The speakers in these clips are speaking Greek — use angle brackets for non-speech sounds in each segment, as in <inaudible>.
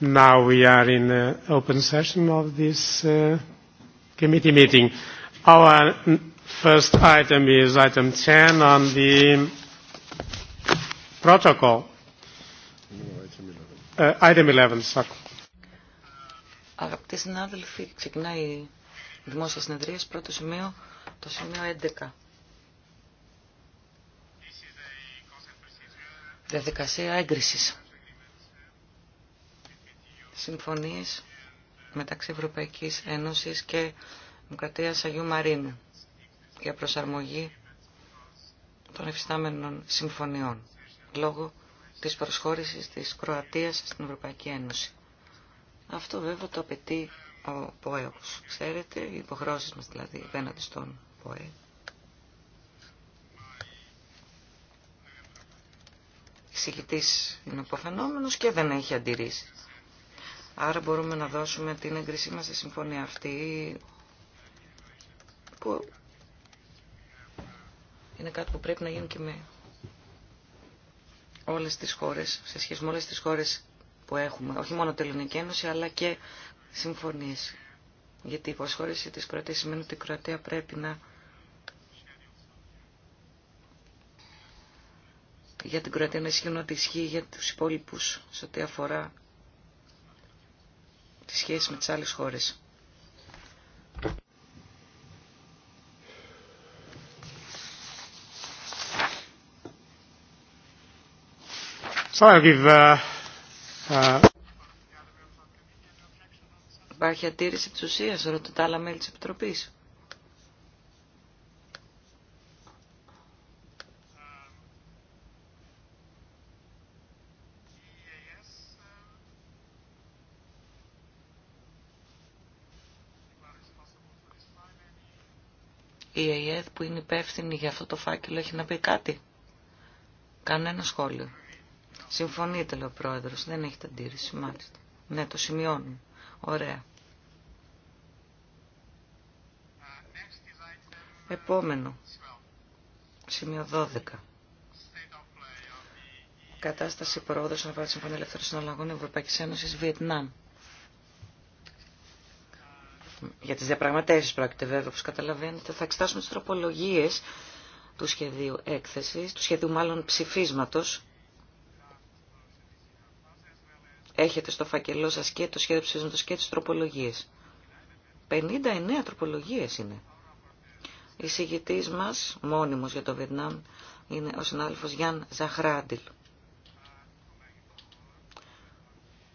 Now we are in an open session of this committee meeting. Our first item is item 10 on the protocol. Item 11, sorry. Αγαπητοί συνάδελφοι, ξεκινάει η δημόσια συνεδρία. Πρώτο σημείο, το σημείο 11. Διαδικασία έγκρισης συμφωνίες μεταξύ Ευρωπαϊκής Ένωσης και Δημοκρατία Αγίου Μαρίνου για προσαρμογή των εφιστάμενων συμφωνιών λόγω της προσχώρησης της Κροατίας στην Ευρωπαϊκή Ένωση. Αυτό βέβαια το απαιτεί ο ΠΟΕ, ξέρετε, οι υποχρώσεις μας δηλαδή απέναντι στον ΠΟΕ. Συγητής είναι υποφαινόμενος και δεν έχει αντιρρήσεις. Άρα μπορούμε να δώσουμε την έγκρισή μας στη συμφωνία αυτή που είναι κάτι που πρέπει να γίνει και με όλες τις χώρες, σε σχέση με όλες τις χώρες που έχουμε, όχι μόνο την Ελληνική Ένωση αλλά και συμφωνίες. Γιατί η υποσχώρηση της Κροατίας σημαίνει ότι η Κροατία πρέπει να για την Κροατία να ισχύουν ότι ισχύει για τους υπόλοιπους σε ό,τι αφορά τη σχέση με τις άλλες χώρες. uh, uh... Υπάρχει ατήρηση της ουσίας, ρωτώ τα άλλα μέλη της Επιτροπής. η ΕΕΔ που είναι υπεύθυνη για αυτό το φάκελο έχει να πει κάτι. Κανένα σχόλιο. Συμφωνείτε, λέει ο πρόεδρος. Δεν έχετε αντίρρηση, μάλιστα. Ναι, το σημειώνουμε. Ωραία. Επόμενο. Σημείο 12. Κατάσταση πρόοδο να τη Συμφωνία Ελεύθερων Συναλλαγών Ευρωπαϊκή Ένωση Βιετνάμ για τις διαπραγματεύσεις πρόκειται βέβαια, όπως καταλαβαίνετε, θα εξετάσουμε τις τροπολογίες του σχεδίου έκθεσης, του σχεδίου μάλλον ψηφίσματος. Έχετε στο φακελό σας και το σχέδιο ψηφίσματος και τις τροπολογίες. 59 τροπολογίες είναι. Η συγητής μας, μόνιμος για το Βιετνάμ, είναι ο συνάδελφος Γιάν Ζαχράντιλ.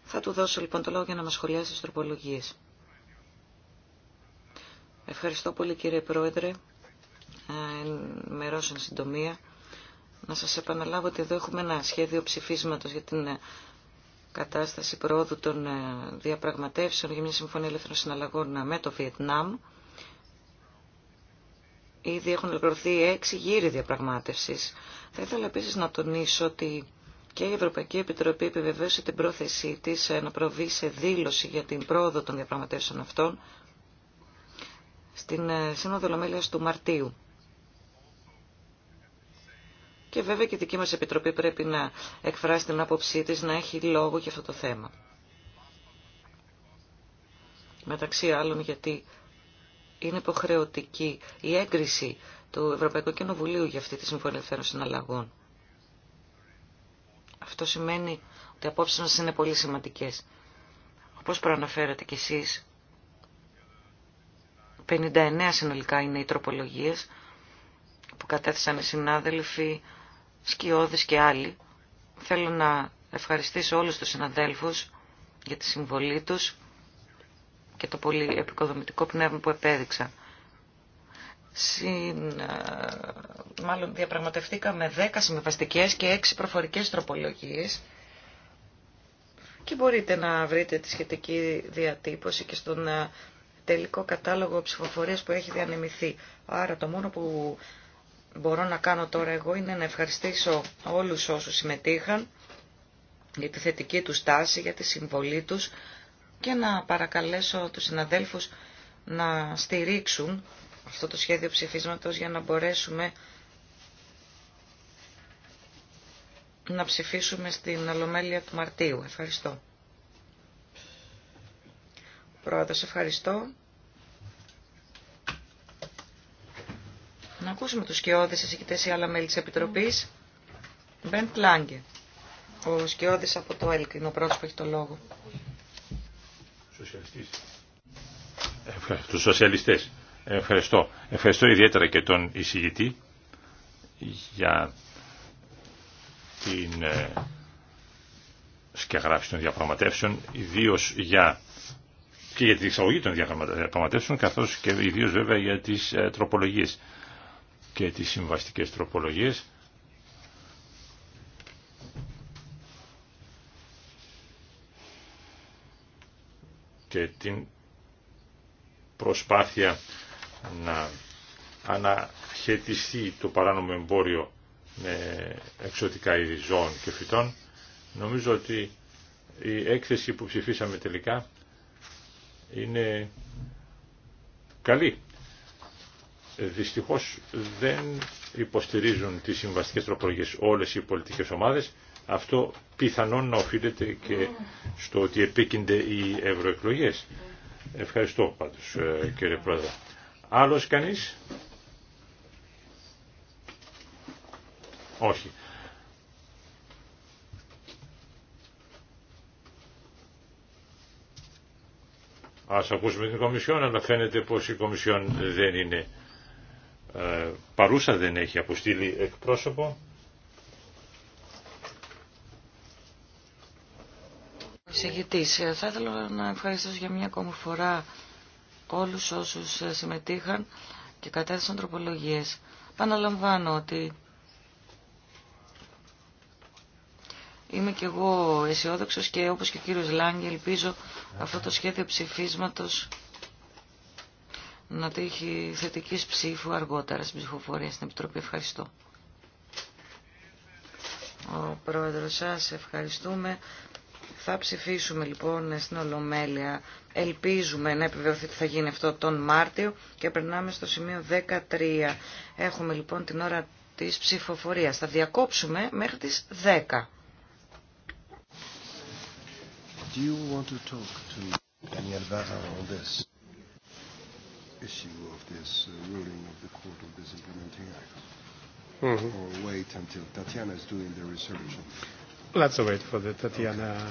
Θα του δώσω λοιπόν το λόγο για να μας σχολιάσει τις τροπολογίες. Ευχαριστώ πολύ κύριε Πρόεδρε. Ε, με εν συντομία. Να σας επαναλάβω ότι εδώ έχουμε ένα σχέδιο ψηφίσματος για την ε, κατάσταση πρόοδου των ε, διαπραγματεύσεων για μια συμφωνία ελεύθερων συναλλαγών με το Βιετνάμ. Ήδη έχουν ολοκληρωθεί έξι γύροι διαπραγμάτευσης. Θα ήθελα επίσης να τονίσω ότι και η Ευρωπαϊκή Επιτροπή επιβεβαίωσε την πρόθεσή της να προβεί σε δήλωση για την πρόοδο των διαπραγματεύσεων αυτών στην ε, Σύνοδο Λομέλειας του Μαρτίου. Και βέβαια και η δική μας Επιτροπή πρέπει να εκφράσει την άποψή της να έχει λόγο για αυτό το θέμα. Μεταξύ άλλων γιατί είναι υποχρεωτική η έγκριση του Ευρωπαϊκού Κοινοβουλίου για αυτή τη Συμφωνία Ελευθέρων Συναλλαγών. Αυτό σημαίνει ότι οι απόψεις μας είναι πολύ σημαντικές. Όπως προαναφέρατε κι εσείς, 59 συνολικά είναι οι τροπολογίες που κατέθεσαν οι συνάδελφοι, Σκιώδης και άλλοι. Θέλω να ευχαριστήσω όλους τους συναδέλφους για τη συμβολή τους και το πολύ επικοδομητικό πνεύμα που επέδειξα. Συν, ε, μάλλον διαπραγματευτήκαμε 10 συμβαστικές και 6 προφορικές τροπολογίες και μπορείτε να βρείτε τη σχετική διατύπωση και στον ε, τελικό κατάλογο ψηφοφορίας που έχει διανεμηθεί. Άρα το μόνο που μπορώ να κάνω τώρα εγώ είναι να ευχαριστήσω όλους όσους συμμετείχαν για τη θετική του στάση, για τη συμβολή τους και να παρακαλέσω τους συναδέλφους να στηρίξουν αυτό το σχέδιο ψηφίσματος για να μπορέσουμε να ψηφίσουμε στην Ολομέλεια του Μαρτίου. Ευχαριστώ. Πρόεδρος, ευχαριστώ. Να ακούσουμε τους σκιώδες εισηγητές ή άλλα μέλη της Επιτροπής. Μπεντ Λάγκε. Ο σκιώδης από το ΕΛΚ είναι ο πρώτος που έχει το λόγο. Σοσιαλιστής. Τους σοσιαλιστές. Ευχαριστώ. Ευχαριστώ ιδιαίτερα και τον εισηγητή για την ε, σκεγράφηση των διαπραγματεύσεων, ιδίως για και για την εξαγωγή των διαπραγματεύσεων καθώ και ιδίω βέβαια για τις ε, τροπολογίες και τι συμβαστικές τροπολογίες. και την προσπάθεια να αναχαιτιστεί το παράνομο εμπόριο με εξωτικά είδη ζώων και φυτών. Νομίζω ότι η έκθεση που ψηφίσαμε τελικά είναι καλή. Δυστυχώς δεν υποστηρίζουν τις συμβαστικές τροπολογίες όλες οι πολιτικές ομάδες. Αυτό πιθανόν να οφείλεται και στο ότι επίκυνται οι ευρωεκλογέ. Ευχαριστώ πάντως ε, κύριε Πρόεδρε. Άλλος κανείς? Όχι. Ας ακούσουμε την Κομισιόν, αλλά φαίνεται πως η Κομισιόν δεν είναι ε, παρούσα, δεν έχει αποστείλει εκπρόσωπο. Συγητής, ε, θα ήθελα να ευχαριστήσω για μια ακόμη φορά όλους όσους ε, συμμετείχαν και κατέθεσαν τροπολογίες. Παναλαμβάνω ότι Είμαι και εγώ αισιόδοξο και όπω και ο κύριο Λάγκη ελπίζω αυτό το σχέδιο ψηφίσματο να τύχει θετική ψήφου αργότερα στην ψηφοφορία στην Επιτροπή. Ευχαριστώ. Ο Πρόεδρος σας ευχαριστούμε. Θα ψηφίσουμε λοιπόν στην Ολομέλεια. Ελπίζουμε να επιβεβαιωθεί ότι θα γίνει αυτό τον Μάρτιο και περνάμε στο σημείο 13. Έχουμε λοιπόν την ώρα της ψηφοφορίας. Θα διακόψουμε μέχρι τις 10. Do you want to talk to Daniel Barra on this issue of this ruling of the Court of this implementing act? Or wait until Tatiana is doing the research? Let's wait for the Tatiana.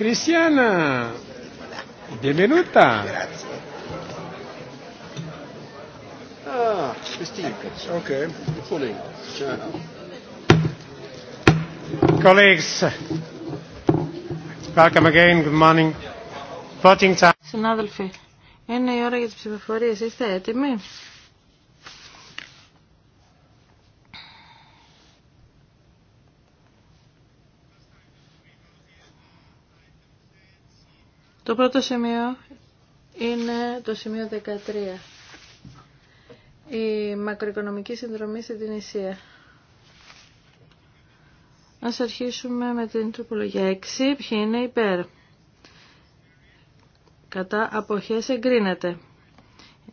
Cristiana, benvenuta. Grazie. Ah, Cristina. Okay. buongiorno. Colleagues, welcome again. Good morning. Voting time. Συνάδελφοι, είναι η ώρα για τις ψηφοφορίες. Είστε έτοιμοι? Το πρώτο σημείο είναι το σημείο 13. Η μακροοικονομική συνδρομή στην Τινησία. Ας αρχίσουμε με την τροπολογία 6. Ποιοι είναι υπέρ. Κατά αποχές εγκρίνεται.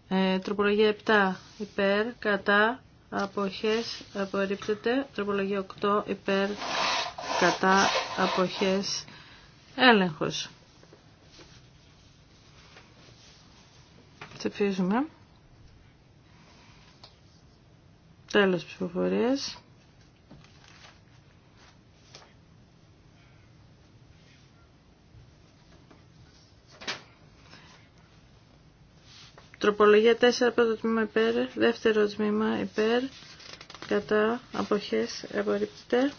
Ε, τροπολογία 7. Υπέρ. Κατά αποχές απορρίπτεται. Τροπολογία 8. Υπέρ. Κατά αποχές έλεγχος. Ψηφίζουμε. Τέλος ψηφοφορίας. Τροπολογία 4 πρώτο τμήμα υπέρ, δεύτερο τμήμα υπέρ, κατά αποχές απορρίπτεται.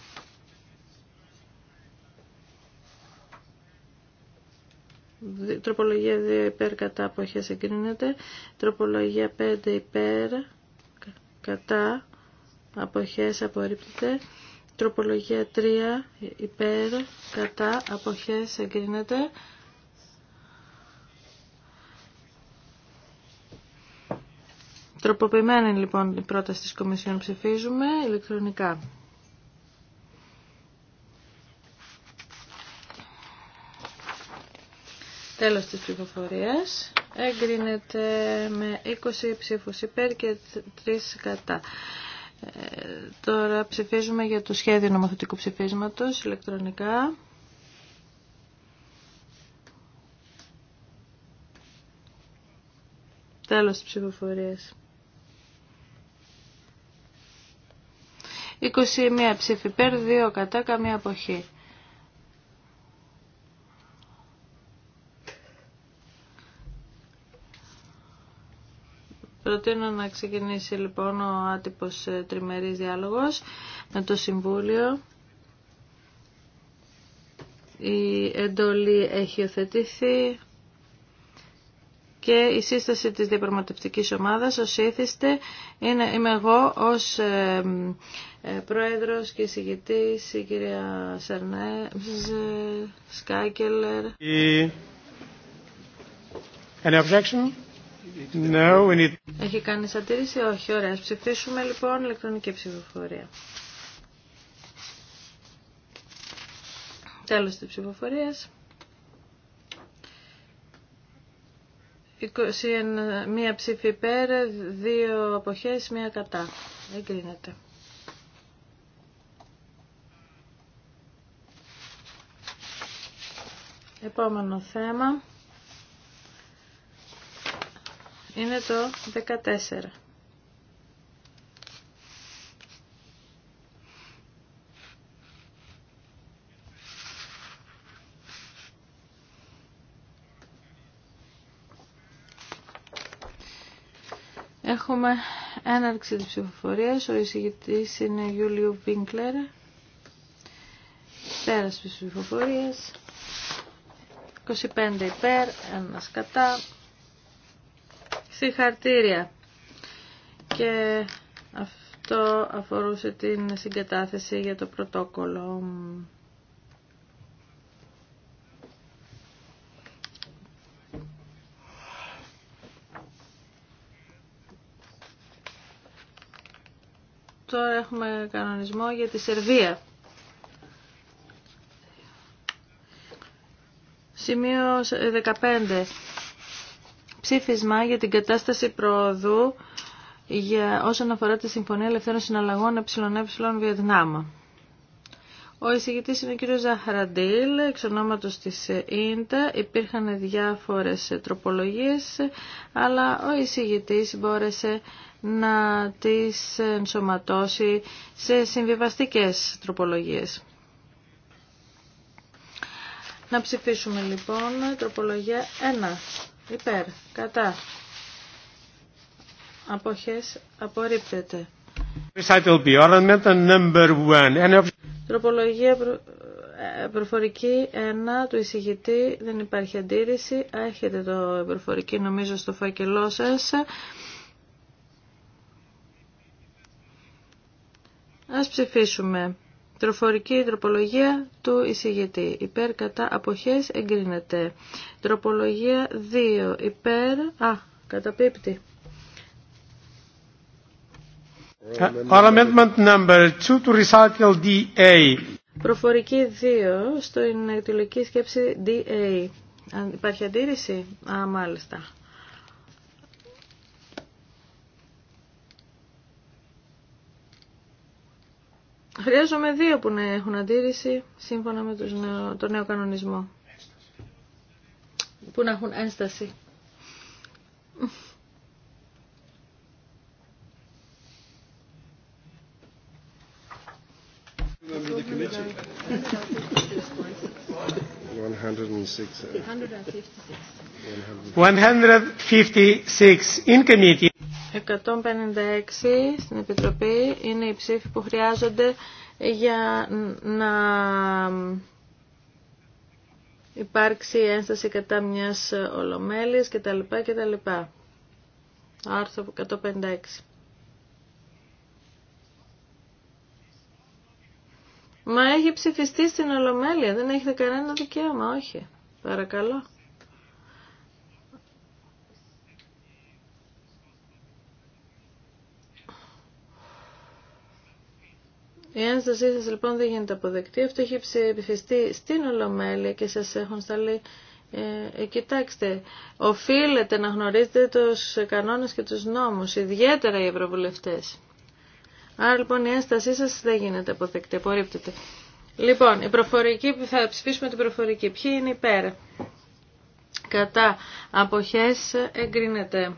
Τροπολογία 2 υπέρ κατά αποχές εγκρίνεται. Τροπολογία 5 υπέρ κατά αποχές απορρίπτεται. Τροπολογία 3 υπέρ κατά αποχές εγκρίνεται. Τροποποιημένη λοιπόν η πρόταση της Κομισιόν ψηφίζουμε ηλεκτρονικά. Τέλος της ψηφοφορίας. Έγκρινεται με 20 ψήφους υπέρ και 3 κατά. Ε, τώρα ψηφίζουμε για το σχέδιο νομοθετικού ψηφίσματος ηλεκτρονικά. Τέλος της ψηφοφορίας. 21 ψηφί υπέρ, 2 κατά, καμία αποχή. Προτείνω να ξεκινήσει λοιπόν ο άτυπος ε, τριμερής διάλογος με το Συμβούλιο. Η εντολή έχει οθετηθεί και η σύσταση της διαπραγματευτικής ομάδας ως ήθιστε είναι, είμαι εγώ ως ε, ε, πρόεδρος και Συγητής, η κυρία ε, Σκάκελερ. objection? No, we need... Έχει κάνει αντίρρηση, όχι, ωραία. Ας ψηφίσουμε λοιπόν ηλεκτρονική ψηφοφορία. Τέλος της ψηφοφορίας. 21, μία ψήφι υπέρ, δύο αποχές, μία κατά. Εγκρίνεται. Επόμενο θέμα είναι το 14. Έχουμε έναρξη της ψηφοφορίας. Ο εισηγητής είναι Γιούλιο Βίνκλερ. Τέρας της ψηφοφορίας. 25 υπέρ, ένας κατά, Συγχαρτήρια. Και αυτό αφορούσε την συγκατάθεση για το πρωτόκολλο. Τώρα έχουμε κανονισμό για τη Σερβία. Σημείο 15 ψήφισμα για την κατάσταση προοδού για όσον αφορά τη Συμφωνία Ελευθέρων Συναλλαγών ΕΕ Βιετνάμ. Ο εισηγητής είναι ο κ. Ζαχαραντήλ, εξ ονόματος της ΙΝΤΑ. Υπήρχαν διάφορες τροπολογίες, αλλά ο εισηγητής μπόρεσε να τις ενσωματώσει σε συμβιβαστικές τροπολογίες. Να ψηφίσουμε λοιπόν τροπολογία 1 υπέρ, κατά, αποχές, απορρίπτεται. number Τροπολογία προ... Ε, προφορική 1 του εισηγητή, δεν υπάρχει αντίρρηση. Έχετε το προφορική νομίζω στο φάκελό σας. Ας ψηφίσουμε. Τροφορική τροπολογία του εισηγητή. Υπέρ κατά αποχές εγκρίνεται. Τροπολογία 2. Υπέρ... Α, καταπίπτει. Παραμέντμαντ recital DA. Προφορική 2 στο αιτιολογική σκέψη DA. Υπάρχει αντίρρηση? Α, μάλιστα. Χρειάζομαι δύο που να έχουν αντίρρηση σύμφωνα με τον νέο, το νέο κανονισμό. Ένσταση. Που να έχουν ένσταση. One hundred fifty six in committee. 156 στην Επιτροπή είναι οι ψήφοι που χρειάζονται για να υπάρξει ένσταση κατά μιας ολομέλειας κτλ. κτλ. Άρθρο 156. Μα έχει ψηφιστεί στην Ολομέλεια, δεν έχετε κανένα δικαίωμα, όχι. Παρακαλώ. Η ένστασή σας λοιπόν δεν γίνεται αποδεκτή. Αυτό έχει ψηφιστεί στην Ολομέλεια και σας έχουν σταλεί. Ε, ε κοιτάξτε, οφείλετε να γνωρίζετε τους κανόνες και τους νόμους, ιδιαίτερα οι ευρωβουλευτές. Άρα λοιπόν η ένστασή σας δεν γίνεται αποδεκτή, απορρίπτεται. Λοιπόν, η προφορική, θα ψηφίσουμε την προφορική. Ποιοι είναι υπέρ. Κατά αποχές εγκρίνεται.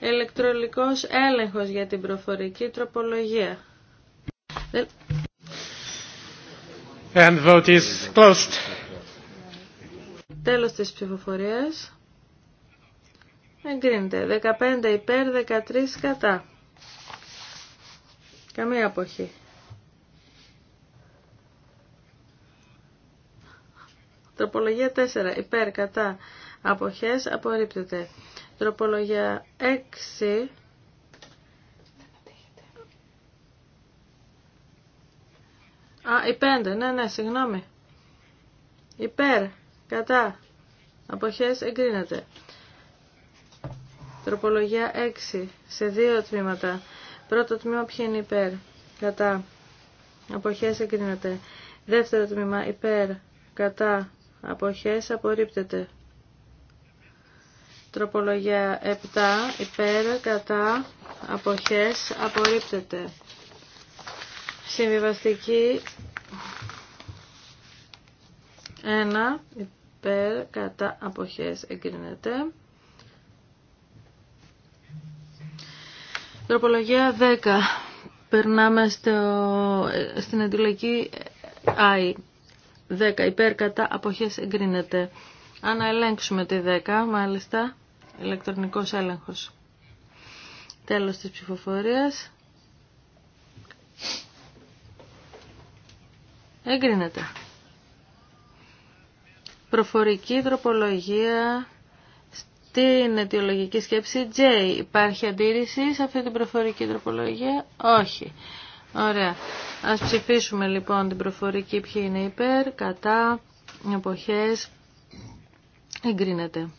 Ελεκτρολικός έλεγχος για την προφορική τροπολογία. And vote is closed. Τέλος της ψηφοφορίας. Εγκρίνεται. 15 υπέρ, 13 κατά. Καμία αποχή. Τροπολογία 4. Υπέρ, κατά. Αποχές απορρίπτεται. Τροπολογία 6 Α, η 5, ναι, ναι, συγγνώμη. Υπέρ, κατά, αποχές εγκρίνεται. Τροπολογία 6, σε δύο τμήματα. Πρώτο τμήμα ποιο είναι υπέρ, κατά, αποχές εγκρίνεται. Δεύτερο τμήμα υπέρ, κατά, αποχές απορρίπτεται. Τροπολογία 7, υπέρ, κατά, αποχές απορρίπτεται. Συμβιβαστική 1 υπέρ κατά αποχές εγκρίνεται. Τροπολογία 10. Περνάμε στο, στην αντιλογική I. 10 υπέρ κατά αποχές εγκρίνεται. Αν ελέγξουμε τη 10, μάλιστα, ηλεκτρονικός έλεγχος. Τέλος της ψηφοφορίας. Εγκρίνεται. Προφορική τροπολογία στην αιτιολογική σκέψη J. Υπάρχει αντίρρηση σε αυτή την προφορική τροπολογία. Όχι. Ωραία. Ας ψηφίσουμε λοιπόν την προφορική ποιοι είναι υπέρ, κατά, εποχές, εγκρίνεται.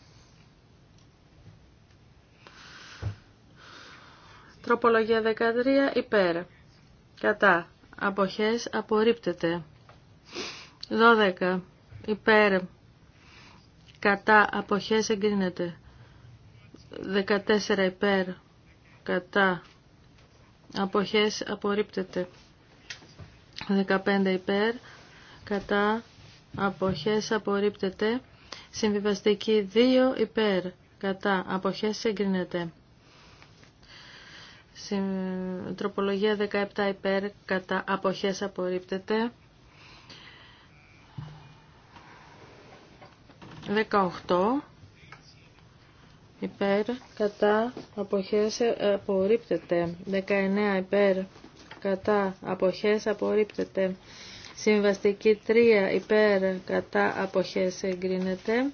Τροπολογία 13 υπέρ, κατά, αποχές, απορρίπτεται. 12 υπέρ κατά αποχές εγκρίνεται 14 υπέρ κατά αποχές απορρίπτεται 15 υπέρ κατά αποχές απορρίπτεται συμβιβαστική 2 υπέρ κατά αποχές εγκρίνεται Τροπολογία 17 υπέρ κατά αποχές απορρίπτεται 18 υπέρ κατά αποχές ε, απορρίπτεται 19 υπέρ κατά αποχές απορρίπτεται συμβαστική 3 υπέρ κατά αποχές εγκρίνεται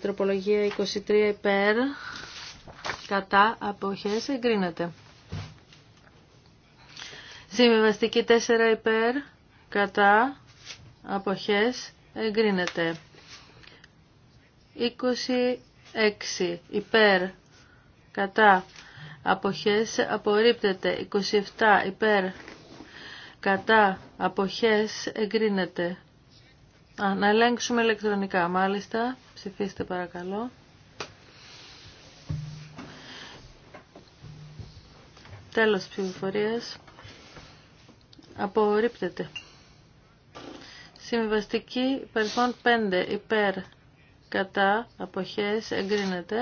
τροπολογία 23 υπέρ κατά αποχές εγκρίνεται συμβαστική 4 υπέρ κατά αποχές εγκρίνεται. 26 υπέρ κατά αποχές απορρίπτεται. 27 υπέρ κατά αποχές εγκρίνεται. να ελέγξουμε ηλεκτρονικά μάλιστα. Ψηφίστε παρακαλώ. Τέλος της ψηφοφορίας. Απορρίπτεται. Συμβαστική υπαριθμών 5 υπέρ κατά αποχές εγκρίνεται.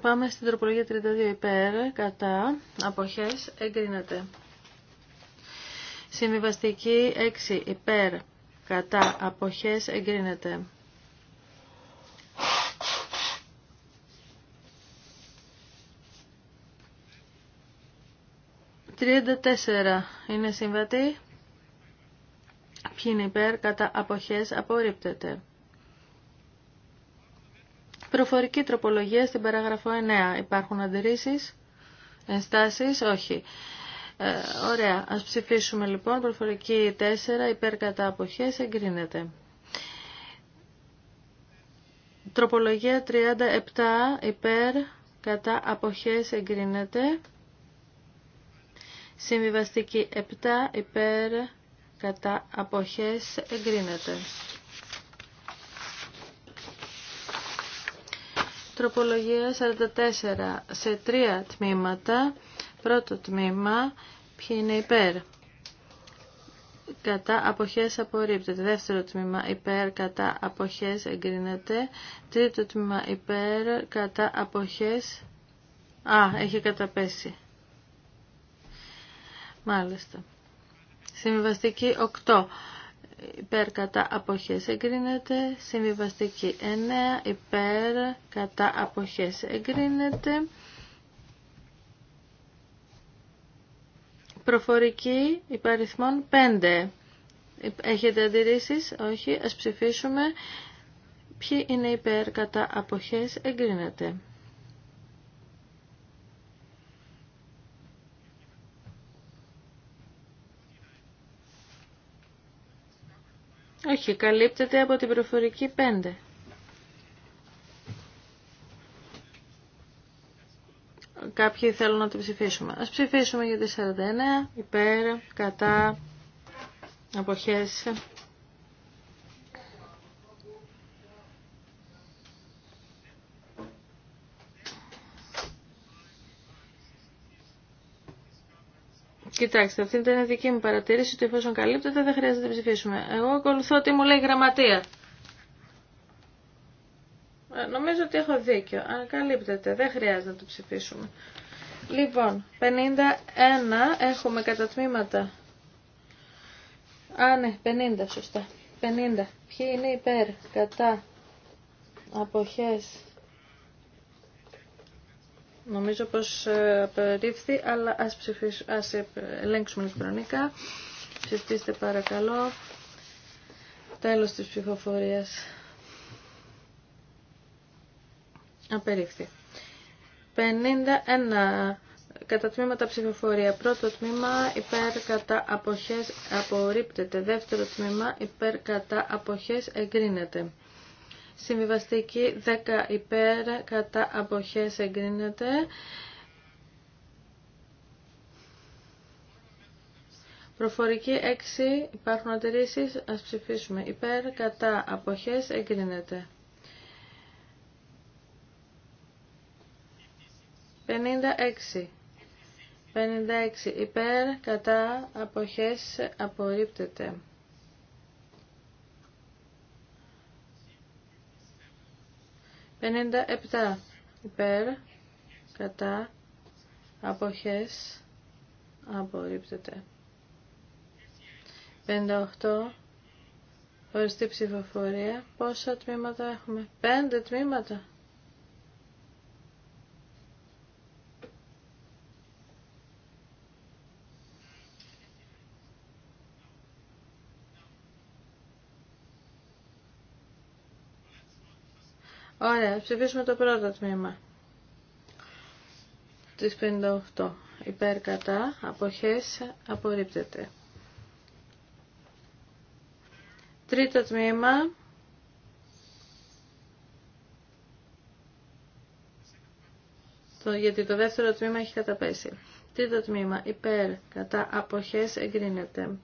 Πάμε στην τροπολογία 32 υπέρ κατά αποχές εγκρίνεται. Συμβιβαστική 6 υπέρ κατά αποχές εγκρίνεται. 34 είναι συμβατή. Ποιοι είναι υπέρ, κατά αποχές απορρίπτεται. Προφορική τροπολογία στην παράγραφο 9. Υπάρχουν αντιρρήσεις, ενστάσεις, όχι. Ε, ωραία, ας ψηφίσουμε λοιπόν. Προφορική 4, υπέρ κατά αποχές, εγκρίνεται. Τροπολογία 37, υπέρ κατά αποχές, εγκρίνεται. Συμβιβαστική 7 υπέρ κατά αποχές εγκρίνεται. Τροπολογία 44 σε τρία τμήματα. Πρώτο τμήμα, ποιοι είναι υπέρ. Κατά αποχές απορρίπτεται. Δεύτερο τμήμα υπέρ, κατά αποχές εγκρίνεται. Τρίτο τμήμα υπέρ, κατά αποχές... Α, έχει καταπέσει. Μάλιστα. Συμβιβαστική 8 υπέρ κατά αποχές εγκρίνεται. Συμβιβαστική 9 υπέρ κατά αποχές εγκρίνεται. Προφορική υπαριθμών 5. Έχετε αντιρρήσεις? Όχι. Ας ψηφίσουμε. Ποιοι είναι υπέρ κατά αποχές εγκρίνεται. Όχι, καλύπτεται από την προφορική 5. Κάποιοι θέλουν να το ψηφίσουμε. Ας ψηφίσουμε για τη 49, υπέρ, κατά, αποχές, Κοιτάξτε, αυτή ήταν η δική μου παρατήρηση ότι εφόσον καλύπτεται δεν χρειάζεται να ψηφίσουμε. Εγώ ακολουθώ τι μου λέει η γραμματεία. Ε, νομίζω ότι έχω δίκιο. Αν καλύπτεται, δεν χρειάζεται να το ψηφίσουμε. Λοιπόν, 51 έχουμε κατά τμήματα. Α, ναι, 50, σωστά. 50. Ποιοι είναι υπέρ, κατά, αποχές, Νομίζω πως ε, απερίφθη, αλλά ας, ελέγξουμε ας ελέγξουμε ηλεκτρονικά. Ψηφίστε παρακαλώ. Τέλος της ψηφοφορίας. Απερίφθη. 51 κατά τμήματα ψηφοφορία. Πρώτο τμήμα υπέρ κατά αποχές απορρίπτεται. Δεύτερο τμήμα υπέρ κατά αποχές εγκρίνεται. Συμβιβαστική 10 υπέρ κατά αποχές εγκρίνεται. Προφορική 6 υπάρχουν αντιρρήσεις. Ας ψηφίσουμε υπέρ κατά αποχές εγκρίνεται. 56. 56 υπέρ κατά αποχές απορρίπτεται. 57 υπέρ κατά αποχές απορρίπτεται 58 οριστή ψηφοφορία πόσα τμήματα έχουμε 5 τμήματα Ωραία, ψηφίσουμε το πρώτο τμήμα. Της 58. Υπέρ κατά, αποχές, απορρίπτεται. Τρίτο τμήμα. γιατί το δεύτερο τμήμα έχει καταπέσει. Τρίτο τμήμα. Υπέρ κατά αποχές εγκρίνεται.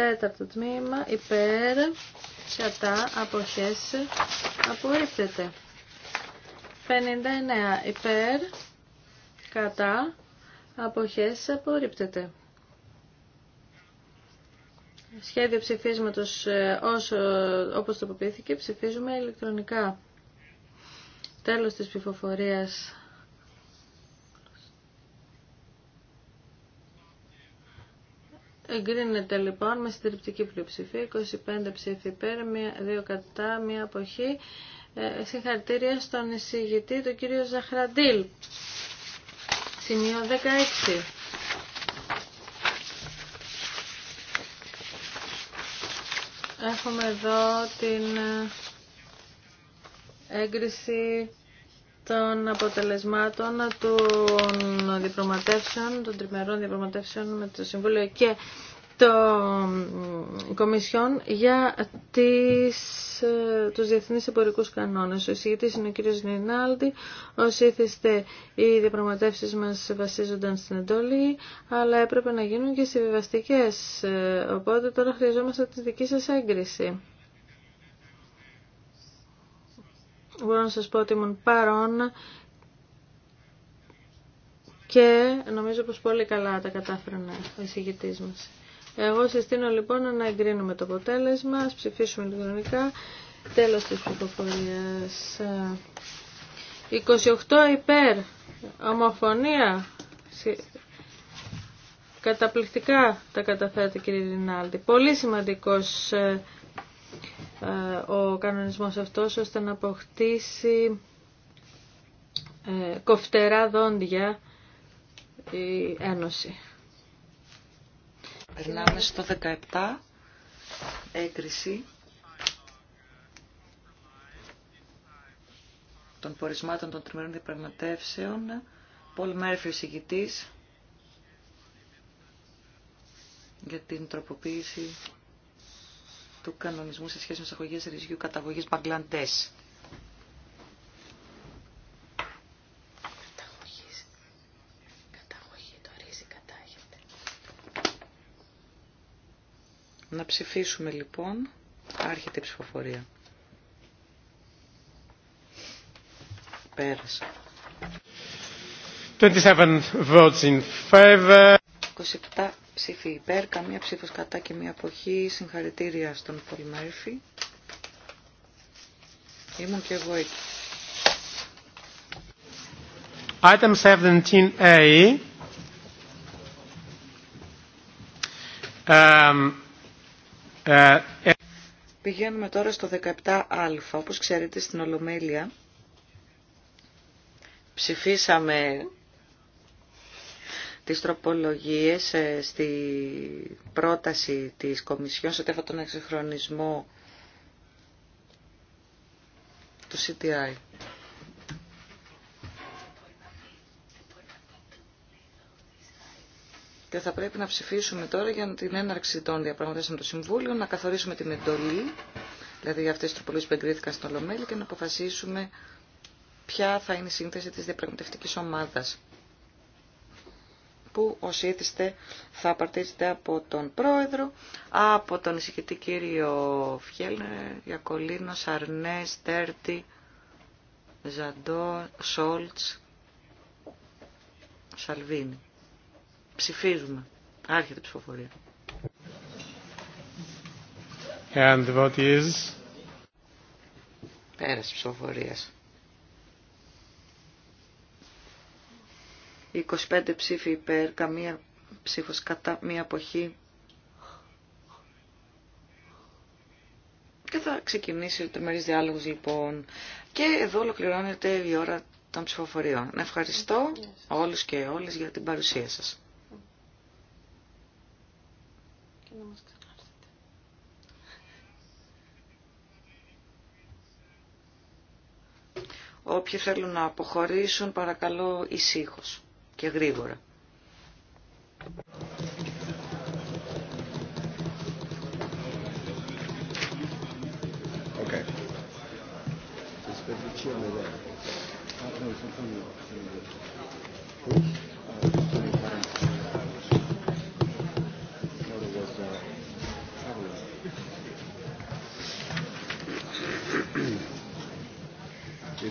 Τέταρτο τμήμα υπέρ κατά αποχές απορρίπτεται. 59 υπέρ κατά αποχές απορρίπτεται. Σχέδιο ψηφίσματος ε, όσο, όπως τοποποιήθηκε ψηφίζουμε ηλεκτρονικά. Τέλος της ψηφοφορίας. Εγκρίνεται λοιπόν με συντριπτική πλειοψηφία, 25 ψήφοι υπέρ, 2 κατά, 1 αποχή. Ε, συγχαρητήρια στον εισηγητή, τον κύριο Ζαχραντήλ. Σημείο 16. Έχουμε εδώ την ε, έγκριση των αποτελεσμάτων των διαπραγματεύσεων, των τριμερών διπλωματεύσεων με το Συμβούλιο και το Κομισιόν για τις, ε, τους διεθνείς εμπορικούς κανόνες. Ο εισηγητής είναι ο κ. Νινάλτη. Όσοι ήθιστε οι διαπραγματεύσεις μας βασίζονταν στην εντόλη, αλλά έπρεπε να γίνουν και συμβιβαστικές. Ε, οπότε τώρα χρειαζόμαστε τη δική σας έγκριση. μπορώ να σας πω ότι ήμουν παρόν και νομίζω πως πολύ καλά τα κατάφεραν ο εισηγητής μας. Εγώ συστήνω λοιπόν να εγκρίνουμε το αποτέλεσμα, ας ψηφίσουμε ηλεκτρονικά, τέλος της ψηφοφορίας. 28 υπέρ, ομοφωνία, καταπληκτικά τα καταφέρατε κύριε Ρινάλδη. Πολύ σημαντικός ε, ε, ο κανονισμός αυτός ώστε να αποκτήσει ε, κοφτερά δόντια η Ένωση. Περνάμε στο 17, έγκριση των πορισμάτων των τριμερών διαπραγματεύσεων. Πολ Μέρφυ, ο για την τροποποίηση του κανονισμού σε σχέση με τις αγωγέ ρυζιού καταγωγή Μπαγκλαντέ. Να ψηφίσουμε λοιπόν. Άρχεται η ψηφοφορία. Πέρασε. 27 votes in favor. 27 Ψήφι υπέρ, καμία ψήφος κατά και μία αποχή. Συγχαρητήρια στον Πολ Μέρφυ. Ήμουν και εγώ εκεί. Item 17A. Um, uh, Πηγαίνουμε τώρα στο 17α. Όπως ξέρετε στην Ολομέλεια ψηφίσαμε τις τροπολογίες ε, στη πρόταση της Κομισιόν σε τέφα τον εξυγχρονισμό του CTI. Και θα πρέπει να ψηφίσουμε τώρα για την έναρξη των διαπραγματεύσεων του Συμβούλιο, να καθορίσουμε την εντολή, δηλαδή για αυτές τις τροπολογίες που εγκρίθηκαν στο Λομέλη και να αποφασίσουμε ποια θα είναι η σύνθεση της διαπραγματευτικής ομάδας που ως θα απαρτίζετε από τον πρόεδρο, από τον εισηγητή κύριο Φιέλνερ, Γιακολίνο, Σαρνέ, Στέρτη, Ζαντό, Σόλτς, Σαλβίνη. Ψηφίζουμε. Άρχεται η ψηφοφορία. And what is... 25 ψήφοι υπέρ, καμία ψήφος κατά, μία αποχή. Και θα ξεκινήσει ο τριμερής διάλογος λοιπόν. Και εδώ ολοκληρώνεται η ώρα των ψηφοφοριών. Να ευχαριστώ όλους και όλες για την παρουσία σας. Όποιοι θέλουν να αποχωρήσουν, παρακαλώ ησύχως και γρήγορα. Okay.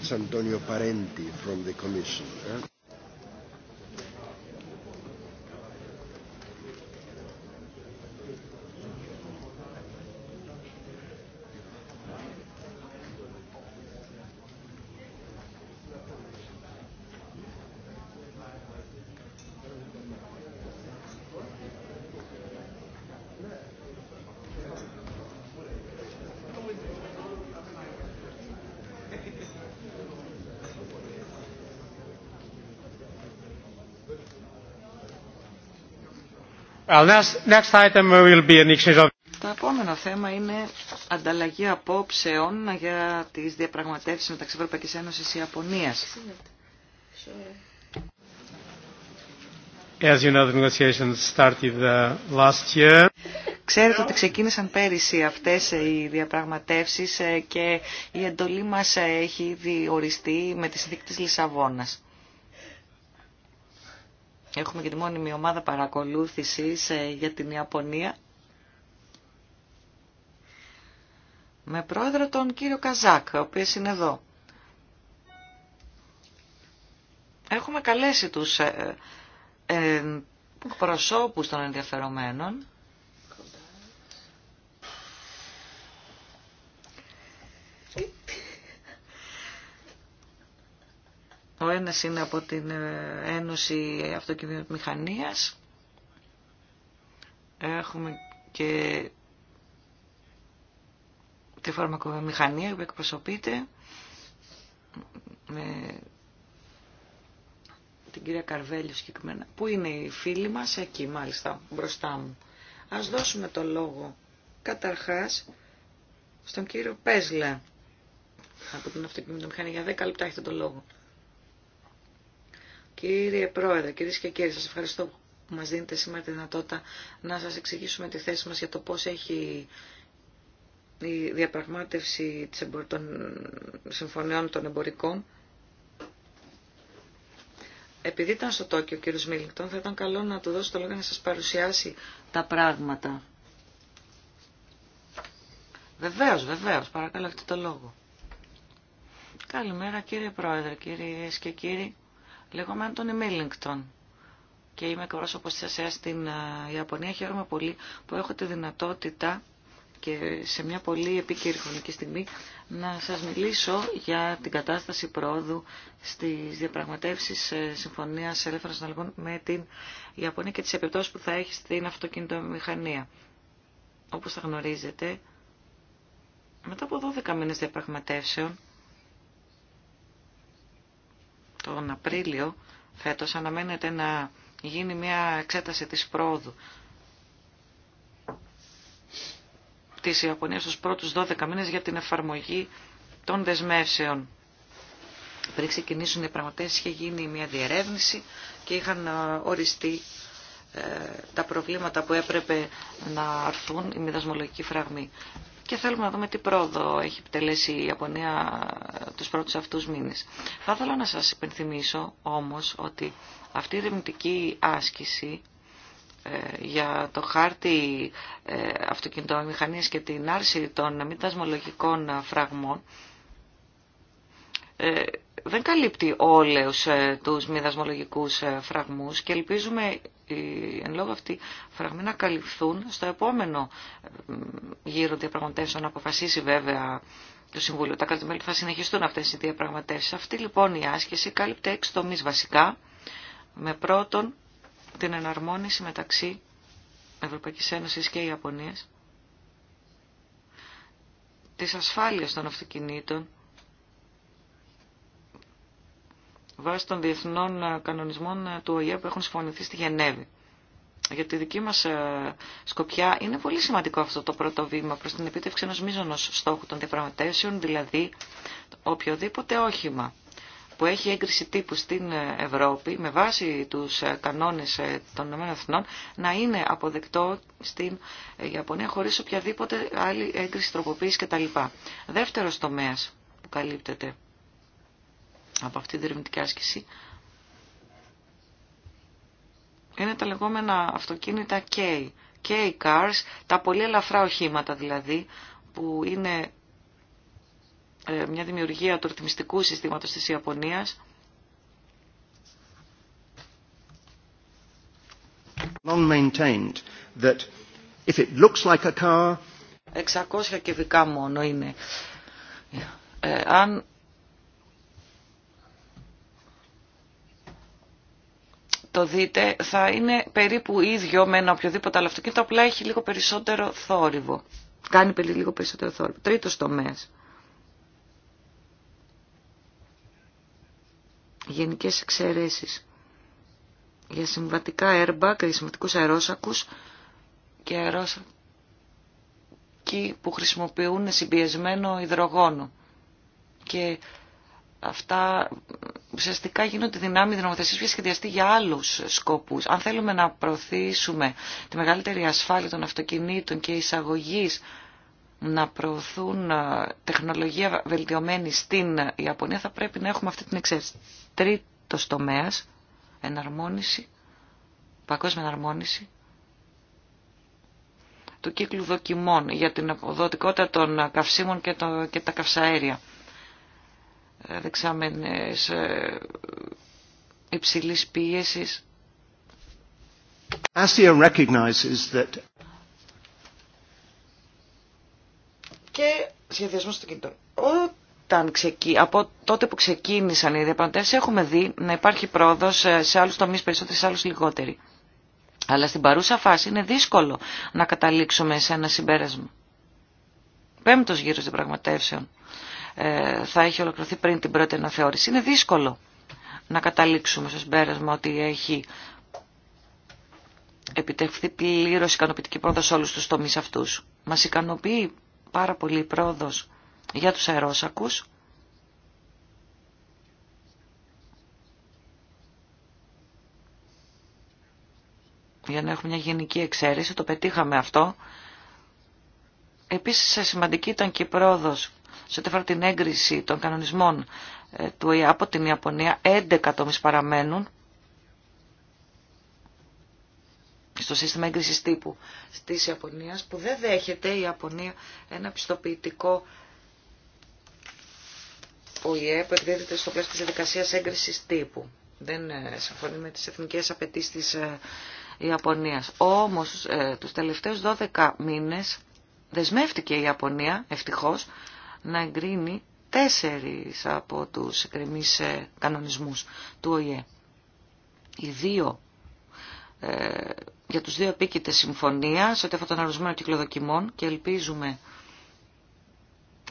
It's Antonio Parenti from the Commission. Το επόμενο θέμα είναι ανταλλαγή απόψεων για τις διαπραγματεύσεις μεταξύ Ευρωπαϊκής Ένωσης και Ιαπωνίας. Uh, Ξέρετε ότι ξεκίνησαν πέρυσι αυτές οι διαπραγματεύσεις ε, και η εντολή μας ε, έχει ήδη οριστεί με τη συνθήκη της Λισαβόνας. Έχουμε και τη μόνιμη ομάδα παρακολούθησης ε, για την Ιαπωνία. Με πρόεδρο τον κύριο Καζάκ, ο οποίος είναι εδώ. Έχουμε καλέσει τους ε, ε, προσώπους των ενδιαφερομένων Ο ένας είναι από την ε, Ένωση Αυτοκινητομηχανίας. Έχουμε και τη φαρμακομηχανία που εκπροσωπείται με την κυρία Καρβέλιο συγκεκριμένα. Πού είναι οι φίλοι μας, εκεί μάλιστα, μπροστά μου. Ας δώσουμε το λόγο καταρχάς στον κύριο Πέσλα από την αυτοκινητομηχανία. Για 10 λεπτά έχετε το λόγο. Κύριε Πρόεδρε, κυρίε και κύριοι, σα ευχαριστώ που μα δίνετε σήμερα τη δυνατότητα να σα εξηγήσουμε τη θέση μα για το πώ έχει η διαπραγμάτευση των συμφωνιών των εμπορικών. Επειδή ήταν στο Τόκιο ο κύριος Μίλιγκτον, θα ήταν καλό να του δώσω το λόγο να σας παρουσιάσει τα πράγματα. Βεβαίως, βεβαίως, παρακαλώ έχετε το λόγο. Καλημέρα κύριε Πρόεδρε, κύριε και κύριοι. Λέγομαι Άντωνη Μίλιγκτον και είμαι εκπρόσωπος της ΑΣΕΑ στην ε, Ιαπωνία. Χαίρομαι πολύ που έχω τη δυνατότητα και σε μια πολύ επίκαιρη χρονική στιγμή να σας μιλήσω για την κατάσταση πρόοδου στις διαπραγματεύσεις ε, συμφωνίας ελεύθερων συναλλαγών με την Ιαπωνία και τις επιπτώσεις που θα έχει στην αυτοκινητομηχανία. Όπως θα γνωρίζετε, μετά από 12 μήνες διαπραγματεύσεων, τον Απρίλιο φέτος αναμένεται να γίνει μια εξέταση της πρόοδου της Ιαπωνίας στους πρώτους 12 μήνες για την εφαρμογή των δεσμεύσεων. Πριν ξεκινήσουν οι πραγματές είχε γίνει μια διερεύνηση και είχαν ε, οριστεί ε, τα προβλήματα που έπρεπε να αρθούν η δασμολογικοί φραγμή και θέλουμε να δούμε τι πρόοδο έχει επιτελέσει η Ιαπωνία ε, τους πρώτους αυτούς μήνες. Θα ήθελα να σας υπενθυμίσω όμως ότι αυτή η δημιουργική άσκηση ε, για το χάρτη ε, αυτοκινητομηχανίας και την άρση των μη δασμολογικών φραγμών δεν καλύπτει όλους τους μη δασμολογικούς φραγμούς και ελπίζουμε οι εν λόγω αυτοί φραγμοί να καλυφθούν στο επόμενο ε, γύρο διαπραγματεύσεων, να αποφασίσει βέβαια το Συμβούλιο. Τα μέλη θα συνεχιστούν αυτέ οι διαπραγματεύσει. Αυτή λοιπόν η άσκηση κάλυπτε έξι τομεί βασικά, με πρώτον την εναρμόνιση μεταξύ Ευρωπαϊκή Ένωση και Ιαπωνία, τη ασφάλεια των αυτοκινήτων, βάσει των διεθνών ε, κανονισμών ε, του ΟΗΕ που έχουν συμφωνηθεί στη Γενέβη. Για τη δική μας ε, σκοπιά είναι πολύ σημαντικό αυτό το πρώτο βήμα προς την επίτευξη ενός μείζωνος στόχου των διαπραγματεύσεων, δηλαδή οποιοδήποτε όχημα που έχει έγκριση τύπου στην Ευρώπη με βάση τους κανόνες των ΗΠΑ να είναι αποδεκτό στην Ιαπωνία χωρίς οποιαδήποτε άλλη έγκριση τροποποίηση κτλ. Δεύτερος τομέας που καλύπτεται από αυτή την ερευνητική άσκηση είναι τα λεγόμενα αυτοκίνητα K, K-cars, τα πολύ ελαφρά οχήματα δηλαδή, που είναι ε, μια δημιουργία του ρυθμιστικού συστήματος της Ιαπωνίας. That if it looks like a car... 600 κυβικά μόνο είναι. Ε, αν το δείτε, θα είναι περίπου ίδιο με ένα οποιοδήποτε άλλο αυτοκίνητο, απλά έχει λίγο περισσότερο θόρυβο. Κάνει πολύ λίγο περισσότερο θόρυβο. Τρίτος τομέας. Γενικές εξαιρέσεις. Για συμβατικά airbag, και συμβατικούς αερόσακους και αερόσακοι που χρησιμοποιούν συμπιεσμένο υδρογόνο. Και αυτά ουσιαστικά γίνονται δυνάμει νομοθεσία που σχεδιαστεί για άλλου σκοπού. Αν θέλουμε να προωθήσουμε τη μεγαλύτερη ασφάλεια των αυτοκινήτων και εισαγωγή να προωθούν ε, τεχνολογία βελτιωμένη στην Ιαπωνία, θα πρέπει να έχουμε αυτή την εξαίρεση. Τρίτο τομέα, εναρμόνιση, παγκόσμια εναρμόνιση του κύκλου δοκιμών για την αποδοτικότητα των καυσίμων και, και τα καυσαέρια δεξάμενες ε, υψηλής πίεσης. that... Και σχεδιασμός των κινητών. Όταν Από τότε που ξεκίνησαν οι διαπραγματεύσεις έχουμε δει να υπάρχει πρόοδος ε, σε άλλους τομείς περισσότεροι, σε άλλους λιγότεροι. Αλλά στην παρούσα φάση είναι δύσκολο να καταλήξουμε σε ένα συμπέρασμα. Πέμπτος γύρος διαπραγματεύσεων ε, θα έχει ολοκληρωθεί πριν την πρώτη αναθεώρηση. Είναι δύσκολο να καταλήξουμε στο συμπέρασμα ότι έχει επιτευχθεί πλήρω ικανοποιητική πρόοδο σε όλου του τομεί αυτού. Μα ικανοποιεί πάρα πολύ η πρόοδο για του αερόσακου. Για να έχουμε μια γενική εξαίρεση, το πετύχαμε αυτό. Επίσης σημαντική ήταν και η πρόοδος σε ό,τι αφορά την έγκριση των κανονισμών ε, του ΙΑ από την Ιαπωνία, 11 τομείς παραμένουν στο σύστημα έγκρισης τύπου της Ιαπωνίας, που δεν δέχεται η Ιαπωνία ένα πιστοποιητικό ΟΗΕ που εκδίδεται στο πλαίσιο της διαδικασίας έγκρισης τύπου. Δεν ε, συμφωνεί με τις εθνικές απαιτήσεις της ε, Ιαπωνίας. Όμως τους τελευταίους 12 μήνες δεσμεύτηκε η Ιαπωνία, ευτυχώς, να εγκρίνει τέσσερις από τους εκκρεμείς ε, κανονισμούς του ΟΗΕ. Οι δύο, ε, για τους δύο επίκειται συμφωνία σε ό,τι αφορά τον αρουσμένο κύκλο δοκιμών και ελπίζουμε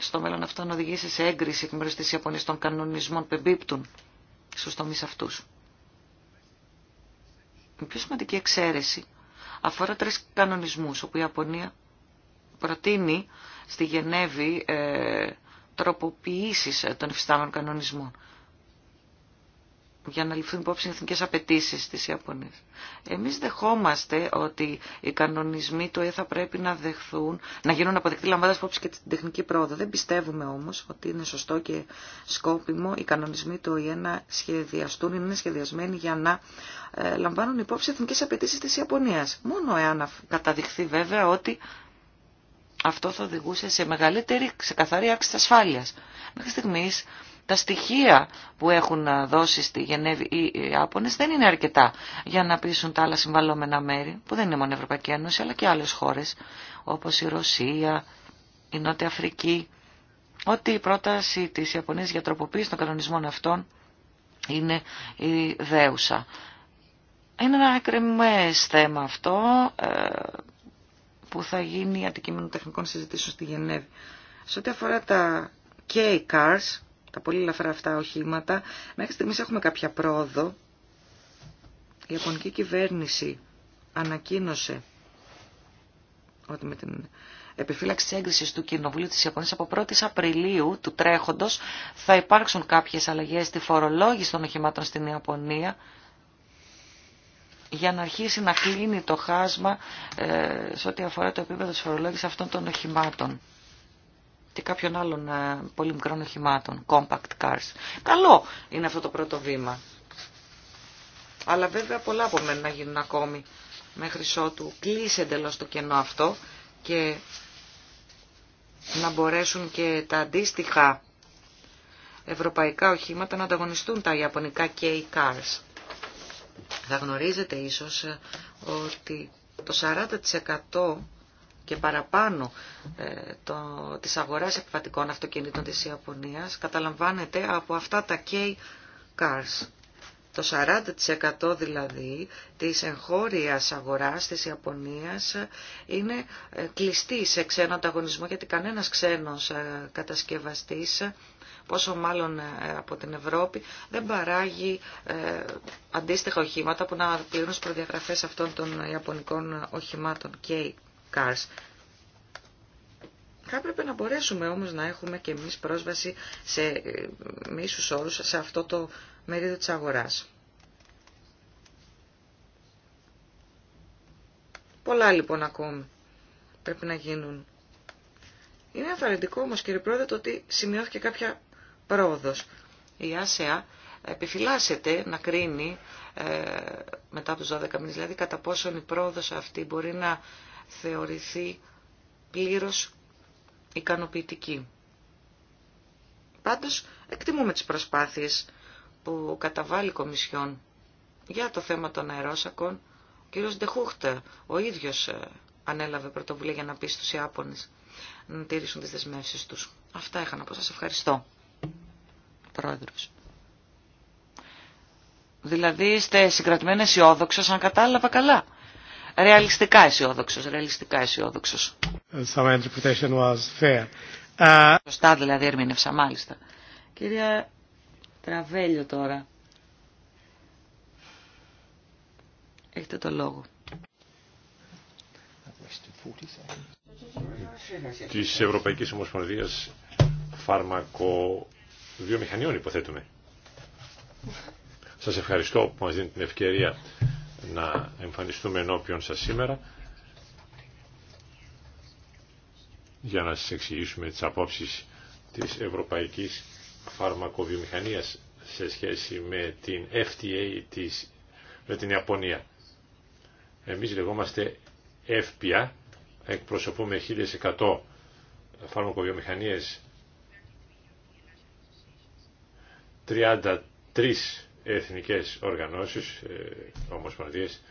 στο μέλλον αυτό να οδηγήσει σε έγκριση εκ μέρους της Ιαπωνίας των κανονισμών που εμπίπτουν στους τομείς αυτούς. Η πιο σημαντική εξαίρεση αφορά τρεις κανονισμούς, όπου η Ιαπωνία προτείνει στη Γενέβη ε, τροποποιήσεις ε, των εφιστάμενων κανονισμών για να ληφθούν υπόψη οι εθνικές απαιτήσεις της Ιαπωνίας. Εμείς δεχόμαστε ότι οι κανονισμοί του ΕΕ θα πρέπει να δεχθούν, να γίνουν αποδεκτοί λαμβάνοντας υπόψη και την τεχνική πρόοδο. Δεν πιστεύουμε όμως ότι είναι σωστό και σκόπιμο οι κανονισμοί του ΟΗΕ να σχεδιαστούν, είναι σχεδιασμένοι για να ε, λαμβάνουν υπόψη εθνικές απαιτήσεις της Ιαπωνίας. Μόνο εάν καταδειχθεί βέβαια ότι αυτό θα οδηγούσε σε μεγαλύτερη ξεκαθαρή αύξηση της ασφάλειας. Μέχρι στιγμή τα στοιχεία που έχουν δώσει στη Γενέβη οι Ιάπωνες δεν είναι αρκετά για να πείσουν τα άλλα συμβαλόμενα μέρη, που δεν είναι μόνο η Ευρωπαϊκή Ένωση, αλλά και άλλε χώρε. Όπω η Ρωσία, η Νότια Αφρική, ότι η πρόταση τη Ιαπωνία για τροποποίηση των κανονισμών αυτών είναι η δέουσα. Είναι ένα ακριβέ θέμα αυτό, ε, που θα γίνει αντικείμενο τεχνικών συζητήσεων στη Γενέβη. Σε ό,τι αφορά τα K-Cars, τα πολύ ελαφρά αυτά οχήματα, μέχρι στιγμής έχουμε κάποια πρόοδο. Η Ιαπωνική κυβέρνηση ανακοίνωσε ότι με την επιφύλαξη έγκριση του Κοινοβουλίου της Ιαπωνίας από 1η Απριλίου του τρέχοντος θα υπάρξουν κάποιες αλλαγές στη φορολόγηση των οχημάτων στην Ιαπωνία για να αρχίσει να κλείνει το χάσμα ε, σε ό,τι αφορά το επίπεδο της φορολόγησης αυτών των οχημάτων και κάποιων άλλων ε, πολύ μικρών οχημάτων, compact cars. Καλό είναι αυτό το πρώτο βήμα. Αλλά βέβαια πολλά απομένουν να γίνουν ακόμη μέχρι ότου κλείσει εντελώς το κενό αυτό και να μπορέσουν και τα αντίστοιχα ευρωπαϊκά οχήματα να ανταγωνιστούν τα ιαπωνικά K-cars. Θα γνωρίζετε ίσως ε, ότι το 40% και παραπάνω ε, το, της αγοράς επιβατικών αυτοκινήτων της Ιαπωνίας καταλαμβάνεται από αυτά τα K-Cars. Το 40% δηλαδή της εγχώριας αγοράς της Ιαπωνίας είναι ε, κλειστή σε ξένο ανταγωνισμό γιατί κανένας ξένος κατασκευαστής πόσο μάλλον ε, από την Ευρώπη, δεν παράγει ε, αντίστοιχα οχήματα που να πληρούν στις προδιαγραφές αυτών των ιαπωνικών οχημάτων και cars. Θα έπρεπε να μπορέσουμε όμως να έχουμε και εμείς πρόσβαση σε, ε, μίσους τους όρους σε αυτό το μερίδιο της αγοράς. Πολλά λοιπόν ακόμη πρέπει να γίνουν. Είναι αφαρεντικό όμως κύριε Πρόεδρε το ότι σημειώθηκε κάποια πρόοδος. Η ΑΣΕΑ επιφυλάσσεται να κρίνει ε, μετά από τους 12 μήνες, δηλαδή κατά πόσον η πρόοδος αυτή μπορεί να θεωρηθεί πλήρως ικανοποιητική. Πάντως, εκτιμούμε τις προσπάθειες που καταβάλει η Κομισιόν για το θέμα των αερόσακων. Ο κύριος Ντεχούχτε ο ίδιος ε, ανέλαβε πρωτοβουλία για να πει στους Ιάπωνες να τηρήσουν τις δεσμεύσεις τους. Αυτά είχα να πω. Σας ευχαριστώ. Πρόεδρος. Δηλαδή είστε συγκρατημένο αισιόδοξο, αν κατάλαβα καλά. Ρεαλιστικά αισιόδοξο, ρεαλιστικά αισιόδοξο. Uh, uh, Σωστά δηλαδή ερμήνευσα, μάλιστα. Κυρία Τραβέλιο τώρα. Έχετε το λόγο. Της Ευρωπαϊκής Ομοσπονδίας Φαρμακο βιομηχανιών υποθέτουμε. Σας ευχαριστώ που μας δίνετε την ευκαιρία να εμφανιστούμε ενώπιον σας σήμερα για να σας εξηγήσουμε τις απόψεις της Ευρωπαϊκής Φαρμακοβιομηχανίας σε σχέση με την FTA της, με την Ιαπωνία. Εμείς λεγόμαστε FPA, εκπροσωπούμε 1100 φαρμακοβιομηχανίες 33 εθνικές οργανώσεις, ε, ομοσπονδίες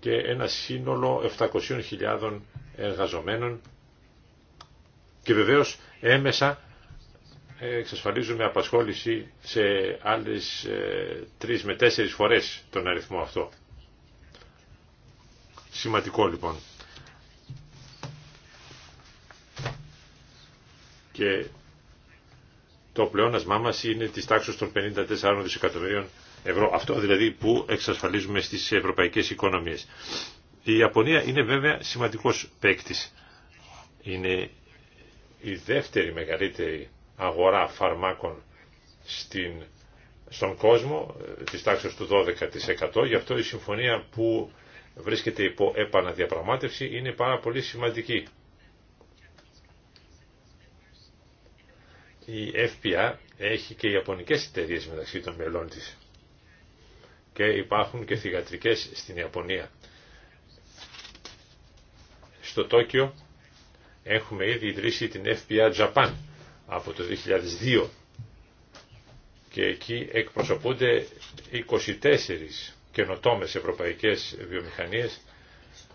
και ένα σύνολο 700.000 εργαζομένων και βεβαίως έμεσα ε, εξασφαλίζουμε απασχόληση σε άλλες ε, τρεις με τέσσερις φορές τον αριθμό αυτό. Σημαντικό λοιπόν. Και το πλεόνασμά μας είναι της τάξης των 54 δισεκατομμυρίων ευρώ. Αυτό δηλαδή που εξασφαλίζουμε στις ευρωπαϊκές οικονομίες. Η Ιαπωνία είναι βέβαια σημαντικός παίκτη. Είναι η δεύτερη μεγαλύτερη αγορά φαρμάκων στην, στον κόσμο, ε, της τάξης του 12%. Γι' αυτό η συμφωνία που βρίσκεται υπό επαναδιαπραγμάτευση είναι πάρα πολύ σημαντική. η FPA έχει και ιαπωνικές εταιρείε μεταξύ των μελών της και υπάρχουν και θηγατρικές στην Ιαπωνία. Στο Τόκιο έχουμε ήδη ιδρύσει την FPA Japan από το 2002 και εκεί εκπροσωπούνται 24 καινοτόμες ευρωπαϊκές βιομηχανίες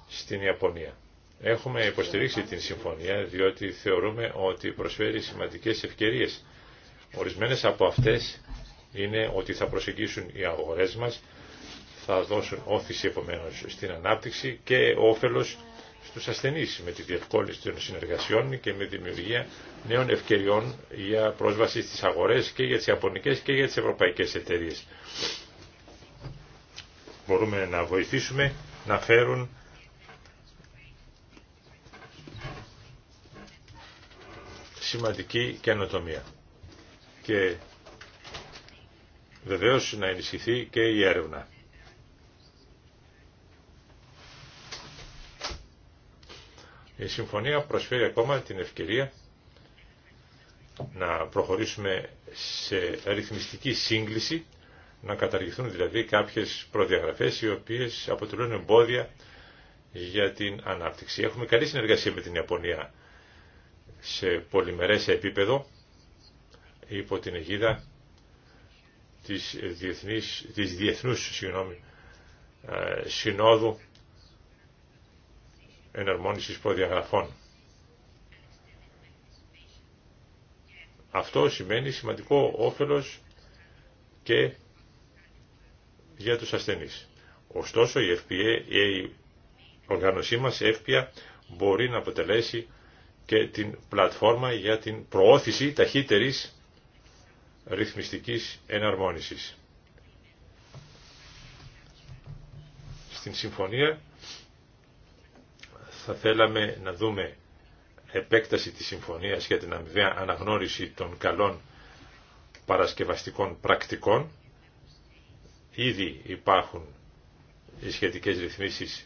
στην Ιαπωνία. Έχουμε υποστηρίξει την συμφωνία διότι θεωρούμε ότι προσφέρει σημαντικές ευκαιρίες. Ορισμένες από αυτές είναι ότι θα προσεγγίσουν οι αγορές μας, θα δώσουν όθηση επομένως στην ανάπτυξη και όφελος στους ασθενείς με τη διευκόλυνση των συνεργασιών και με δημιουργία νέων ευκαιριών για πρόσβαση στις αγορές και για τις ιαπωνικές και για τις ευρωπαϊκές εταιρείες. Μπορούμε να βοηθήσουμε να φέρουν σημαντική καινοτομία. Και βεβαίως να ενισχυθεί και η έρευνα. Η συμφωνία προσφέρει ακόμα την ευκαιρία να προχωρήσουμε σε ρυθμιστική σύγκληση, να καταργηθούν δηλαδή κάποιες προδιαγραφές οι οποίες αποτελούν εμπόδια για την ανάπτυξη. Έχουμε καλή συνεργασία με την Ιαπωνία σε πολυμερές επίπεδο υπό την αιγίδα της, διεθνής, της Διεθνούς ε, Συνόδου Εναρμόνισης Προδιαγραφών. Αυτό σημαίνει σημαντικό όφελος και για τους ασθενείς. Ωστόσο η FPA, η οργάνωσή μας, η μπορεί να αποτελέσει και την πλατφόρμα για την προώθηση ταχύτερης ρυθμιστικής εναρμόνισης. Στην συμφωνία θα θέλαμε να δούμε επέκταση της συμφωνίας για την αμοιβαία αναγνώριση των καλών παρασκευαστικών πρακτικών. Ήδη υπάρχουν οι σχετικές ρυθμίσεις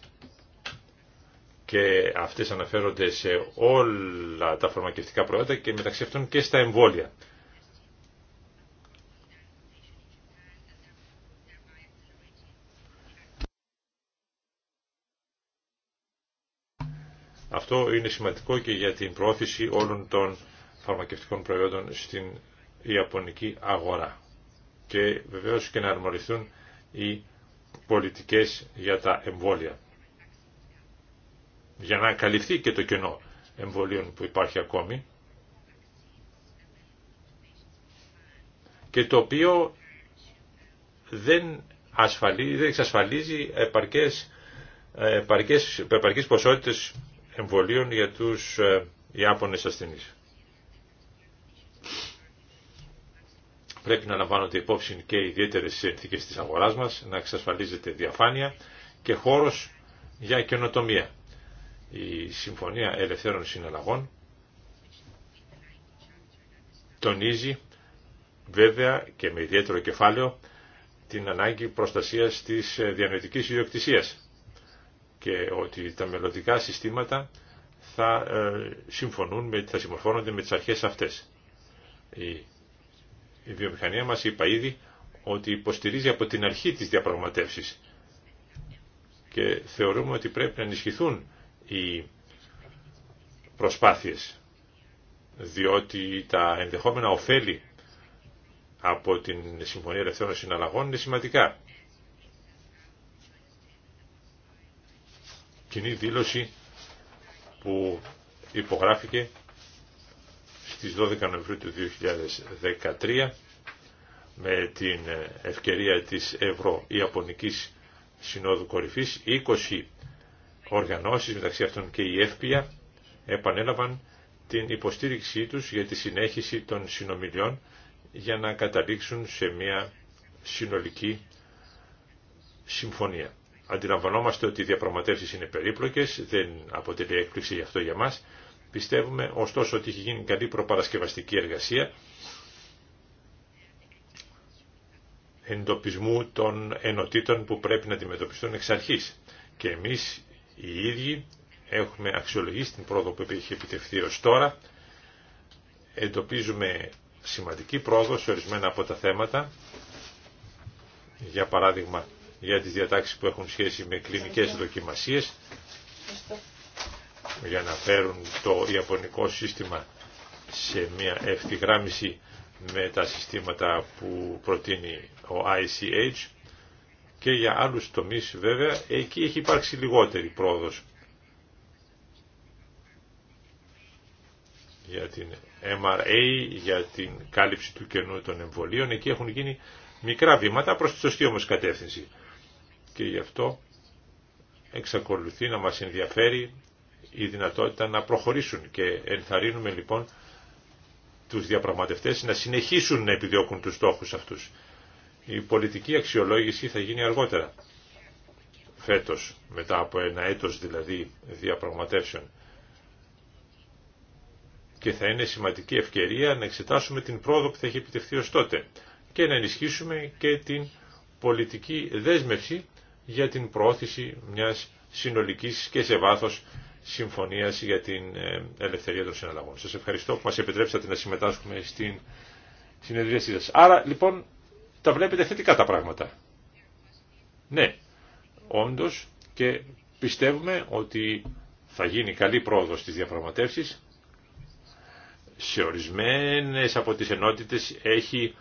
και αυτές αναφέρονται σε όλα τα φαρμακευτικά προϊόντα και μεταξύ αυτών και στα εμβόλια. Αυτό είναι σημαντικό και για την προώθηση όλων των φαρμακευτικών προϊόντων στην Ιαπωνική αγορά. Και βεβαίως και να αρμοριθούν οι πολιτικές για τα εμβόλια για να καλυφθεί και το κενό εμβολίων που υπάρχει ακόμη και το οποίο δεν, ασφαλίζει, δεν εξασφαλίζει επαρκές, ε, επαρκές, επαρκές ποσότητες εμβολίων για τους ε, Ιάπωνες ασθενείς. Πρέπει να λαμβάνονται υπόψη και οι ιδιαίτερες συνθήκες της αγοράς μας, να εξασφαλίζεται διαφάνεια και χώρος για καινοτομία η Συμφωνία Ελευθέρων Συναλλαγών τονίζει βέβαια και με ιδιαίτερο κεφάλαιο την ανάγκη προστασίας της διανοητικής ιδιοκτησίας και ότι τα μελλοντικά συστήματα θα ε, συμφωνούν, με, θα συμμορφώνονται με τις αρχές αυτές. Η, η βιομηχανία μας είπα ήδη ότι υποστηρίζει από την αρχή της διαπραγματεύσεις και θεωρούμε ότι πρέπει να ενισχυθούν οι προσπάθειες, διότι τα ενδεχόμενα ωφέλη από την Συμφωνία Ελευθέρων Συναλλαγών είναι σημαντικά. Κοινή δήλωση που υπογράφηκε στις 12 Νοεμβρίου του 2013 με την ευκαιρία της Ευρω-Ιαπωνικής Συνόδου Κορυφής 20 οργανώσεις, μεταξύ αυτών και η ΕΦΠΙΑ, επανέλαβαν την υποστήριξή τους για τη συνέχιση των συνομιλιών για να καταλήξουν σε μια συνολική συμφωνία. Αντιλαμβανόμαστε ότι οι διαπραγματεύσεις είναι περίπλοκες, δεν αποτελεί έκπληξη γι' αυτό για μας. Πιστεύουμε ωστόσο ότι έχει γίνει καλή προπαρασκευαστική εργασία εντοπισμού των ενωτήτων που πρέπει να αντιμετωπιστούν εξ αρχής. Και εμείς οι ίδιοι. Έχουμε αξιολογήσει την πρόοδο που έχει επιτευχθεί ως τώρα. Εντοπίζουμε σημαντική πρόοδο σε ορισμένα από τα θέματα. Για παράδειγμα, για τις διατάξεις που έχουν σχέση με κλινικές δοκιμασίες για να φέρουν το ιαπωνικό σύστημα σε μια ευθυγράμμιση με τα συστήματα που προτείνει ο ICH και για άλλους τομείς βέβαια εκεί έχει υπάρξει λιγότερη πρόοδος για την MRA, για την κάλυψη του κενού των εμβολίων. Εκεί έχουν γίνει μικρά βήματα προς τη σωστή όμως κατεύθυνση. Και γι' αυτό εξακολουθεί να μας ενδιαφέρει η δυνατότητα να προχωρήσουν και ενθαρρύνουμε λοιπόν τους διαπραγματευτές να συνεχίσουν να επιδιώκουν τους στόχους αυτούς. Η πολιτική αξιολόγηση θα γίνει αργότερα φέτος, μετά από ένα έτος δηλαδή διαπραγματεύσεων. Και θα είναι σημαντική ευκαιρία να εξετάσουμε την πρόοδο που θα έχει επιτευχθεί ως τότε και να ενισχύσουμε και την πολιτική δέσμευση για την προώθηση μιας συνολικής και σε βάθος συμφωνίας για την ε, ελευθερία των συναλλαγών. Σας ευχαριστώ που μας επιτρέψατε να συμμετάσχουμε στην συνέδρια σας. Άρα λοιπόν τα βλέπετε θετικά τα πράγματα. Ναι, όντως και πιστεύουμε ότι θα γίνει καλή πρόοδος στις διαπραγματεύσεις. Σε ορισμένες από τις ενότητες έχει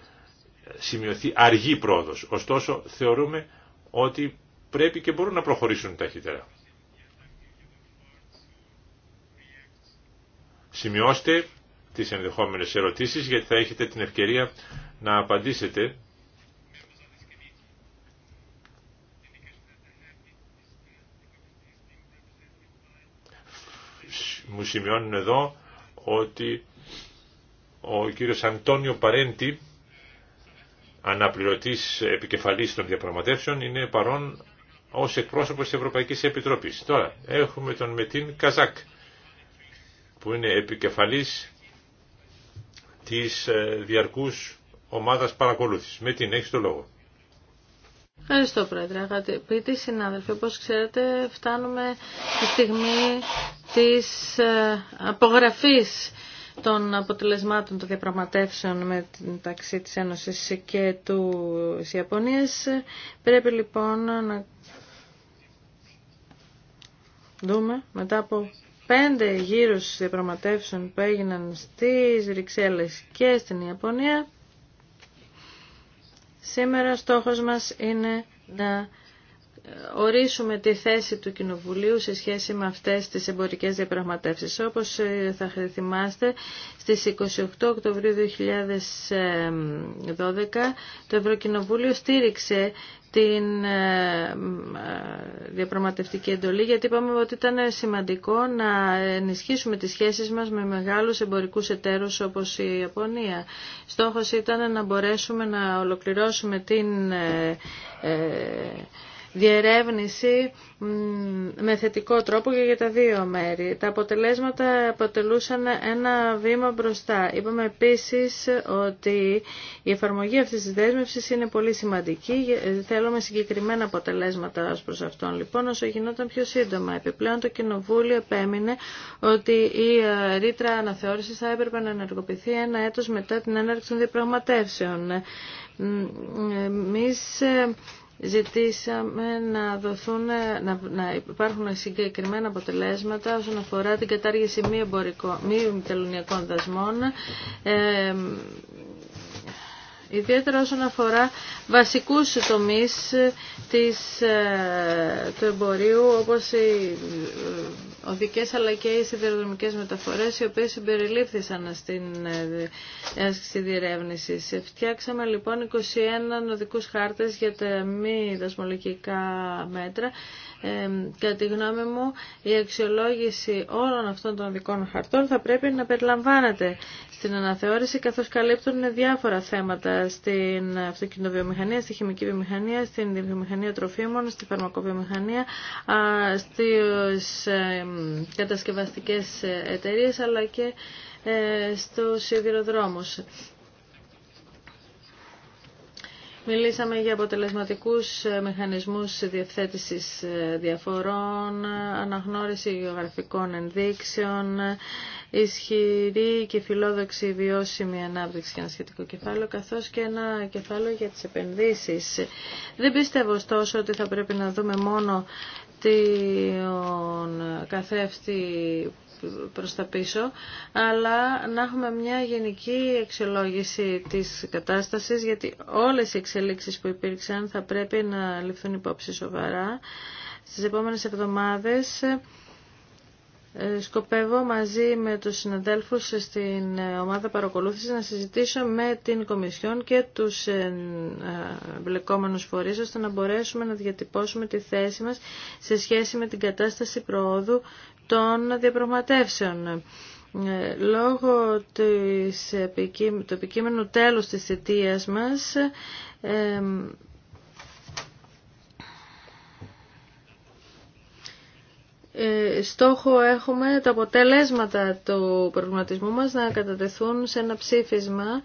σημειωθεί αργή πρόοδος. Ωστόσο θεωρούμε ότι πρέπει και μπορούν να προχωρήσουν ταχύτερα. Σημειώστε τις ενδεχόμενες ερωτήσεις γιατί θα έχετε την ευκαιρία να απαντήσετε Μου σημειώνουν εδώ ότι ο κύριος Αντώνιο Παρέντη, αναπληρωτής επικεφαλής των διαπραγματεύσεων, είναι παρόν ως εκπρόσωπος της Ευρωπαϊκής Επιτροπής. Τώρα έχουμε τον Μετίν Καζάκ, που είναι επικεφαλής της ε, διαρκούς ομάδας παρακολούθησης. Μετίν, έχεις το λόγο. Ευχαριστώ, Πρόεδρε. Αγαπητοί συνάδελφοι, όπως ξέρετε, φτάνουμε στη στιγμή της ε, απογραφής των αποτελεσμάτων των διαπραγματεύσεων με την ταξί της Ένωσης και του της Ιαπωνίας. Πρέπει λοιπόν να δούμε μετά από πέντε γύρους διαπραγματεύσεων που έγιναν στις ριξέλες και στην Ιαπωνία Σήμερα στόχος μας είναι να ορίσουμε τη θέση του Κοινοβουλίου σε σχέση με αυτές τις εμπορικές διαπραγματεύσεις. Όπως ε, θα θυμάστε, στις 28 Οκτωβρίου 2012 το Ευρωκοινοβούλιο στήριξε την ε, ε, διαπραγματευτική εντολή γιατί είπαμε ότι ήταν σημαντικό να ενισχύσουμε τις σχέσεις μας με μεγάλους εμπορικούς εταίρους όπως η Ιαπωνία. Στόχος ήταν να μπορέσουμε να ολοκληρώσουμε την διερεύνηση με θετικό τρόπο και για τα δύο μέρη. Τα αποτελέσματα αποτελούσαν ένα βήμα μπροστά. Είπαμε επίσης ότι η εφαρμογή αυτής της δέσμευσης είναι πολύ σημαντική. Ε, θέλουμε συγκεκριμένα αποτελέσματα ως προς αυτόν. Λοιπόν, όσο γινόταν πιο σύντομα. Επιπλέον το Κοινοβούλιο επέμεινε ότι η ε, ρήτρα αναθεώρηση θα έπρεπε να ενεργοποιηθεί ένα έτος μετά την έναρξη των διαπραγματεύσεων. Ε, εμείς ζητήσαμε να, δοθούν, να, να υπάρχουν συγκεκριμένα αποτελέσματα όσον αφορά την κατάργηση μη, εμπορικό, μη τελωνιακών δασμών, ε, ιδιαίτερα όσον αφορά βασικούς τομείς της, ε, του εμπορίου όπως η οδικές αλλά και οι σιδηροδρομικέ μεταφορές οι οποίες συμπεριλήφθησαν στην ε, άσκηση διερεύνηση. Φτιάξαμε λοιπόν 21 οδικού χάρτες για τα μη δασμολογικά μέτρα ε, κατά τη γνώμη μου, η αξιολόγηση όλων αυτών των δικών χαρτών θα πρέπει να περιλαμβάνεται στην αναθεώρηση, καθώς καλύπτουν διάφορα θέματα στην αυτοκινητοβιομηχανία, στη χημική βιομηχανία, στην βιομηχανία τροφίμων, στη φαρμακοβιομηχανία, στις κατασκευαστικές εταιρείες, αλλά και ε, στους σιδηροδρόμους. Μιλήσαμε για αποτελεσματικούς ε, μηχανισμούς διευθέτησης ε, διαφορών, αναγνώριση γεωγραφικών ενδείξεων, ισχυρή και φιλόδοξη βιώσιμη ανάπτυξη και ένα σχετικό κεφάλαιο, καθώς και ένα κεφάλαιο για τις επενδύσεις. Δεν πιστεύω ωστόσο ότι θα πρέπει να δούμε μόνο τον καθρέφτη προς τα πίσω, αλλά να έχουμε μια γενική εξελόγηση της κατάστασης, γιατί όλες οι εξελίξεις που υπήρξαν θα πρέπει να ληφθούν υπόψη σοβαρά. Στις επόμενες εβδομάδες ε, σκοπεύω μαζί με τους συναδέλφους στην ε, ομάδα παρακολούθησης να συζητήσω με την Κομισιόν και τους ε, εμπλεκόμενους φορείς ώστε να μπορέσουμε να διατυπώσουμε τη θέση μας σε σχέση με την κατάσταση προόδου των διαπραγματεύσεων. Ε, λόγω του επικείμενου τέλους της θητείας μας, ε, στόχο έχουμε τα αποτελέσματα του προβληματισμού μας να κατατεθούν σε ένα ψήφισμα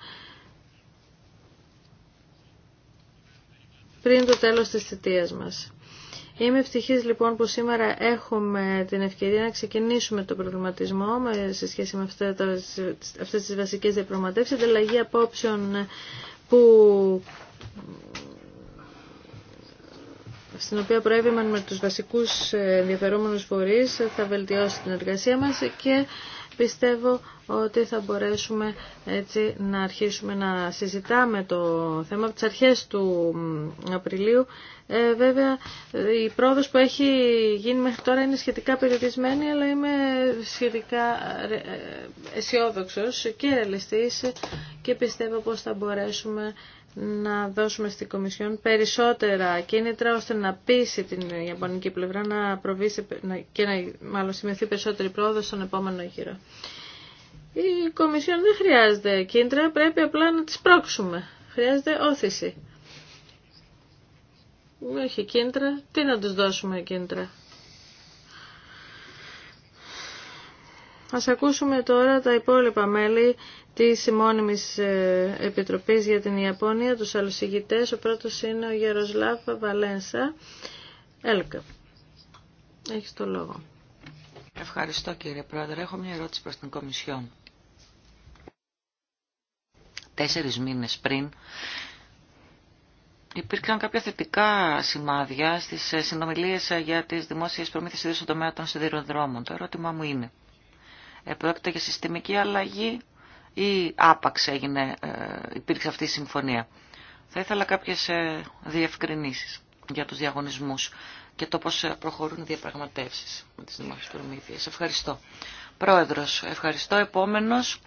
πριν το τέλος της θητείας μας. Είμαι ευτυχής λοιπόν που σήμερα έχουμε την ευκαιρία να ξεκινήσουμε τον προβληματισμό σε σχέση με αυτές τις βασικές διαπραγματεύσεις, ανταλλαγή απόψεων που στην οποία προέβημαν με τους βασικούς ενδιαφερόμενους φορείς θα βελτιώσει την εργασία μας και πιστεύω ότι θα μπορέσουμε έτσι να αρχίσουμε να συζητάμε το θέμα από τις αρχές του Απριλίου. Ε, βέβαια η πρόοδος που έχει γίνει μέχρι τώρα είναι σχετικά περιορισμένη αλλά είμαι σχετικά ε, αισιόδοξο και ρελιστής και πιστεύω πως θα μπορέσουμε να δώσουμε στην Κομισιόν περισσότερα κίνητρα ώστε να πείσει την Ιαπωνική πλευρά να προβεί και να μάλλον σημειωθεί περισσότερη πρόοδο στον επόμενο γύρο. Η Κομισιόν δεν χρειάζεται κίνητρα, πρέπει απλά να τις πρόξουμε. Χρειάζεται όθηση. Όχι κίνητρα, τι να τους δώσουμε κίνητρα. Ας ακούσουμε τώρα τα υπόλοιπα μέλη της μόνιμης ε, Επιτροπής για την Ιαπωνία, τους αλλοσυγητές. Ο πρώτος είναι ο Γεροσλάφ Βαλένσα. Έλκα, έχεις το λόγο. Ευχαριστώ κύριε Πρόεδρε. Έχω μια ερώτηση προς την Κομισιόν. Τέσσερις μήνες πριν υπήρξαν κάποια θετικά σημάδια στις ε, συνομιλίες ε, για τις δημόσιες προμήθειες στον τομέα των σιδηροδρόμων. Το ερώτημά μου είναι, Πρόκειται για συστημική αλλαγή ή άπαξ έγινε, ε, υπήρξε αυτή η συμφωνία. Θα ήθελα κάποιες ε, διευκρινήσεις για τους διαγωνισμούς και το πώς ε, προχωρούν οι διαπραγματεύσεις με τις δημόσιες προμήθειες. Ευχαριστώ. Πρόεδρος, ευχαριστώ. Επόμενος,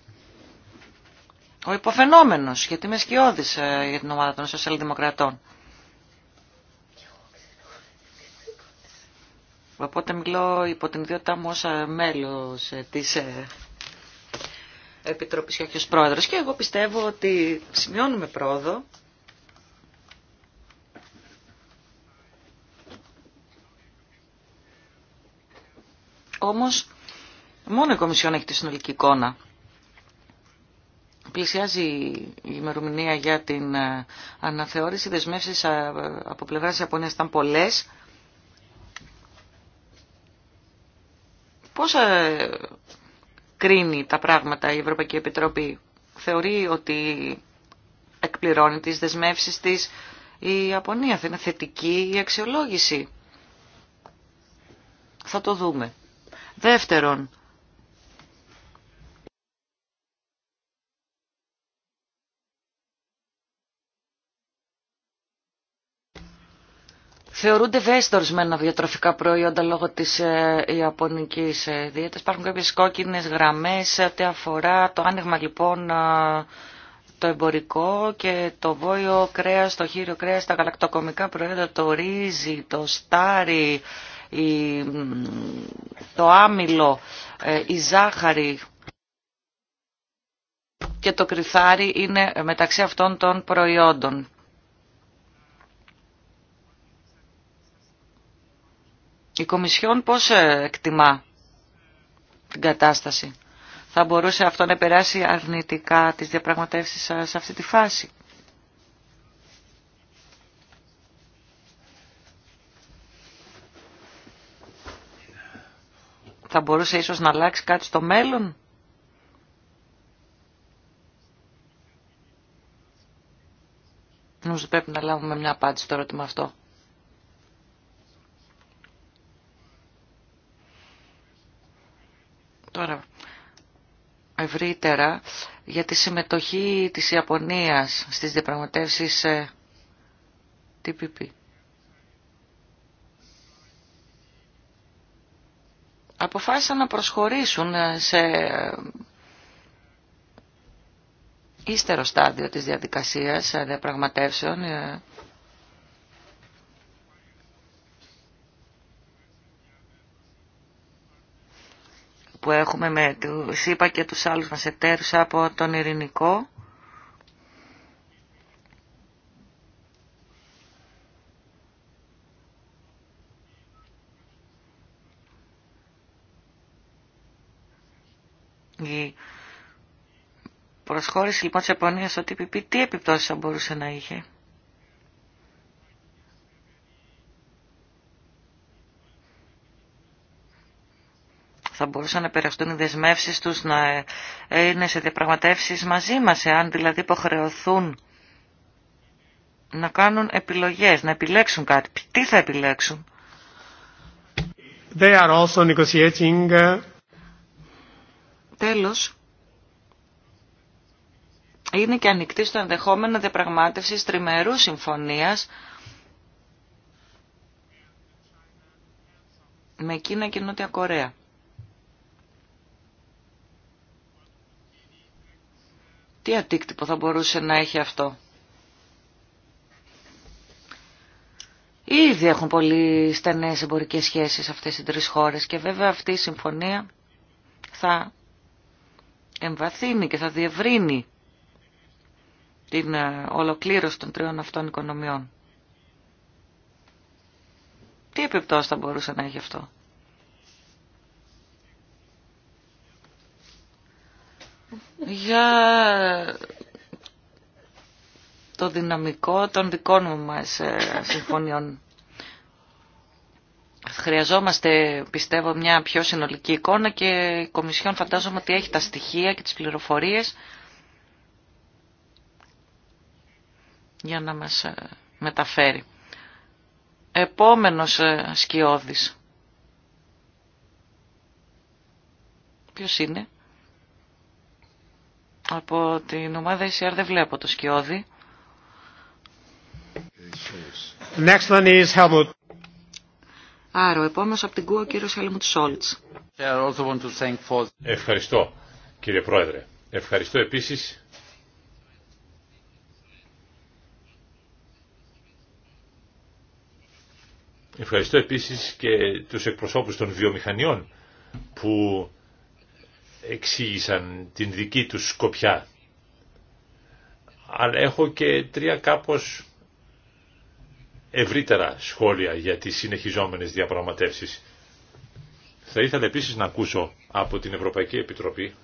ο υποφαινόμενος, γιατί είμαι σκιώδης για την ομάδα των σοσιαλδημοκρατών. Οπότε μιλώ υπό την ιδιότητά μου ως ε, μέλος ε, της ε, Επιτροπής και όχι πρόεδρος. Και εγώ πιστεύω ότι σημειώνουμε πρόοδο. Όμως μόνο η Κομισιόν έχει τη συνολική εικόνα. Πλησιάζει η ημερομηνία για την αναθεώρηση. δεσμεύσεις από πλευράς Ιαπωνίας ήταν πολλές. Πώς ε, κρίνει τα πράγματα η Ευρωπαϊκή Επιτροπή. Θεωρεί ότι εκπληρώνει τις δεσμεύσεις της η Ιαπωνία. Θα είναι θετική η αξιολόγηση. Θα το δούμε. Δεύτερον, θεωρούνται ευαίσθητα ορισμένα διατροφικά προϊόντα λόγω τη ε, ιαπωνικής ε, δίαιτα. Υπάρχουν κάποιες κόκκινες γραμμές ό,τι αφορά το άνοιγμα λοιπόν ε, το εμπορικό και το βόλιο κρέα, το χείριο κρέα, τα γαλακτοκομικά προϊόντα, το ρύζι, το στάρι, το άμυλο, ε, η ζάχαρη και το κρυθάρι είναι μεταξύ αυτών των προϊόντων. Η Κομισιόν πώς ε, εκτιμά την κατάσταση. Θα μπορούσε αυτό να περάσει αρνητικά τις διαπραγματεύσεις σε αυτή τη φάση. Θα μπορούσε ίσως να αλλάξει κάτι στο μέλλον. Νομίζω πρέπει να λάβουμε μια απάντηση στο ερώτημα αυτό. Τώρα, ευρύτερα, για τη συμμετοχή της Ιαπωνίας στις διαπραγματεύσεις ε, TPP. Αποφάσισαν να προσχωρήσουν ε, σε ε, ύστερο στάδιο της διαδικασίας διαπραγματεύσεων που έχουμε με του ΣΥΠΑ και τους άλλους μας εταίρους από τον Ειρηνικό. Η προσχώρηση λοιπόν της Ιαπωνίας στο TPP τι επιπτώσεις θα μπορούσε να είχε. θα μπορούσαν να περαστούν οι δεσμεύσεις τους να είναι σε διαπραγματεύσεις μαζί μας, εάν δηλαδή υποχρεωθούν να κάνουν επιλογές, να επιλέξουν κάτι. Τι θα επιλέξουν. They are also negotiating... Uh, Τέλος, είναι και ανοιχτή στο ενδεχόμενο διαπραγμάτευση τριμερού συμφωνίας με Κίνα και Νότια Κορέα. Τι αντίκτυπο θα μπορούσε να έχει αυτό. Ήδη έχουν πολύ στενές εμπορικές σχέσεις αυτές οι τρεις χώρες και βέβαια αυτή η συμφωνία θα εμβαθύνει και θα διευρύνει την ε, ολοκλήρωση των τριών αυτών οικονομιών. Τι επιπτώσεις θα μπορούσε να έχει αυτό. για το δυναμικό των δικών μου μας ε, συμφωνιών. Χρειαζόμαστε, πιστεύω, μια πιο συνολική εικόνα και η Κομισιόν φαντάζομαι ότι έχει τα στοιχεία και τις πληροφορίες για να μας ε, μεταφέρει. Επόμενος ε, σκιώδης. Ποιος είναι? Από την ομάδα ECR δεν βλέπω το σκιώδη. Next one is Helmut. Άρα, ο από την ΚΟΥ, ο κύριος Helmut Σόλτ. Ευχαριστώ, κύριε Πρόεδρε. Ευχαριστώ επίσης Ευχαριστώ επίσης και τους εκπροσώπους των βιομηχανιών που εξήγησαν την δική τους σκοπιά. Αλλά έχω και τρία κάπως ευρύτερα σχόλια για τις συνεχιζόμενες διαπραγματεύσεις. Θα ήθελα επίσης να ακούσω από την Ευρωπαϊκή Επιτροπή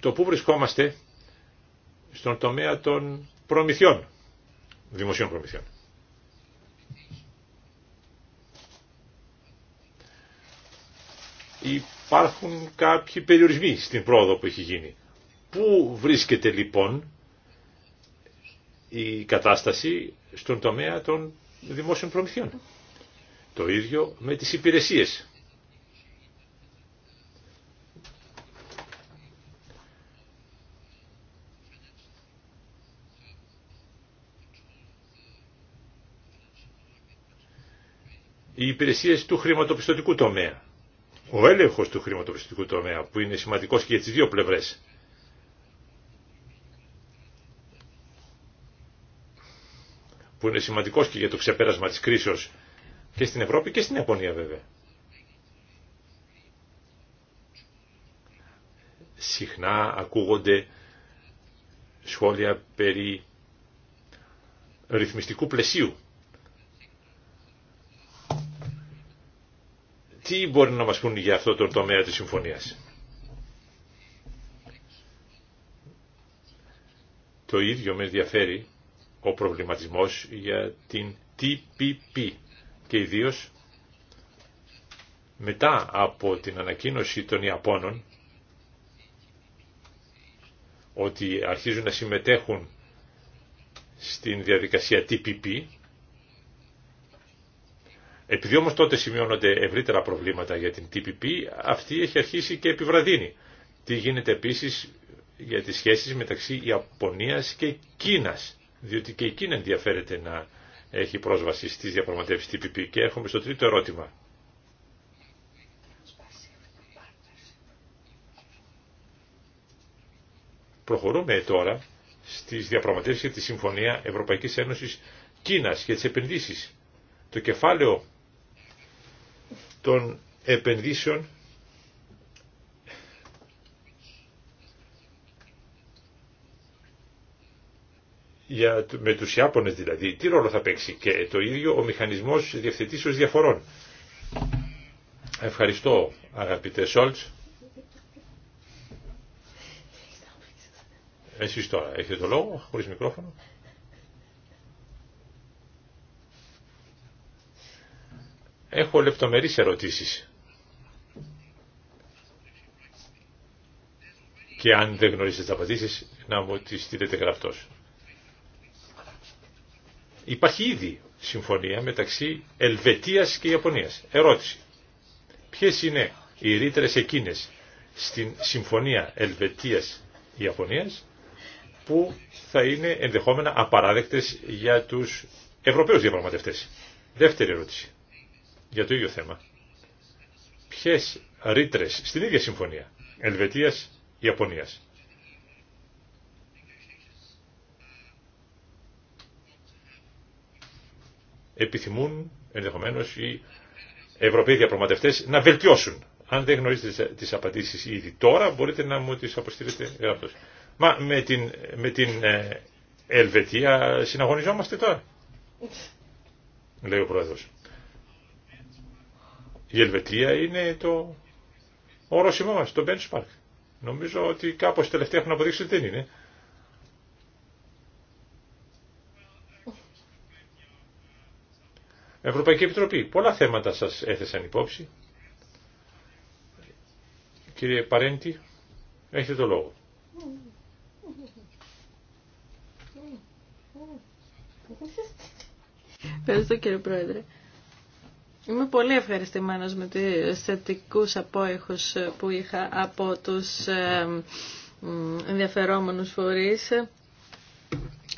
το πού βρισκόμαστε στον τομέα των προμηθειών, δημοσίων προμηθειών. Η υπάρχουν κάποιοι περιορισμοί στην πρόοδο που έχει γίνει. Πού βρίσκεται λοιπόν η κατάσταση στον τομέα των δημόσιων προμηθειών. Το ίδιο με τις υπηρεσίες. Οι υπηρεσίες του χρηματοπιστωτικού τομέα ο έλεγχος του χρηματοπιστικού τομέα που είναι σημαντικός και για τις δύο πλευρές. που είναι σημαντικός και για το ξεπέρασμα της κρίσεως και στην Ευρώπη και στην Ιαπωνία βέβαια. Συχνά ακούγονται σχόλια περί ρυθμιστικού πλαισίου Τι μπορεί να μας πούν για αυτό το τομέα της συμφωνίας. Το ίδιο με ενδιαφέρει ο προβληματισμός για την TPP και ιδίως μετά από την ανακοίνωση των Ιαπώνων ότι αρχίζουν να συμμετέχουν στην διαδικασία TPP επειδή όμως τότε σημειώνονται ευρύτερα προβλήματα για την TPP, αυτή έχει αρχίσει και επιβραδύνει. Τι γίνεται επίσης για τις σχέσεις μεταξύ Ιαπωνίας και Κίνας, διότι και η Κίνα ενδιαφέρεται να έχει πρόσβαση στις διαπραγματεύσεις TPP. Και έρχομαι στο τρίτο ερώτημα. Προχωρούμε τώρα στις διαπραγματεύσεις για τη Συμφωνία Ευρωπαϊκής Ένωσης Κίνας και τις επενδύσεις. Το κεφάλαιο των επενδύσεων για, με τους Ιάπωνες δηλαδή, τι ρόλο θα παίξει και το ίδιο ο μηχανισμός διευθετήσεως διαφορών. Ευχαριστώ αγαπητέ Σόλτς. Εσείς τώρα έχετε το λόγο, χωρίς μικρόφωνο. Έχω λεπτομερείς ερωτήσεις. Και αν δεν γνωρίζετε τις απαντήσεις, να μου τις στείλετε γραπτός. Υπάρχει ήδη συμφωνία μεταξύ Ελβετίας και Ιαπωνίας. Ερώτηση. Ποιες είναι οι ρήτρες εκείνες στην συμφωνία Ελβετίας-Ιαπωνίας που θα είναι ενδεχόμενα απαράδεκτες για τους Ευρωπαίους διαπραγματευτές. Δεύτερη ερώτηση για το ίδιο θέμα. Ποιε ρήτρε στην ίδια συμφωνία Ελβετίας Ιαπωνίας. Επιθυμούν ενδεχομένω οι Ευρωπαίοι διαπραγματευτές να βελτιώσουν. Αν δεν γνωρίζετε τις απαντήσει ήδη τώρα μπορείτε να μου τις αποστείλετε γραπτός. Μα με την, με την ε, Ελβετία συναγωνιζόμαστε τώρα. Λέει ο Πρόεδρος. Η Ελβετία είναι το όροσημό μας, το benchmark. Νομίζω ότι κάπως τελευταία έχουν αποδείξει ότι δεν είναι. Ευρωπαϊκή Επιτροπή, πολλά θέματα σας έθεσαν υπόψη. Κύριε Παρέντη, έχετε το λόγο. Ευχαριστώ κύριε Πρόεδρε. Είμαι πολύ ευχαριστημένος με τους θετικούς απόϊχους που είχα από τους ενδιαφερόμενους φορείς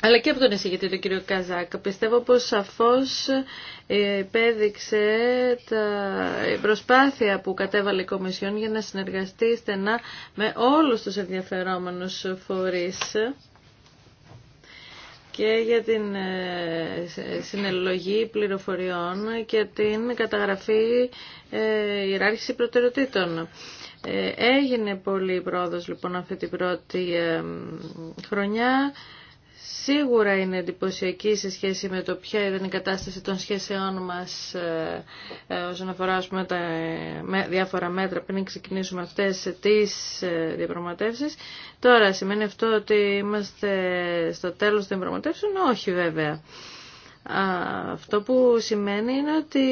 αλλά και από τον εισηγητή τον κύριο Καζάκ. Πιστεύω πως σαφώς επέδειξε τα προσπάθεια που κατέβαλε η Κομισιόν για να συνεργαστεί στενά με όλους τους ενδιαφερόμενους φορείς και για την ε, συνελλογή πληροφοριών και την καταγραφή ε, ιεράρχηση προτεραιοτήτων. Ε, έγινε πολύ πρόοδος λοιπόν αυτή την πρώτη ε, χρονιά. Σίγουρα είναι εντυπωσιακή σε σχέση με το ποια ήταν η κατάσταση των σχέσεών μας ε, ε, όσον αφορά πούμε, τα διάφορα μέτρα πριν ξεκινήσουμε αυτές τις ε, διαπραγματεύσεις. Τώρα σημαίνει αυτό ότι είμαστε στο τέλος των διαπραγματεύσεων. Όχι βέβαια. Αυτό που σημαίνει είναι ότι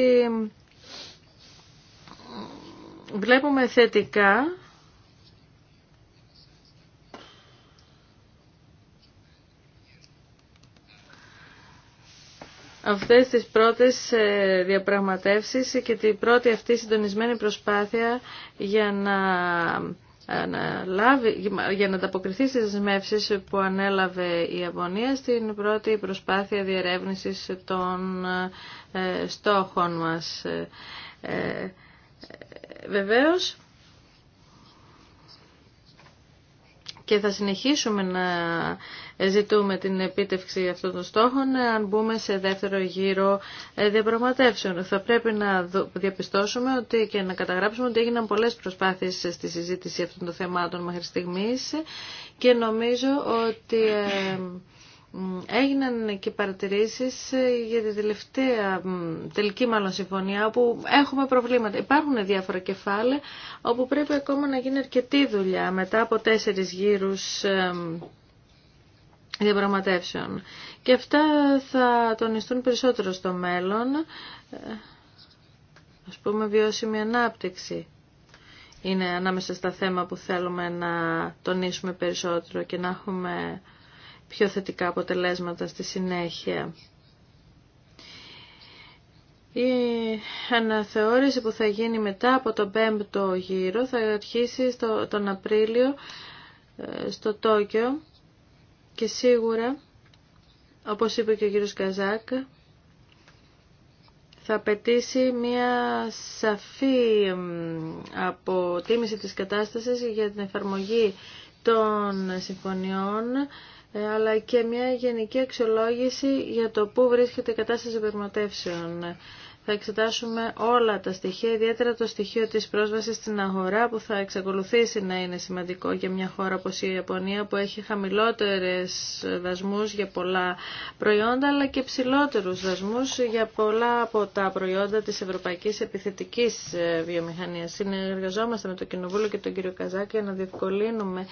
βλέπουμε θετικά αυτές τις πρώτες ε, διαπραγματεύσεις και την πρώτη αυτή συντονισμένη προσπάθεια για ε, να λάβει, για να ανταποκριθεί στις δεσμεύσεις που ανέλαβε η Ιαπωνία στην πρώτη προσπάθεια διερεύνησης των ε, στόχων μας. Βεβαίως, και θα συνεχίσουμε να ζητούμε την επίτευξη αυτών των στόχων αν μπούμε σε δεύτερο γύρο ε, διαπραγματεύσεων. Θα πρέπει να διαπιστώσουμε ότι και να καταγράψουμε ότι έγιναν πολλές προσπάθειες στη συζήτηση αυτών των θεμάτων μέχρι στιγμής και νομίζω ότι ε, έγιναν και παρατηρήσεις ε, για τη τελευταία τελική μάλλον συμφωνία όπου έχουμε προβλήματα. Υπάρχουν διάφορα κεφάλαια όπου πρέπει ακόμα να γίνει αρκετή δουλειά μετά από τέσσερις γύρους ε, διαπραγματεύσεων. Και αυτά θα τονιστούν περισσότερο στο μέλλον, ε, ας πούμε βιώσιμη ανάπτυξη. Είναι ανάμεσα στα θέματα που θέλουμε να τονίσουμε περισσότερο και να έχουμε πιο θετικά αποτελέσματα στη συνέχεια. Η αναθεώρηση που θα γίνει μετά από τον πέμπτο γύρο θα αρχίσει τον Απρίλιο ε, στο Τόκιο και σίγουρα, όπως είπε και ο κύριος Καζάκ, θα απαιτήσει μια σαφή αποτίμηση της κατάστασης για την εφαρμογή των συμφωνιών ε, αλλά και μια γενική αξιολόγηση για το πού βρίσκεται η κατάσταση των θα εξετάσουμε όλα τα στοιχεία, ιδιαίτερα το στοιχείο της πρόσβασης στην αγορά που θα εξακολουθήσει να είναι σημαντικό για μια χώρα όπως η Ιαπωνία που έχει χαμηλότερες δασμούς για πολλά προϊόντα αλλά και ψηλότερους δασμούς για πολλά από τα προϊόντα της ευρωπαϊκής επιθετικής ε, βιομηχανίας. Συνεργαζόμαστε με το Κοινοβούλιο και τον κύριο Καζάκη να διευκολύνουμε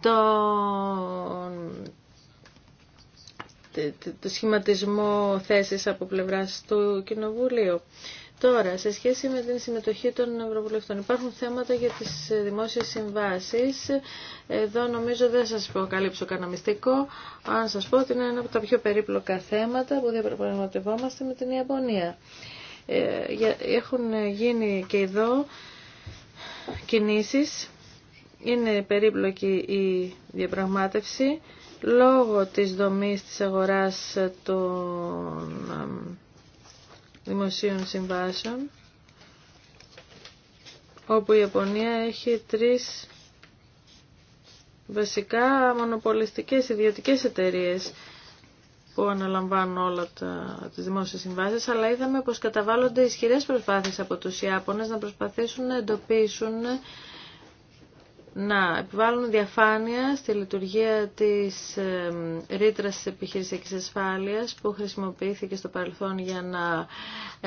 τον το σχηματισμό θέσης από πλευράς του Κοινοβουλίου. Τώρα, σε σχέση με την συμμετοχή των Ευρωβουλευτών, υπάρχουν θέματα για τις δημόσιες συμβάσεις. Εδώ νομίζω δεν σας πω καλύψω κανένα μυστικό. Αν σας πω ότι είναι ένα από τα πιο περίπλοκα θέματα που διαπραγματευόμαστε με την Ιαπωνία. Ε, έχουν γίνει και εδώ κινήσεις. Είναι περίπλοκη η διαπραγμάτευση λόγω της δομής της αγοράς των δημοσίων συμβάσεων, όπου η Ιαπωνία έχει τρεις βασικά μονοπολιστικές ιδιωτικές εταιρείες που αναλαμβάνουν όλα τα, τις δημόσιες συμβάσεις, αλλά είδαμε πως καταβάλλονται ισχυρές προσπάθειες από τους Ιάπωνες να προσπαθήσουν να εντοπίσουν να επιβάλλουν διαφάνεια στη λειτουργία της ρήτρα της επιχειρησιακής ασφάλειας που χρησιμοποιήθηκε στο παρελθόν για να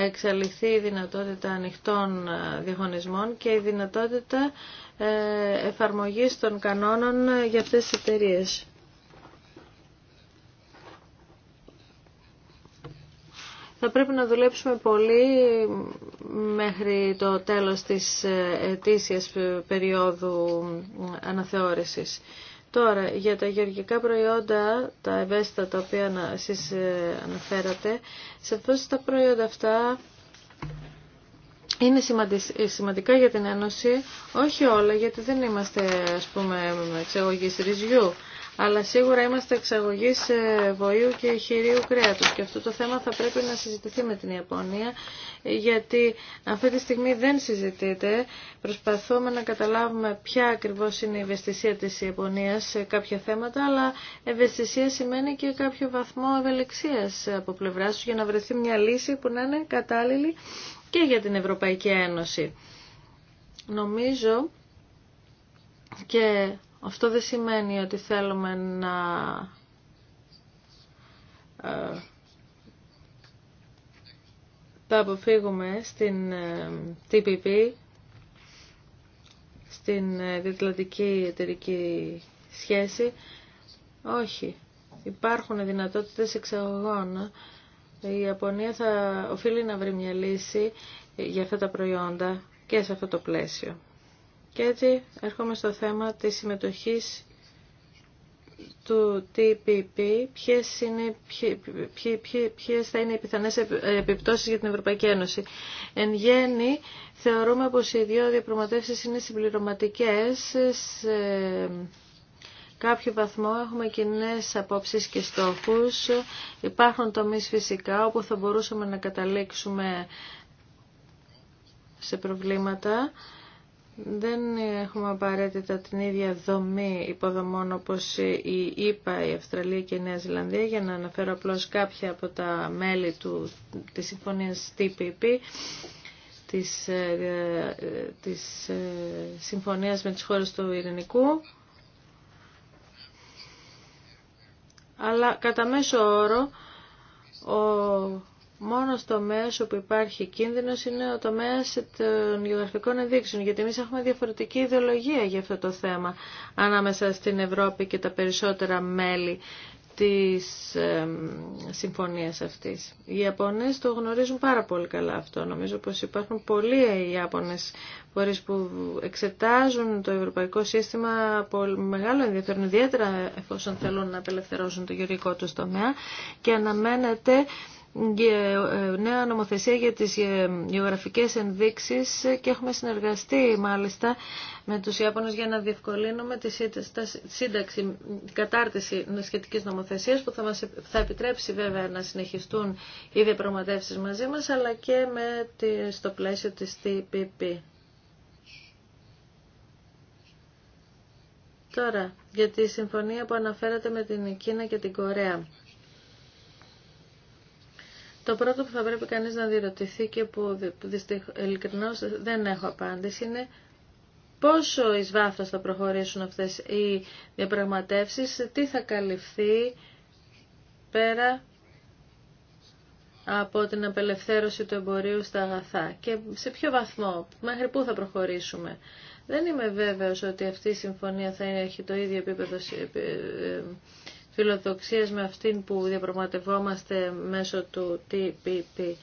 εξαλειφθεί η δυνατότητα ανοιχτών ε, διαγωνισμών και η δυνατότητα ε, εφαρμογής των κανόνων ε, για αυτές τις εταιρείες. Θα πρέπει να δουλέψουμε πολύ μέχρι το τέλος της ετήσιας περίοδου αναθεώρησης. Τώρα, για τα γεωργικά προϊόντα, τα ευαίσθητα τα οποία εσείς ε, αναφέρατε, σε αυτούς τα προϊόντα αυτά είναι ε, σημαντικά για την Ένωση, όχι όλα, γιατί δεν είμαστε, ας πούμε, εξαγωγής ρυζιού αλλά σίγουρα είμαστε εξαγωγή ε, βοήου και χειρίου κρέατο. και αυτό το θέμα θα πρέπει να συζητηθεί με την Ιαπωνία γιατί αυτή τη στιγμή δεν συζητείται. Προσπαθούμε να καταλάβουμε ποια ακριβώ είναι η ευαισθησία τη Ιαπωνία σε κάποια θέματα, αλλά ευαισθησία σημαίνει και κάποιο βαθμό ευελιξία από πλευρά σου για να βρεθεί μια λύση που να είναι κατάλληλη και για την Ευρωπαϊκή Ένωση. Νομίζω και αυτό δεν σημαίνει ότι θέλουμε να ε, τα αποφύγουμε στην ε, TPP, στην ε, διατλαντική εταιρική σχέση. Όχι. Υπάρχουν δυνατότητες εξαγωγών. Η Ιαπωνία θα οφείλει να βρει μια λύση για αυτά τα προϊόντα και σε αυτό το πλαίσιο. Και έτσι έρχομαι στο θέμα της συμμετοχής του TPP, ποιες, είναι, θα είναι οι πιθανές επιπτώσεις για την Ευρωπαϊκή Ένωση. Εν γέννη, θεωρούμε πως οι δύο διαπραγματεύσεις είναι συμπληρωματικές σε κάποιο βαθμό έχουμε κοινέ απόψεις και στόχους. Υπάρχουν τομείς φυσικά όπου θα μπορούσαμε να καταλήξουμε σε προβλήματα δεν έχουμε απαραίτητα την ίδια δομή υποδομών όπως η ΕΠΑ, η Αυστραλία και η Νέα Ζηλανδία για να αναφέρω απλώς κάποια από τα μέλη του, της συμφωνίας TPP της, ε, της ε, συμφωνίας με τις χώρες του Ειρηνικού αλλά κατά μέσο όρο ο Μόνο στο μέσο που υπάρχει κίνδυνος είναι ο τομέας των γεωγραφικών ενδείξεων, γιατί εμείς έχουμε διαφορετική ιδεολογία για αυτό το θέμα ανάμεσα στην Ευρώπη και τα περισσότερα μέλη της ε, συμφωνίας αυτής. Οι Ιαπωνές το γνωρίζουν πάρα πολύ καλά αυτό. Νομίζω πως υπάρχουν πολλοί Ιάπωνες φορείς που εξετάζουν το ευρωπαϊκό σύστημα από μεγάλο ενδιαφέρον, ιδιαίτερα εφόσον θέλουν να απελευθερώσουν το γεωργικό του τομέα και αναμένεται ε, νέα νομοθεσία για τις ε, γεωγραφικές ενδείξεις και έχουμε συνεργαστεί μάλιστα με τους Ιάπωνες για να διευκολύνουμε τη σύνταξη, την κατάρτιση σχετικής νομοθεσίας που θα, μας, θα επιτρέψει βέβαια να συνεχιστούν οι διαπραγματεύσεις μαζί μας αλλά και με τη, στο πλαίσιο της TPP. Τώρα, για τη συμφωνία που αναφέρατε με την Κίνα και την Κορέα. Το πρώτο που θα πρέπει κανείς να διερωτηθεί και που ειλικρινώς δεν έχω απάντηση είναι πόσο εις βάθος θα προχωρήσουν αυτές οι διαπραγματεύσεις, τι θα καλυφθεί πέρα από την απελευθέρωση του εμπορίου στα αγαθά και σε ποιο βαθμό, μέχρι πού θα προχωρήσουμε. Δεν είμαι βέβαιος ότι αυτή η συμφωνία θα έχει το ίδιο επίπεδο ε, φιλοδοξίες με αυτήν που διαπραγματευόμαστε μέσω του TPP.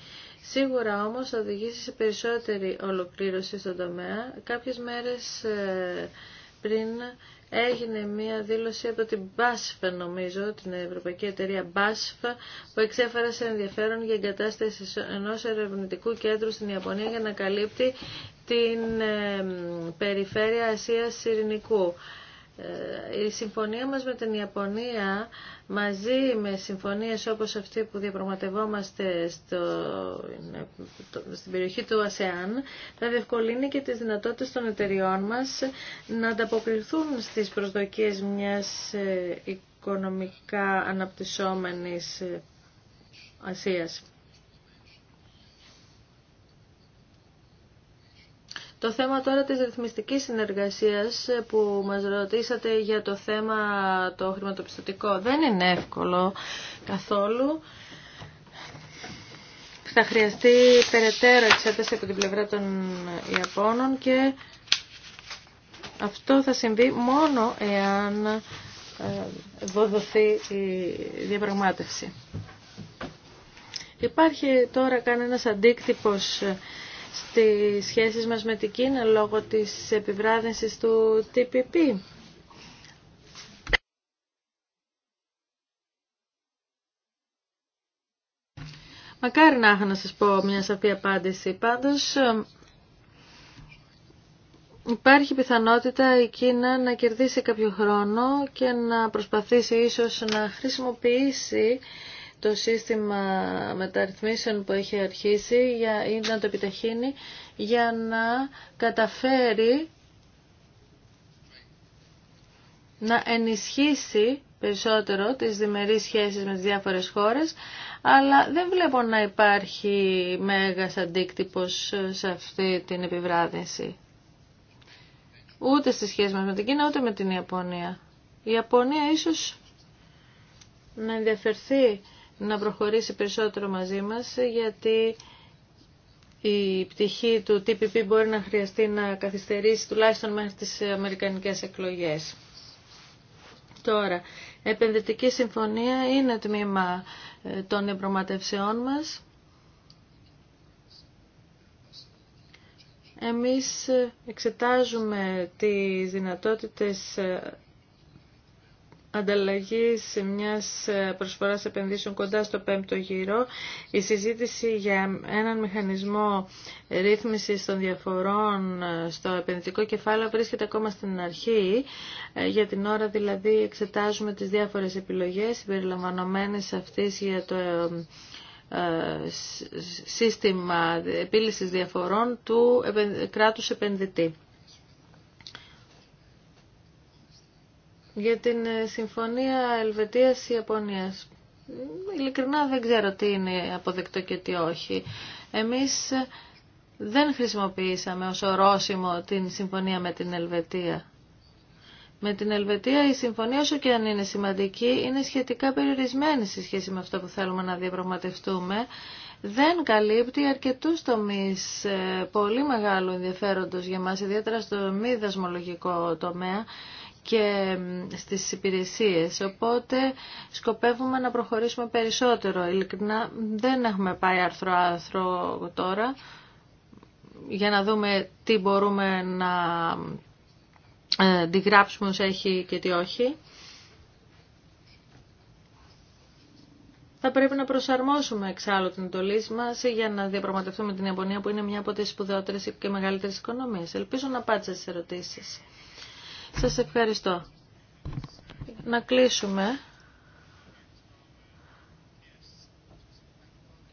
Σίγουρα όμως θα οδηγήσει σε περισσότερη ολοκλήρωση στον τομέα. Κάποιες μέρες ε, πριν έγινε μία δήλωση από την BASF, νομίζω, την Ευρωπαϊκή Εταιρεία BASF, που σε ενδιαφέρον για εγκατάσταση ενός ερευνητικού κέντρου στην Ιαπωνία για να καλύπτει την ε, περιφέρεια Ασίας Σιρηνικού. Ε, η συμφωνία μας με την Ιαπωνία μαζί με συμφωνίες όπως αυτή που διαπραγματευόμαστε στο, στην περιοχή του ΑΣΕΑΝ θα διευκολύνει και τις δυνατότητες των εταιριών μας να ανταποκριθούν στις προσδοκίες μιας ε, οικονομικά αναπτυσσόμενης ε, Ασίας. Το θέμα τώρα της ρυθμιστικής συνεργασίας που μας ρωτήσατε για το θέμα το χρηματοπιστωτικό δεν είναι εύκολο καθόλου. Θα χρειαστεί περαιτέρω εξέταση από την πλευρά των Ιαπώνων και αυτό θα συμβεί μόνο εάν ε, δοθεί η διαπραγμάτευση. Υπάρχει τώρα κανένας αντίκτυπος στις σχέσεις μας με την Κίνα λόγω της επιβράδυνσης του TPP. Μακάρι να έχω να σας πω μια σαφή απάντηση. Πάντως υπάρχει πιθανότητα η Κίνα να κερδίσει κάποιο χρόνο και να προσπαθήσει ίσως να χρησιμοποιήσει το σύστημα μεταρρυθμίσεων που έχει αρχίσει για, ή να το επιταχύνει για να καταφέρει να ενισχύσει περισσότερο τις διμερείς σχέσεις με τις διάφορες χώρες, αλλά δεν βλέπω να υπάρχει μέγας αντίκτυπος σε αυτή την επιβράδυνση. Ούτε στη σχέση μας με την Κίνα, ούτε με την Ιαπωνία. Η Ιαπωνία ίσως να ενδιαφερθεί να προχωρήσει περισσότερο μαζί μας γιατί η πτυχή του TPP μπορεί να χρειαστεί να καθυστερήσει τουλάχιστον μέχρι τις αμερικανικές εκλογές. Τώρα, επενδυτική συμφωνία είναι τμήμα ε, των εμπροματευσεών μας. Εμείς ε, εξετάζουμε τις δυνατότητες ε, ανταλλαγής μια ε, προσφορά επενδύσεων κοντά στο πέμπτο γύρο, η συζήτηση για έναν μηχανισμό ρύθμισης των διαφορών ε, στο επενδυτικό κεφάλαιο βρίσκεται ακόμα στην αρχή. Ε, για την ώρα δηλαδή εξετάζουμε τις διάφορες επιλογές συμπεριλαμβανόμενε αυτής για το σύστημα επίλυσης διαφορών του κράτους επενδυτή. για την ε, συμφωνία Ελβετίας-Ιαπωνίας. Ειλικρινά δεν ξέρω τι είναι αποδεκτό και τι όχι. Εμείς ε, δεν χρησιμοποιήσαμε ως ορόσημο την συμφωνία με την Ελβετία. Με την Ελβετία η συμφωνία όσο και αν είναι σημαντική είναι σχετικά περιορισμένη σε σχέση με αυτό που θέλουμε να διαπραγματευτούμε. Δεν καλύπτει αρκετούς τομείς ε, πολύ μεγάλου ενδιαφέροντος για μας, ιδιαίτερα στο μη δασμολογικό τομέα και στις υπηρεσίες. Οπότε σκοπεύουμε να προχωρήσουμε περισσότερο. Ειλικρινά δεν έχουμε πάει άρθρο-άρθρο τώρα για να δούμε τι μπορούμε να ε, αντιγράψουμε όσο έχει και τι όχι. Θα πρέπει να προσαρμόσουμε εξάλλου την εντολή μα για να διαπραγματευτούμε την Ιαπωνία που είναι μια από τι σπουδαιότερε και μεγαλύτερε οικονομίε. Ελπίζω να απάντησα στι ερωτήσει. Σας ευχαριστώ. Να κλείσουμε.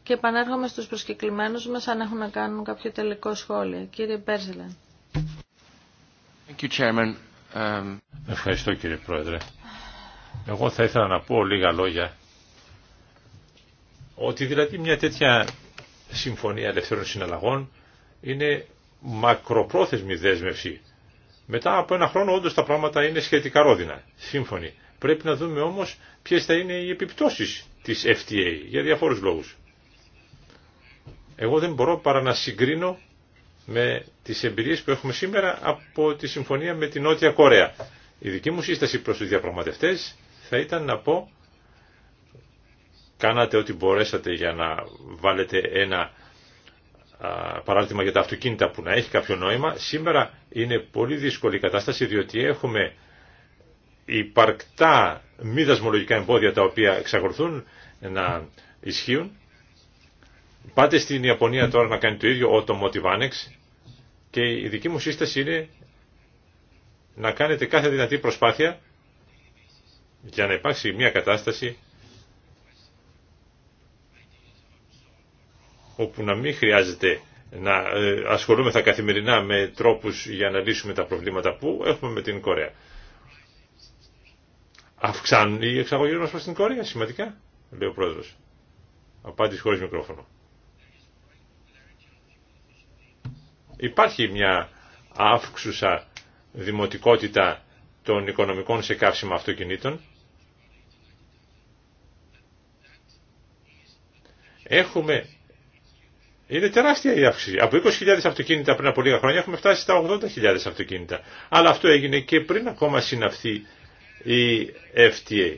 Και επανέρχομαι στους προσκεκλημένους μας αν έχουν να κάνουν κάποιο τελικό σχόλιο. Κύριε Μπέρζελεν. Um, ευχαριστώ κύριε Πρόεδρε. Εγώ θα ήθελα να πω λίγα λόγια. Ότι δηλαδή μια τέτοια συμφωνία ελευθερών συναλλαγών είναι μακροπρόθεσμη δέσμευση μετά από ένα χρόνο όντω τα πράγματα είναι σχετικά ρόδινα. Σύμφωνοι. Πρέπει να δούμε όμω ποιε θα είναι οι επιπτώσει τη FTA για διαφόρου λόγου. Εγώ δεν μπορώ παρά να συγκρίνω με τι εμπειρίε που έχουμε σήμερα από τη συμφωνία με την Νότια Κορέα. Η δική μου σύσταση προ του διαπραγματευτέ θα ήταν να πω κάνατε ό,τι μπορέσατε για να βάλετε ένα παράδειγμα για τα αυτοκίνητα που να έχει κάποιο νόημα. Σήμερα είναι πολύ δύσκολη η κατάσταση διότι έχουμε υπαρκτά μη δασμολογικά εμπόδια τα οποία εξακολουθούν να ισχύουν. Πάτε στην Ιαπωνία τώρα να κάνει το ίδιο ο το και η δική μου σύσταση είναι να κάνετε κάθε δυνατή προσπάθεια για να υπάρξει μια κατάσταση όπου να μην χρειάζεται να ε, ασχολούμεθα καθημερινά με τρόπους για να λύσουμε τα προβλήματα που έχουμε με την Κορέα. Αυξάνουν οι εξαγωγές μας προς την Κορέα σημαντικά, λέει ο πρόεδρος. Απάντηση χωρίς μικρόφωνο. Υπάρχει μια αύξουσα δημοτικότητα των οικονομικών σε καύσιμα αυτοκινήτων. Έχουμε είναι τεράστια η αύξηση. Από 20.000 αυτοκίνητα πριν από λίγα χρόνια έχουμε φτάσει στα 80.000 αυτοκίνητα. Αλλά αυτό έγινε και πριν ακόμα συναυθεί η FTA.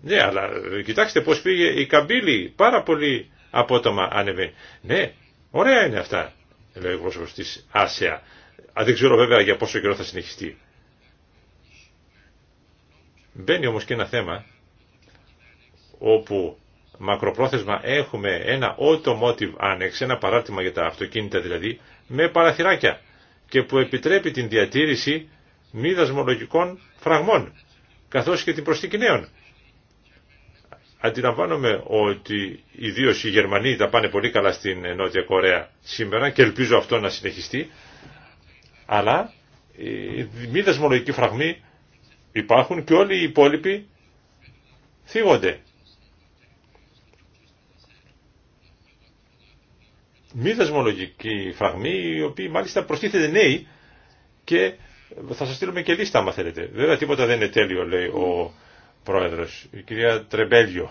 Ναι, αλλά ε, κοιτάξτε πώς πήγε η καμπύλη. Πάρα πολύ απότομα ανεβαίνει. Ναι, ωραία είναι αυτά, λέει ο πρόσωπος της Άσεα. δεν ξέρω βέβαια για πόσο καιρό θα συνεχιστεί. Μπαίνει όμως και ένα θέμα όπου μακροπρόθεσμα έχουμε ένα automotive annex, ένα παράρτημα για τα αυτοκίνητα δηλαδή, με παραθυράκια και που επιτρέπει την διατήρηση μη δασμολογικών φραγμών, καθώς και την προσθήκη νέων. Αντιλαμβάνομαι ότι ιδίω οι Γερμανοί τα πάνε πολύ καλά στην Νότια Κορέα σήμερα και ελπίζω αυτό να συνεχιστεί, αλλά οι μη δασμολογικοί φραγμοί υπάρχουν και όλοι οι υπόλοιποι θίγονται. μη δασμολογική φραγμοί, οι οποίοι μάλιστα προστίθεται νέοι και θα σας στείλουμε και λίστα άμα θέλετε. Βέβαια τίποτα δεν είναι τέλειο λέει ο πρόεδρος, η κυρία Τρεμπέλιο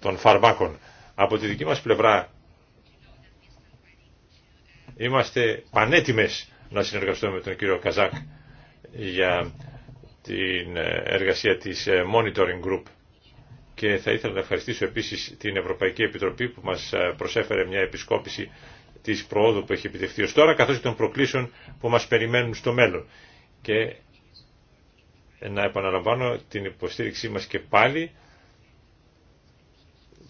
των φαρμάκων. Από τη δική μας πλευρά είμαστε πανέτοιμες να συνεργαστούμε με τον κύριο Καζάκ για την ε, εργασία της ε, Monitoring Group και θα ήθελα να ευχαριστήσω επίσης την Ευρωπαϊκή Επιτροπή που μας ε, προσέφερε μια επισκόπηση της προόδου που έχει επιτευχθεί ως τώρα καθώς και των προκλήσεων που μας περιμένουν στο μέλλον. Και να επαναλαμβάνω την υποστήριξή μας και πάλι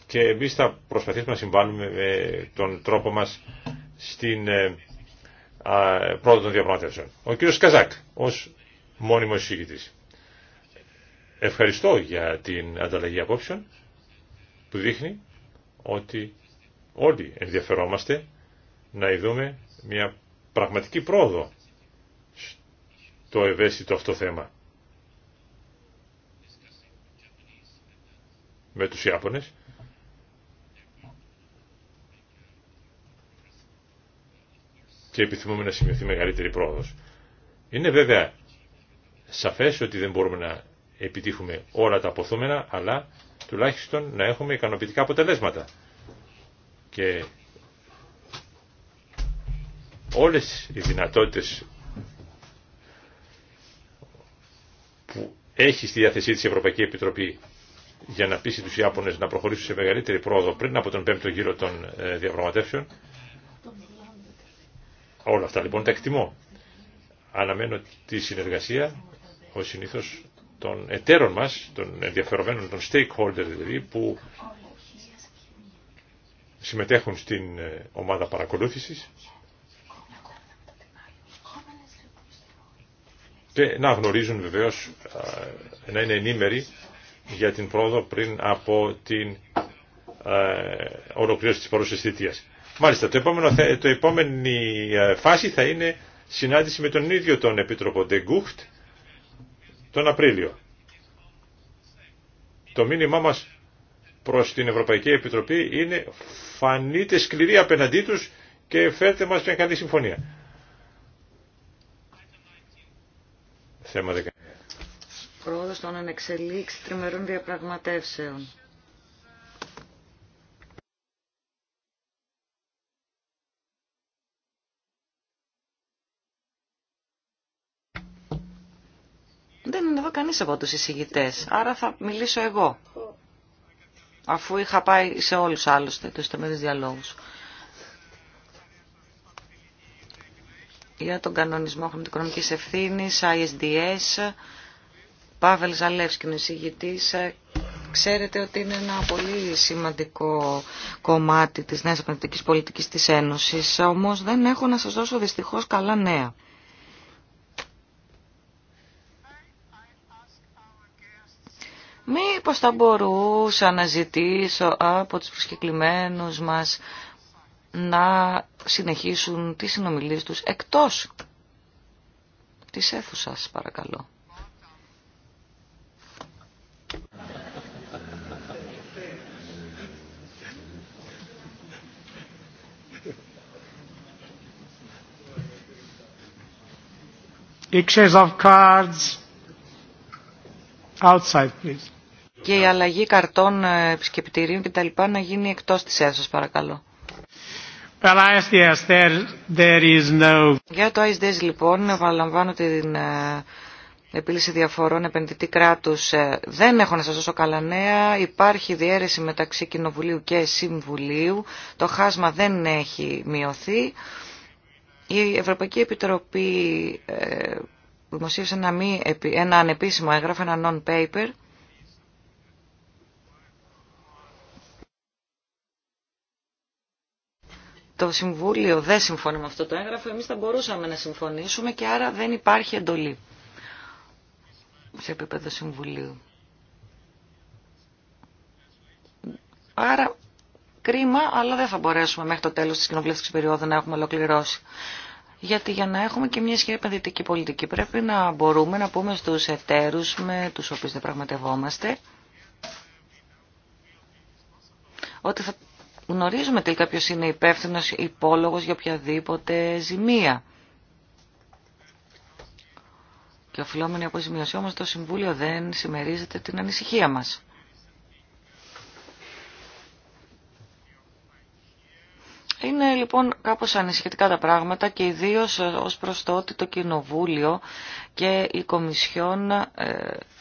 και εμείς θα προσπαθήσουμε να συμβάλλουμε με τον τρόπο μας στην ε, πρόοδο των διαπραγματεύσεων. Ο κύριος Καζάκ ως μόνιμος εισηγητής. Ευχαριστώ για την ανταλλαγή απόψεων που δείχνει ότι όλοι ενδιαφερόμαστε να ειδούμε μια πραγματική πρόοδο στο ευαίσθητο αυτό θέμα. Με τους Ιάπωνες και επιθυμούμε να σημειωθεί μεγαλύτερη πρόοδος. Είναι βέβαια σαφές ότι δεν μπορούμε να επιτύχουμε όλα τα αποθούμενα, αλλά τουλάχιστον να έχουμε ικανοποιητικά αποτελέσματα. Και όλες οι δυνατότητες που έχει στη διάθεσή της η Ευρωπαϊκή Επιτροπή για να πείσει τους Ιάπωνες να προχωρήσουν σε μεγαλύτερη πρόοδο πριν από τον πέμπτο γύρο των ε, διαπραγματεύσεων. Όλα αυτά λοιπόν τα εκτιμώ. Αναμένω τη συνεργασία, ως συνήθως των εταίρων μας, των ενδιαφερομένων, των stakeholder δηλαδή, που συμμετέχουν στην ε, ομάδα παρακολούθησης και να γνωρίζουν βεβαίως, ε, να είναι ενήμεροι για την πρόοδο πριν από την ε, ολοκλήρωση της παρούσας θητείας. Μάλιστα, το επόμενο, το επόμενη φάση θα είναι συνάντηση με τον ίδιο τον Επίτροπο Ντεγκούχτ τον Απρίλιο. Το μήνυμά μας προς την Ευρωπαϊκή Επιτροπή είναι φανείτε σκληροί απέναντί τους και φέρτε μας μια καλή συμφωνία. Θέμα 19. Πρόοδος των ανεξελίξης τριμερών διαπραγματεύσεων. κανείς από τους εισηγητές, άρα θα μιλήσω εγώ. Αφού είχα πάει σε όλους άλλωστε τους τεμένους διαλόγους. Για τον κανονισμό χρηματοοικονομικής ευθύνης, ISDS, Πάβελ Ζαλεύσκη εισηγητής. Ε, ξέρετε ότι είναι ένα πολύ σημαντικό κομμάτι της νέας επενδυτικής πολιτικής της Ένωσης, όμως δεν έχω να σας δώσω δυστυχώς καλά νέα. Μήπως θα μπορούσα να ζητήσω από τους προσκεκλημένους μας να συνεχίσουν τις συνομιλίες τους εκτός της αίθουσας, παρακαλώ. Pictures of cards outside, please και η αλλαγή καρτών ε, επισκεπτηρίων λοιπά να γίνει εκτός της αίθουσας παρακαλώ. Για το ISDS λοιπόν, επαναλαμβάνω την ε, επίλυση διαφορών επενδυτή κράτους. Ε, δεν έχω να σας δώσω καλά νέα. Υπάρχει διαίρεση μεταξύ Κοινοβουλίου και Συμβουλίου. Το χάσμα δεν έχει μειωθεί. Η Ευρωπαϊκή Επιτροπή δημοσίευσε ένα, ένα ανεπίσημο έγγραφο, ένα non-paper, το Συμβούλιο δεν συμφωνεί με αυτό το έγγραφο, εμείς θα μπορούσαμε να συμφωνήσουμε και άρα δεν υπάρχει εντολή σε επίπεδο Συμβουλίου. Άρα κρίμα, αλλά δεν θα μπορέσουμε μέχρι το τέλος της κοινοβουλευτικής περίοδου να έχουμε ολοκληρώσει. Γιατί για να έχουμε και μια ισχυρή επενδυτική πολιτική πρέπει να μπορούμε να πούμε στους εταίρους με τους οποίους δεν πραγματευόμαστε ότι θα γνωρίζουμε τελικά ποιος είναι υπεύθυνο υπόλογος για οποιαδήποτε ζημία. Και οφειλόμενοι από ζημιωσή όμως το Συμβούλιο δεν συμμερίζεται την ανησυχία μας. Είναι λοιπόν κάπως ανησυχητικά τα πράγματα και ιδίως ως προς το ότι το Κοινοβούλιο και η Κομισιόν ε,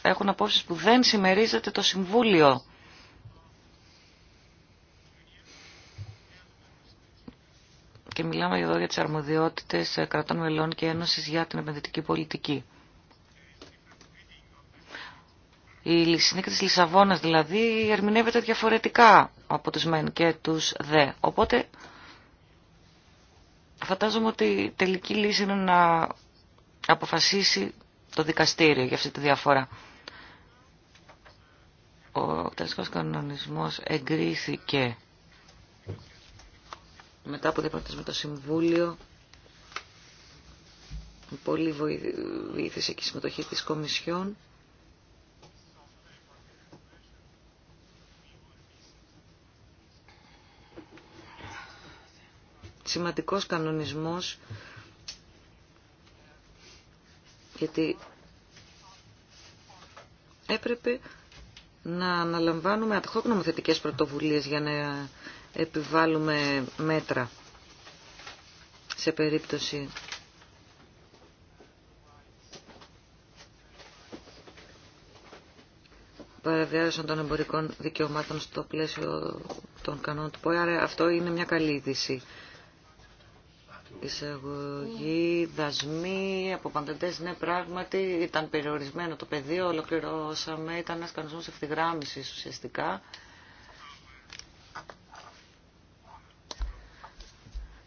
έχουν απόψεις που δεν συμμερίζεται το Συμβούλιο. Και μιλάμε εδώ για τις αρμοδιότητες κρατών μελών και ένωσης για την επενδυτική πολιτική. Η συνήθεια της Λισαβόνας δηλαδή ερμηνεύεται διαφορετικά από τους μεν και τους δε. Οπότε φαντάζομαι ότι η τελική λύση είναι να αποφασίσει το δικαστήριο για αυτή τη διαφορά. Ο τελικός κανονισμός εγκρίθηκε μετά από διαπραγματεύσει με το Συμβούλιο, με πολύ βοήθηση και συμμετοχή της Κομισιόν. Σημαντικός κανονισμός, γιατί έπρεπε να αναλαμβάνουμε ad hoc πρωτοβουλίες για να επιβάλλουμε μέτρα σε περίπτωση παραβιάζουν των εμπορικών δικαιωμάτων στο πλαίσιο των κανόνων του ΠΟΕ. αυτό είναι μια καλή είδηση. Εισαγωγή, δασμοί, αποπαντετές. ναι, πράγματι ήταν περιορισμένο το πεδίο, ολοκληρώσαμε, ήταν ένα κανονισμός ευθυγράμμισης ουσιαστικά.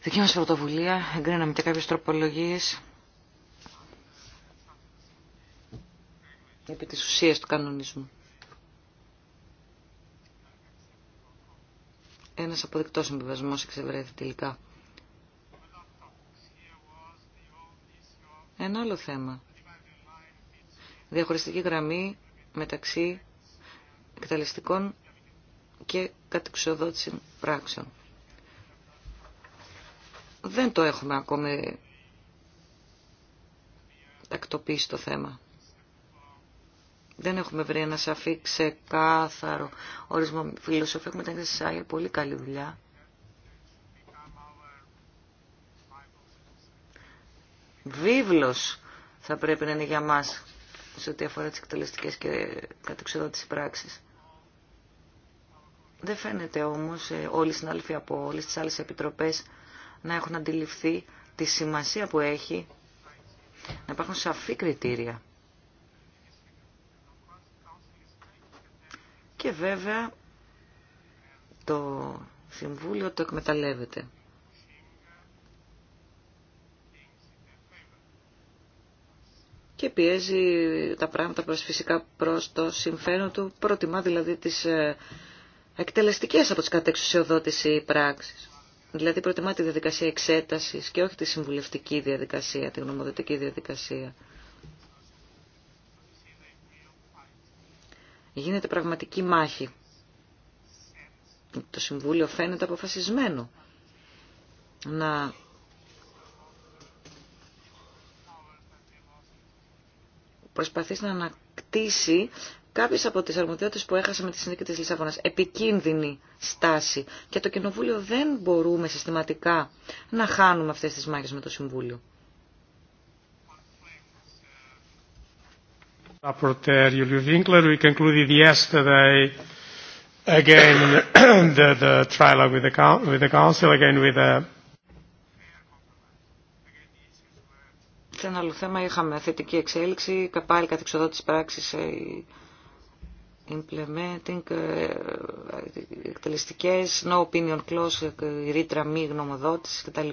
δική μας πρωτοβουλία εγκρίναμε και κάποιες τροπολογίες επί της ουσίας του κανονισμού. Ένας αποδεικτός εμπιβασμός εξευρέθη τελικά. Ένα άλλο θέμα. Διαχωριστική γραμμή μεταξύ εκταλιστικών και κατεξοδότηση πράξεων δεν το έχουμε ακόμη τακτοποιήσει το θέμα. Δεν έχουμε βρει ένα σαφή ξεκάθαρο ορισμό φιλοσοφία. Έχουμε την για πολύ καλή δουλειά. Βίβλος θα πρέπει να είναι για μας σε ό,τι αφορά τις εκτελεστικές και κατεξοδότητες πράξεις. Δεν φαίνεται όμως ε, όλοι οι συνάδελφοι από όλες τις άλλες επιτροπές να έχουν αντιληφθεί τη σημασία που έχει να υπάρχουν σαφή κριτήρια. Και βέβαια το Συμβούλιο το εκμεταλλεύεται. και πιέζει τα πράγματα προς φυσικά προς το συμφέρον του, προτιμά δηλαδή τις ε, εκτελεστικές από τις κατεξουσιοδότηση πράξεις. Δηλαδή προτιμά τη διαδικασία εξέτασης και όχι τη συμβουλευτική διαδικασία, τη γνωμοδοτική διαδικασία. Γίνεται πραγματική μάχη. Το Συμβούλιο φαίνεται αποφασισμένο να προσπαθήσει να ανακτήσει Κάποιε από τι αρμοδιότητες που έχασαμε με τη συνθήκη τη Λισαβόνα. Επικίνδυνη στάση. Και το Κοινοβούλιο δεν μπορούμε συστηματικά να χάνουμε αυτέ τι μάχε με το Συμβούλιο. σε ένα άλλο θέμα είχαμε θετική εξέλιξη, πάλι καθεξοδότηση πράξη ε, implementing ε, εκτελεστικές, no opinion clause, ε, ε, ρήτρα μη γνωμοδότηση κτλ.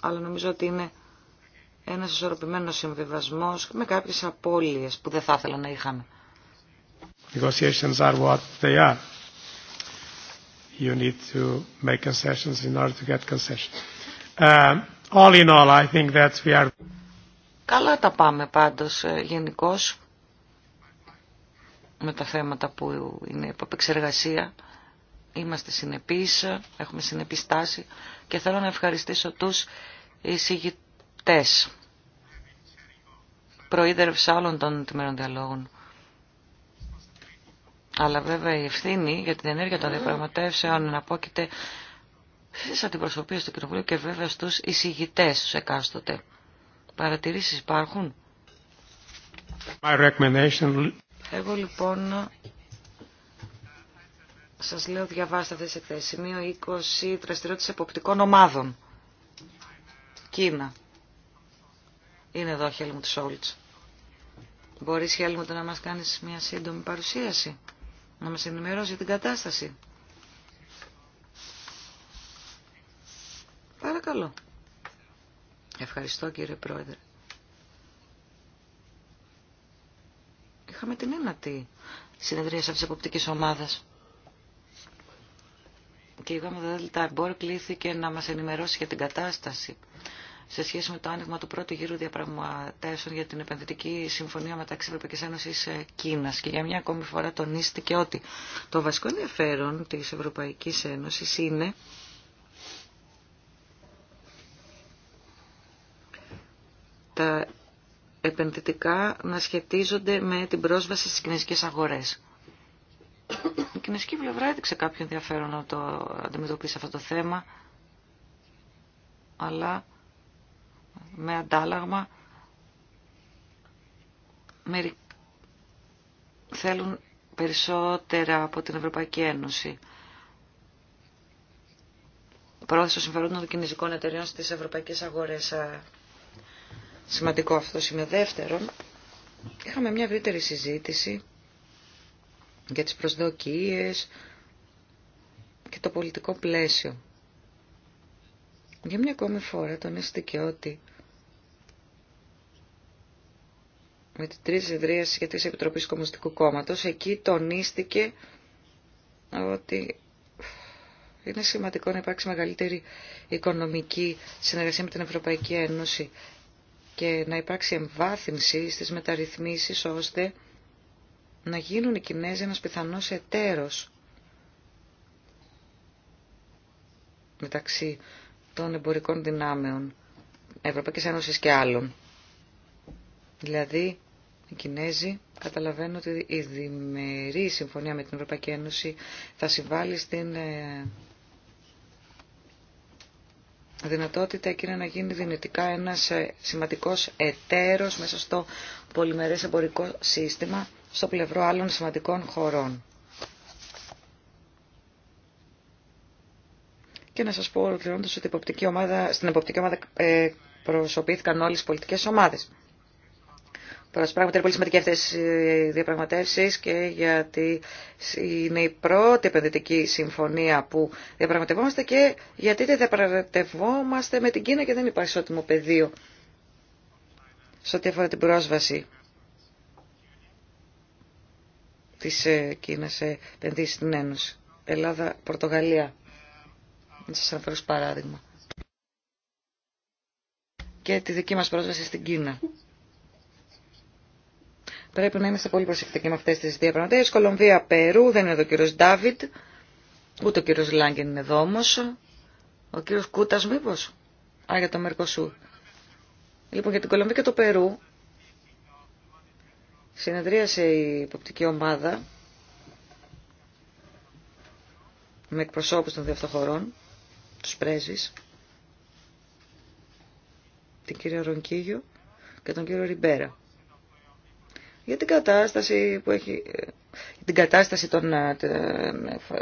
Αλλά νομίζω ότι είναι ένας ισορροπημένος συμβιβασμός με κάποιες απώλειες που δεν θα ήθελα να είχαμε. Negotiations are what they are. You need to make concessions in order to get concessions. Uh, all in all, I think that we are... Καλά τα πάμε πάντως γενικώς με τα θέματα που είναι υπό επεξεργασία. Είμαστε συνεπείς, έχουμε συνεπιστάσει και θέλω να ευχαριστήσω τους εισηγητές. Προείδερευσα όλων των τιμένων διαλόγων. Αλλά βέβαια η ευθύνη για την ενέργεια των διαπραγματεύσεων να απόκειται στις αντιπροσωπείες του Κοινοβουλίου και βέβαια στους εισηγητές τους εκάστοτε. Παρατηρήσεις υπάρχουν. Εγώ λοιπόν σας λέω διαβάστε αυτές τις εκθέσεις. Σημείο 20, δραστηριότητες εποπτικών ομάδων. Κίνα. Είναι εδώ Χέλμουτ Σόλτς. Μπορείς το να μας κάνεις μια σύντομη παρουσίαση. Να μας ενημερώσει την κατάσταση. Παρακαλώ. Ευχαριστώ κύριε Πρόεδρε. Είχαμε την ένατη συνεδρία αυτής της εποπτικής ομάδας. Και η ΓΑΜΑ Εμπόρ κλήθηκε να μας ενημερώσει για την κατάσταση σε σχέση με το άνοιγμα του πρώτου γύρου διαπραγματεύσεων για την επενδυτική συμφωνία μεταξύ Ευρωπαϊκή Ένωση ε, Κίνα. Και για μια ακόμη φορά τονίστηκε ότι το βασικό ενδιαφέρον τη Ευρωπαϊκή Ένωση είναι τα επενδυτικά να σχετίζονται με την πρόσβαση στις κινέζικες αγορές. Η κινέζικη πλευρά έδειξε κάποιο ενδιαφέρον να το αντιμετωπίσει αυτό το θέμα, αλλά με αντάλλαγμα μερικοί θέλουν περισσότερα από την Ευρωπαϊκή Ένωση. Πρόθεση των συμφερόντων των κινέζικων εταιριών στις ευρωπαϊκές αγορές. Σημαντικό αυτό το σημείο. Δεύτερον, είχαμε μια ευρύτερη συζήτηση για τις προσδοκίες και το πολιτικό πλαίσιο. Για μια ακόμη φορά τονίστηκε ότι με την τρίτη συνεδρίαση για τις Επιτροπές Κομμουνιστικού Κόμματος, εκεί τονίστηκε ότι είναι σημαντικό να υπάρξει μεγαλύτερη οικονομική συνεργασία με την Ευρωπαϊκή Ένωση και να υπάρξει εμβάθυνση στις μεταρρυθμίσεις ώστε να γίνουν οι Κινέζοι ένας πιθανός εταίρος μεταξύ των εμπορικών δυνάμεων Ευρωπαϊκής Ένωσης και άλλων. Δηλαδή, οι Κινέζοι καταλαβαίνουν ότι η διμερή συμφωνία με την Ευρωπαϊκή Ένωση θα συμβάλλει στην ε, δυνατότητα εκείνα να γίνει δυνητικά ένας ε, σημαντικός εταίρος μέσα στο πολυμερές εμπορικό σύστημα στο πλευρό άλλων σημαντικών χωρών. Και να σας πω ολοκληρώνοντας ότι ομάδα, στην εποπτική ομάδα ε, προσωπήθηκαν όλες οι πολιτικές ομάδες. Πράγματι είναι πολύ σημαντική αυτές οι διαπραγματεύσεις και γιατί είναι η πρώτη επενδυτική συμφωνία που διαπραγματευόμαστε και γιατί δεν διαπραγματευόμαστε με την Κίνα και δεν υπάρχει ισότιμο πεδίο σε ό,τι αφορά την πρόσβαση της ε, Κίνας σε στην Ένωση. Ελλάδα, Πορτογαλία. Να σας αναφέρω παράδειγμα. Και τη δική μας πρόσβαση στην Κίνα. Πρέπει να είμαστε πολύ προσεκτικοί με αυτέ τι διαπραγματεύσει. Κολομβία, Περού, δεν είναι εδώ ο κύριο Ντάβιντ. Ούτε ο κύριο Λάγκεν είναι εδώ όμω. Ο κύριο Κούτα, μήπω. Α, για το Μερκοσούρ. Λοιπόν, για την Κολομβία και το Περού συνεδρίασε η υποπτική ομάδα με εκπροσώπους των δύο αυτοχωρών, τους πρέσβεις, την κυρία Ρονκίγιο και τον κύριο Ριμπέρα για την κατάσταση, που έχει, ε, την κατάσταση των, ε,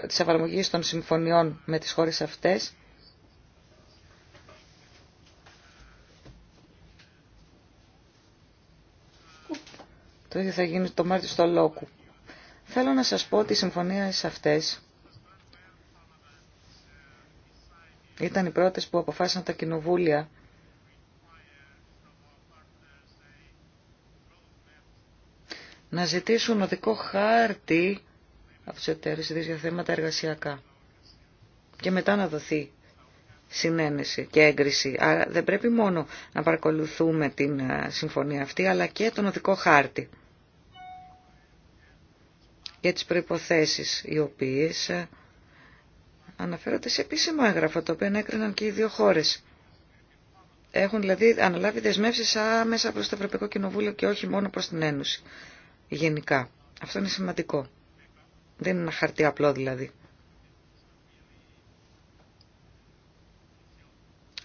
της εφαρμογής των συμφωνιών με τις χώρες αυτές. Το ίδιο θα γίνει το Μάρτιο στο Λόκου. Θέλω να σας πω ότι οι συμφωνίες αυτές ήταν οι πρώτες που αποφάσισαν τα κοινοβούλια να ζητήσουν οδικό χάρτη από τους εταίρους για θέματα εργασιακά και μετά να δοθεί συνένεση και έγκριση. Άρα δεν πρέπει μόνο να παρακολουθούμε την ε, συμφωνία αυτή, αλλά και τον οδικό χάρτη για τις προϋποθέσεις οι οποίες ε, αναφέρονται σε επίσημα έγγραφα το οποίο έκριναν και οι δύο χώρες. Έχουν δηλαδή αναλάβει δεσμεύσεις άμεσα προς το Ευρωπαϊκό Κοινοβούλιο και όχι μόνο προς την Ένωση γενικά. Αυτό είναι σημαντικό. Δεν είναι ένα χαρτί απλό δηλαδή.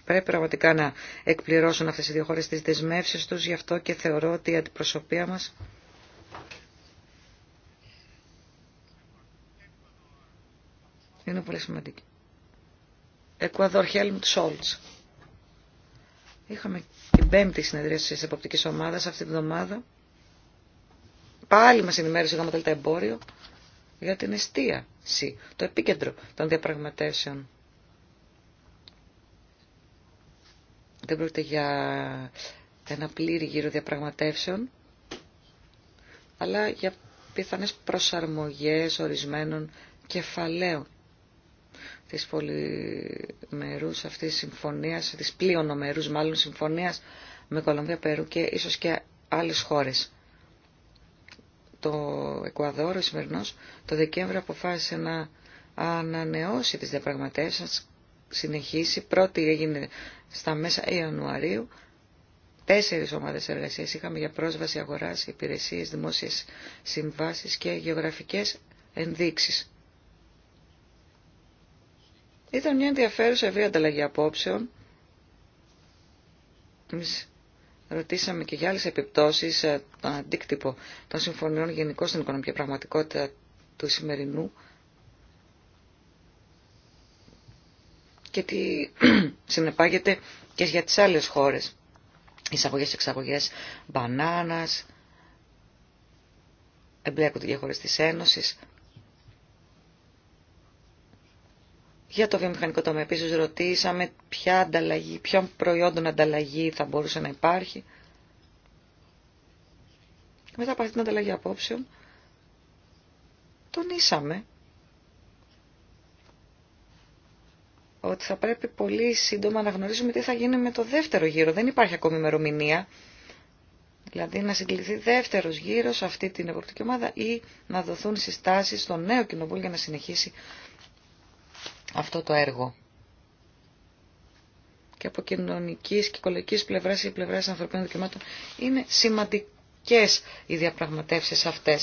Πρέπει πραγματικά να εκπληρώσουν αυτές οι δύο χώρες τις δεσμεύσεις τους, γι' αυτό και θεωρώ ότι η αντιπροσωπεία μας είναι πολύ σημαντική. Εκουαδόρ Χέλμουντ Σόλτς. Είχαμε την πέμπτη συνεδρία της εποπτικής ομάδας αυτή την εβδομάδα. Πάλι μας ενημέρωσε το ΓΔ Εμπόριο για την εστίαση, το επίκεντρο των διαπραγματεύσεων. Δεν πρόκειται για ένα πλήρη γύρο διαπραγματεύσεων, αλλά για πιθανές προσαρμογές ορισμένων κεφαλαίων της πολυμερούς αυτής συμφωνίας, της πλειονομερούς μάλλον συμφωνίας με Κολομβία, Περού και ίσως και άλλες χώρες το Εκουαδόρ, ο το Δεκέμβριο αποφάσισε να ανανεώσει τις διαπραγματεύσεις, συνεχίσει. Πρώτη έγινε στα μέσα Ιανουαρίου. Τέσσερις ομάδες εργασίας είχαμε για πρόσβαση αγοράς, υπηρεσίες, δημόσιες συμβάσεις και γεωγραφικές ενδείξεις. Ήταν μια ενδιαφέρουσα ευρύ ανταλλαγή απόψεων. Ρωτήσαμε και για άλλες επιπτώσεις, ε, τον αντίκτυπο των συμφωνιών γενικώ στην οικονομική πραγματικότητα του σημερινού και τι <clears throat> συνεπάγεται και για τις άλλες χώρες. Εισαγωγές, εξαγωγές μπανάνας, εμπλέκονται για χώρες της Ένωσης. Για το βιομηχανικό τομέα επίση ρωτήσαμε ποια ανταλλαγή, ποιον προϊόντων ανταλλαγή θα μπορούσε να υπάρχει. Μετά από αυτή την ανταλλαγή απόψεων, τονίσαμε ότι θα πρέπει πολύ σύντομα να γνωρίζουμε τι θα γίνει με το δεύτερο γύρο. Δεν υπάρχει ακόμη ημερομηνία. Δηλαδή να συγκληθεί δεύτερος γύρος αυτή την εποπτική ομάδα ή να δοθούν συστάσεις στο νέο κοινοβούλιο για να συνεχίσει αυτό το έργο. Και από κοινωνική και οικολογική πλευρά ή πλευρά ανθρωπίνων δικαιωμάτων είναι σημαντικέ οι διαπραγματεύσει αυτέ.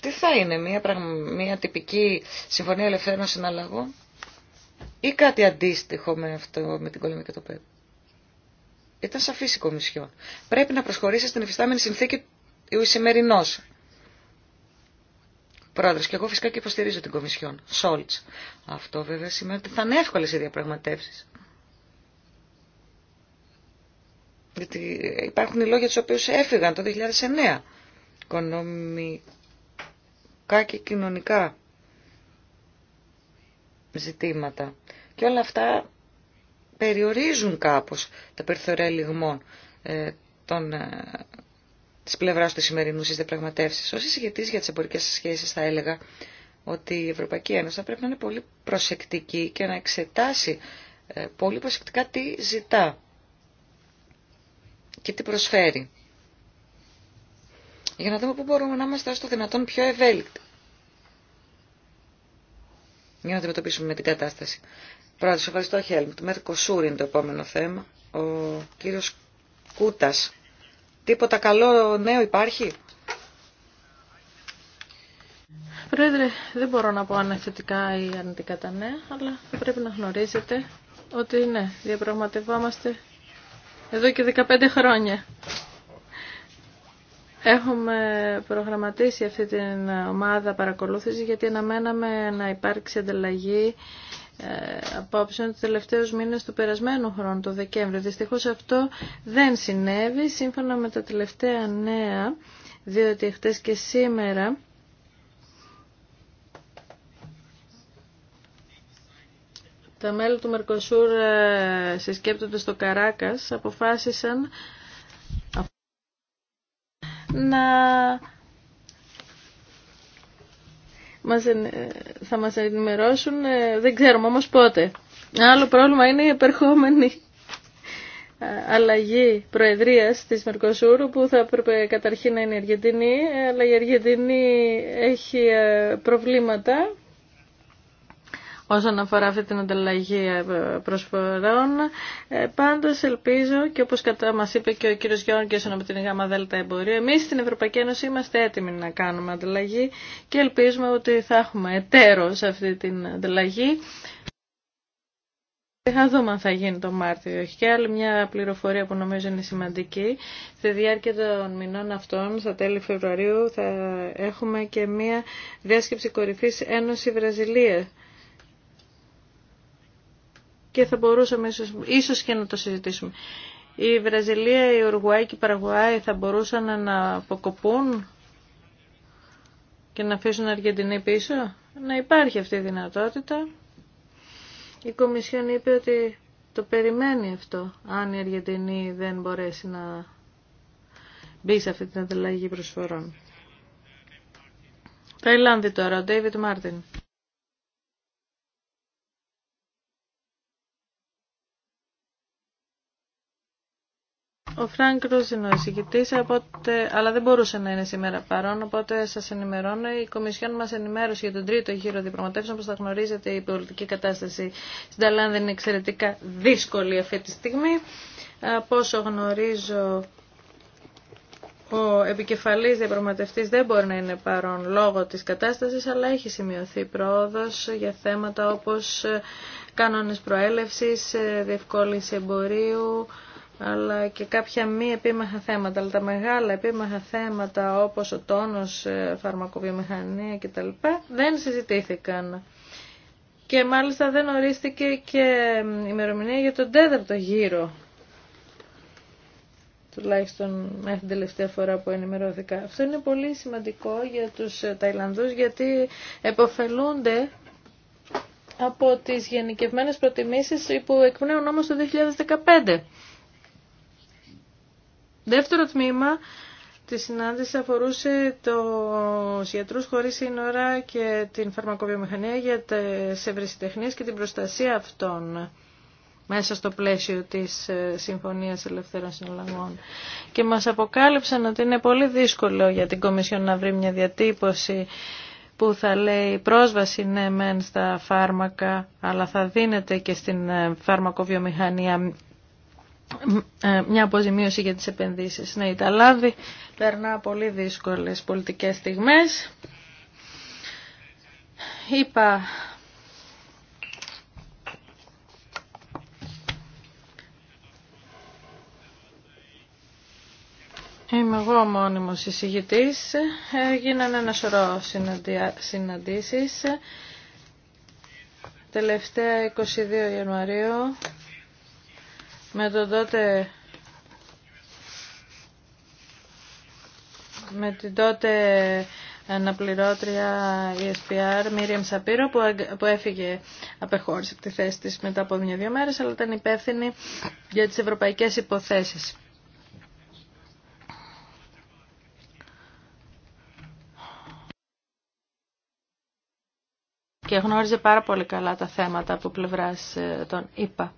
Τι θα είναι, μια, μια τυπική συμφωνία ελευθέρων συναλλαγών ή κάτι αντίστοιχο με αυτό, με την κολλήμη και το ΠΕΠ. Ήταν σαφή η Πρέπει να προσχωρήσει στην εφιστάμενη συνθήκη ο σημερινό Πρόεδρος, και εγώ φυσικά και υποστηρίζω την Κομισιόν, Σόλτς. Αυτό βέβαια σημαίνει ότι θα είναι εύκολες οι διαπραγματεύσεις. Γιατί υπάρχουν οι λόγοι του οποίου έφυγαν το 2009. Οικονομικά και κοινωνικά ζητήματα. Και όλα αυτά περιορίζουν κάπως τα περιθωρία λιγμών ε, των ε, της πλευράς του σημερινού στις διαπραγματεύσεις. Ως εισηγητής για τις εμπορικές σχέσεις θα έλεγα ότι η Ευρωπαϊκή Ένωση θα πρέπει να είναι πολύ προσεκτική και να εξετάσει ε, πολύ προσεκτικά τι ζητά και τι προσφέρει. Για να δούμε πού μπορούμε να είμαστε στο δυνατόν πιο ευέλικτοι. Για να αντιμετωπίσουμε με την κατάσταση. Πρώτα, ευχαριστώ Χέλμ. Το Μέρκοσούρ είναι το επόμενο θέμα. Ο κύριος Κούτας Τίποτα καλό νέο υπάρχει. Πρόεδρε, δεν μπορώ να πω αν ή αρνητικά τα νέα, αλλά πρέπει να γνωρίζετε ότι ναι, διαπραγματευόμαστε εδώ και 15 χρόνια. Έχουμε προγραμματίσει αυτή την ομάδα παρακολούθηση γιατί αναμέναμε να υπάρξει ανταλλαγή ε, απόψεων του τελευταίου μήνε του περασμένου χρόνου, το Δεκέμβριο. Δυστυχώ αυτό δεν συνέβη σύμφωνα με τα τελευταία νέα, διότι χτε και σήμερα τα μέλη του Μερκοσούρ ε, συσκέπτονται στο Καράκας αποφάσισαν να θα μας ενημερώσουν, ε, δεν ξέρουμε όμως πότε. Άλλο πρόβλημα είναι η επερχόμενη ε, αλλαγή προεδρίας της Μερκοσούρου που θα έπρεπε καταρχήν να είναι η Αργεντινή, ε, αλλά η Αργεντινή έχει προβλήματα όσον αφορά αυτή την ανταλλαγή ε, προσφορών. Ε, Πάντω ελπίζω και όπω κατά μας είπε και ο κύριος και από την ΓΑΜΑ ΔΕΛΤΑ Εμπορίου, εμείς στην Ευρωπαϊκή Ένωση είμαστε έτοιμοι να κάνουμε ανταλλαγή και ελπίζουμε ότι θα έχουμε εταίρο σε αυτή την ανταλλαγή. Θα δούμε αν θα γίνει το Μάρτιο. Και άλλη μια πληροφορία που νομίζω είναι σημαντική. Στη διάρκεια των μηνών αυτών, στα τέλη Φεβρουαρίου, θα έχουμε και μια διάσκεψη κορυφής Ένωση Βραζιλία και θα μπορούσαμε ίσως, και να το συζητήσουμε. Η Βραζιλία, η Ουρουγουάη και η Παραγουάη θα μπορούσαν να αποκοπούν και να αφήσουν Αργεντινή πίσω. Να υπάρχει αυτή η δυνατότητα. Η Κομισιόν είπε ότι το περιμένει αυτό, αν η Αργεντινή δεν μπορέσει να μπει σε αυτή την ανταλλαγή προσφορών. Ταϊλάνδη τώρα, ο Ντέιβιτ Μάρτιν. Ο Φρανκ Ρούζ είναι ο εισηγητής, αλλά δεν μπορούσε να είναι σήμερα παρόν, οπότε σα ενημερώνω. Η Κομισιόν μα ενημέρωσε για τον τρίτο γύρο διαπραγματεύσεων, Όπω θα γνωρίζετε η πολιτική κατάσταση στην Ταλάνδη είναι εξαιρετικά δύσκολη αυτή τη στιγμή. Ε, από όσο γνωρίζω, ο επικεφαλή διαπραγματεύτη δεν μπορεί να είναι παρόν λόγω τη κατάσταση, αλλά έχει σημειωθεί πρόοδο για θέματα όπω ε, κανόνε προέλευση, ε, διευκόλυνση εμπορίου, αλλά και κάποια μη επίμαχα θέματα. Αλλά τα μεγάλα επίμαχα θέματα όπως ο τόνος, ε, φαρμακοβιομηχανία κτλ. δεν συζητήθηκαν. Και μάλιστα δεν ορίστηκε και ημερομηνία για τον τέταρτο γύρο. Τουλάχιστον μέχρι την τελευταία φορά που ενημερώθηκα. Αυτό είναι πολύ σημαντικό για τους ε, Ταϊλανδούς γιατί εποφελούνται από τις γενικευμένες προτιμήσεις που εκπνέουν όμως το 2015. Δεύτερο τμήμα της συνάντησης αφορούσε το γιατρούς χωρίς σύνορα και την φαρμακοβιομηχανία για τις ευρεσιτεχνίες και την προστασία αυτών μέσα στο πλαίσιο της ε, Συμφωνίας Ελευθέρων Συναλλαγών. Και μας αποκάλυψαν ότι είναι πολύ δύσκολο για την Κομισιόν να βρει μια διατύπωση που θα λέει πρόσβαση ναι μεν στα φάρμακα αλλά θα δίνεται και στην ε, φαρμακοβιομηχανία ε, μια αποζημίωση για τις επενδύσεις. Ναι, η Ταλάβη περνά πολύ δύσκολες πολιτικές στιγμές. Είπα Είμαι εγώ ο μόνιμος εισηγητής. Έγιναν ε, ένα σωρό συναντήσεις. Τελευταία 22 Ιανουαρίου με τον την τότε αναπληρώτρια ESPR Μίριαμ Σαπίρο, που, που έφυγε απεχώρησε από τη θέση της μετά από μια-δύο μέρες αλλά ήταν υπεύθυνη για τις ευρωπαϊκές υποθέσεις. Και γνώριζε πάρα πολύ καλά τα θέματα από πλευράς ε, των ΙΠΑ.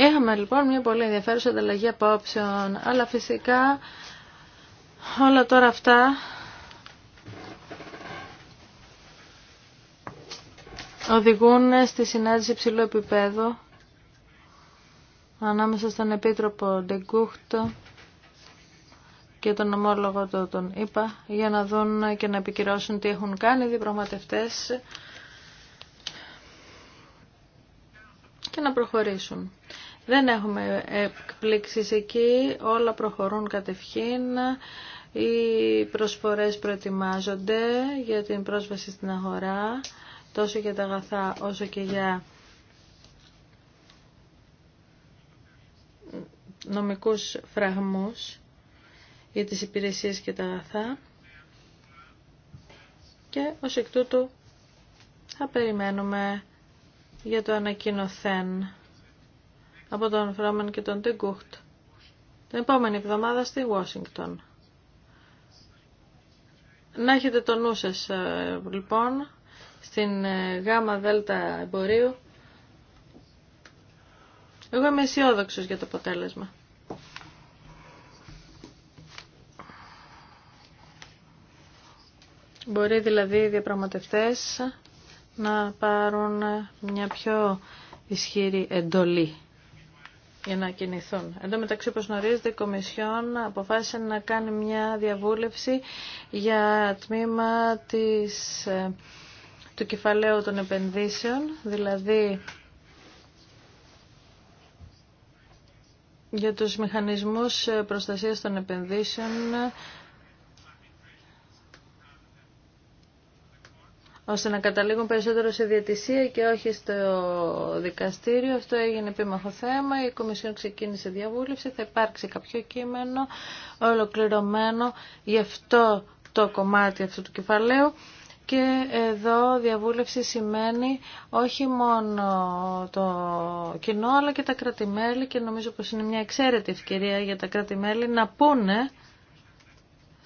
Είχαμε λοιπόν μια πολύ ενδιαφέρουσα ανταλλαγή απόψεων, αλλά φυσικά όλα τώρα αυτά οδηγούν στη συνάντηση ψηλού επίπεδου ανάμεσα στον Επίτροπο Ντεγκούχτο και τον ομόλογο του τον είπα για να δουν και να επικυρώσουν τι έχουν κάνει οι διπραγματευτές και να προχωρήσουν. Δεν έχουμε εκπλήξεις εκεί, όλα προχωρούν κατευχήν. Οι προσφορές προετοιμάζονται για την πρόσβαση στην αγορά, τόσο για τα αγαθά όσο και για νομικούς φραγμούς για τις υπηρεσίες και τα αγαθά και ως εκ τούτου θα περιμένουμε για το ανακοινωθέν από τον Φρόμεν και τον Τιγκούχτ την επόμενη εβδομάδα στη Ουάσιγκτον. Να έχετε το νου σας, ε, λοιπόν, στην ε, γάμα δέλτα εμπορίου. Εγώ είμαι αισιόδοξο για το αποτέλεσμα. Μπορεί δηλαδή οι διαπραγματευτές να πάρουν μια πιο ισχυρή εντολή για να κινηθούν. Εν τω μεταξύ, όπω γνωρίζετε, η Κομισιόν αποφάσισε να κάνει μια διαβούλευση για τμήμα της, ε, του κεφαλαίου των επενδύσεων, δηλαδή για τους μηχανισμούς ε, προστασίας των επενδύσεων ώστε να καταλήγουν περισσότερο σε διατησία και όχι στο δικαστήριο. Αυτό έγινε επίμαχο θέμα. Η Κομισιόν ξεκίνησε διαβούλευση. Θα υπάρξει κάποιο κείμενο ολοκληρωμένο γι' αυτό το κομμάτι αυτού του κεφαλαίου. Και εδώ διαβούλευση σημαίνει όχι μόνο το κοινό αλλά και τα κρατημέλη και νομίζω πως είναι μια εξαίρετη ευκαιρία για τα κρατημέλη να πούνε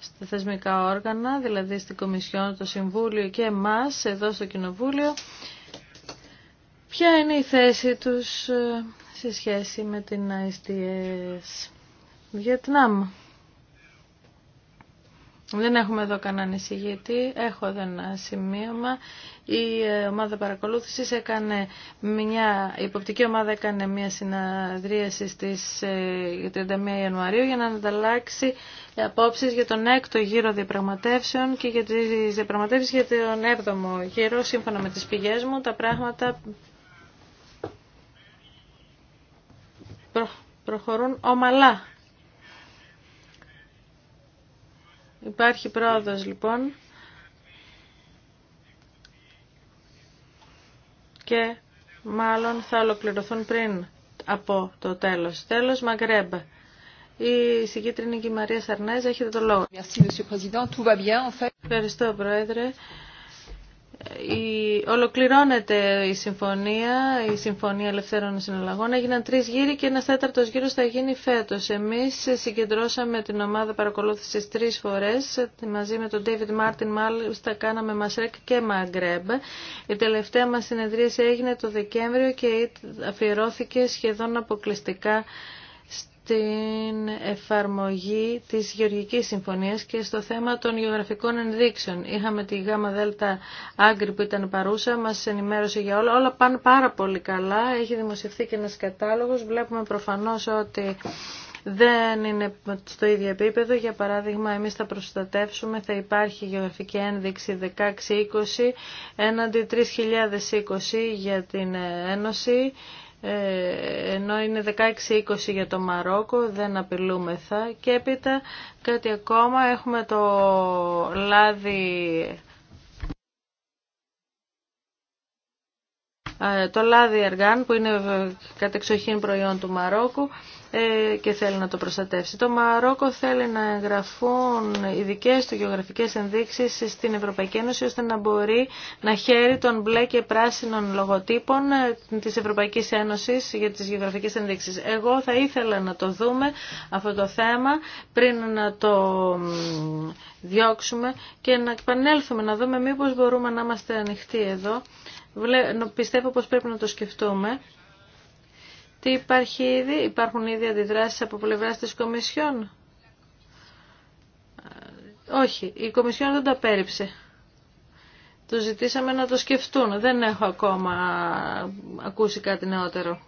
στα θεσμικά όργανα, δηλαδή στην Κομισιόν, το Συμβούλιο και εμάς εδώ στο Κοινοβούλιο, ποια είναι η θέση τους ε, σε σχέση με την ISDS. Βιετνάμ. Δεν έχουμε εδώ κανέναν εισηγητή. Έχω εδώ ένα σημείωμα. Η ε, ομάδα παρακολούθησης έκανε μια, η υποπτική ομάδα έκανε μια συναδρίαση στις 31 ε, Ιανουαρίου για να ανταλλάξει απόψεις για τον έκτο γύρο διαπραγματεύσεων και για τις διαπραγματεύσεις για τον έβδομο γύρο. Σύμφωνα με τις πηγές μου, τα πράγματα προχωρούν ομαλά Υπάρχει πρόοδος λοιπόν και μάλλον θα ολοκληρωθούν πριν από το τέλος. Τέλος Μαγκρέμπ. Η συγκίτρινη και η Μαρία Σαρνέζ έχετε το λόγο. Ευχαριστώ Πρόεδρε ολοκληρώνεται η συμφωνία, η συμφωνία ελευθέρων συναλλαγών. Έγιναν τρει γύροι και ένα τέταρτο γύρος θα γίνει φέτο. Εμείς συγκεντρώσαμε την ομάδα παρακολούθησης τρει φορές. Μαζί με τον David Μάρτιν μάλιστα κάναμε Μασρέκ και Μαγκρέμπ. Η τελευταία μας συνεδρίαση έγινε το Δεκέμβριο και αφιερώθηκε σχεδόν αποκλειστικά στην εφαρμογή της Γεωργικής Συμφωνίας και στο θέμα των γεωγραφικών ενδείξεων. Είχαμε τη ΓΑΜΑ ΔΕΛΤΑ Άγκρη που ήταν παρούσα, μας ενημέρωσε για όλα. Όλα πάνε πάρα πολύ καλά, έχει δημοσιευθεί και ένας κατάλογος. Βλέπουμε προφανώς ότι δεν είναι στο ίδιο επίπεδο. Για παράδειγμα, εμείς θα προστατεύσουμε, θα υπάρχει γεωγραφική ένδειξη 16-20 έναντι 3020 για την Ένωση ε, ενώ είναι 16-20 για το Μαρόκο, δεν απειλούμεθα. Και έπειτα κάτι ακόμα, έχουμε το λάδι... Ε, το λάδι αργάν που είναι ε, κατεξοχήν προϊόν του Μαρόκου ε, και θέλει να το προστατεύσει. Το Μαρόκο θέλει να εγγραφούν ειδικέ του γεωγραφικέ ενδείξει στην Ευρωπαϊκή Ένωση ώστε να μπορεί να χαίρει των μπλε και πράσινων λογοτύπων ε, τη Ευρωπαϊκή Ένωση για τι γεωγραφικέ ενδείξει. Εγώ θα ήθελα να το δούμε αυτό το θέμα πριν να το διώξουμε και να επανέλθουμε να δούμε μήπως μπορούμε να είμαστε ανοιχτοί εδώ. Πιστεύω πως πρέπει να το σκεφτούμε. Τι υπάρχει ήδη, υπάρχουν ήδη αντιδράσεις από πλευρά τη Κομισιόν. Ε, όχι, η Κομισιόν δεν τα πέριψε. Του ζητήσαμε να το σκεφτούν. Δεν έχω ακόμα ακούσει κάτι νεότερο.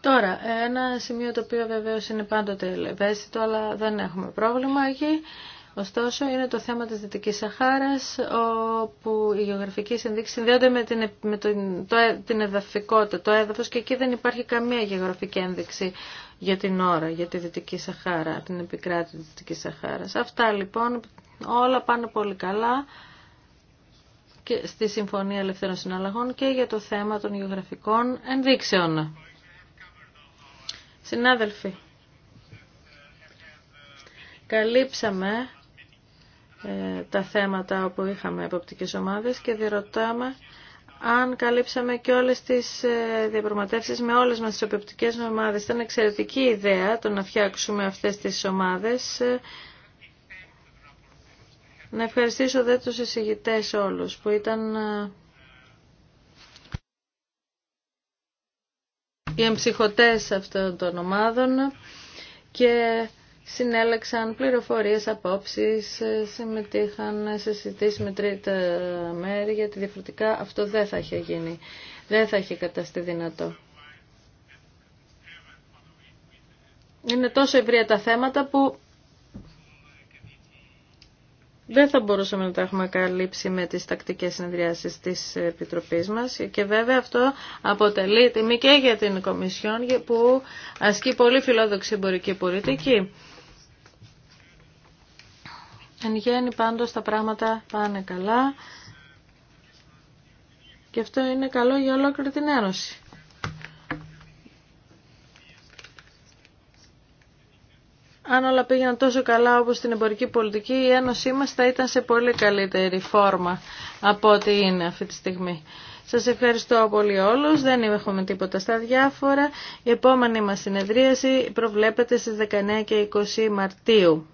Τώρα, ένα σημείο το οποίο βεβαίως είναι πάντοτε ευαίσθητο, αλλά δεν έχουμε πρόβλημα εκεί, Ωστόσο, είναι το θέμα της Δυτικής Σαχάρας, όπου οι γεωγραφική ενδείξεις συνδέονται με, την, με το, το, την εδαφικότητα, το έδαφος, και εκεί δεν υπάρχει καμία γεωγραφική ένδειξη για την ώρα, για τη Δυτική Σαχάρα, την επικράτη της Δυτικής Σαχάρας. Αυτά λοιπόν, όλα πάνε πολύ καλά και στη Συμφωνία Ελευθέρων Συναλλαγών και για το θέμα των γεωγραφικών ενδείξεων. Συνάδελφοι, καλύψαμε ε, τα θέματα όπου είχαμε εποπτικές ομάδες και διερωτάμε αν καλύψαμε και όλες τις ε, διαπραγματεύσεις με όλες μας τις εποπτικές ομάδες. Ήταν εξαιρετική ιδέα το να φτιάξουμε αυτές τις ομάδες. Να ευχαριστήσω δε τους εισηγητές όλους που ήταν ε, οι εμψυχωτές αυτών των ομάδων και συνέλεξαν πληροφορίες, απόψεις, ε, συμμετείχαν σε συζητήσεις με τρίτα μέρη, γιατί διαφορετικά αυτό δεν θα είχε γίνει, δεν θα είχε καταστεί δυνατό. Είναι τόσο ευρία τα θέματα που δεν θα μπορούσαμε να τα έχουμε καλύψει με τις τακτικές συνεδριάσεις της Επιτροπής μας και βέβαια αυτό αποτελεί τιμή και για την Κομισιόν που ασκεί πολύ φιλόδοξη εμπορική πολιτική. Εν γέννη πάντως τα πράγματα πάνε καλά και αυτό είναι καλό για ολόκληρη την Ένωση. Αν όλα πήγαιναν τόσο καλά όπως στην εμπορική πολιτική, η Ένωσή μας θα ήταν σε πολύ καλύτερη φόρμα από ό,τι είναι αυτή τη στιγμή. Σας ευχαριστώ πολύ όλους. Δεν έχουμε τίποτα στα διάφορα. Η επόμενη μας συνεδρίαση προβλέπεται στις 19 και 20 Μαρτίου.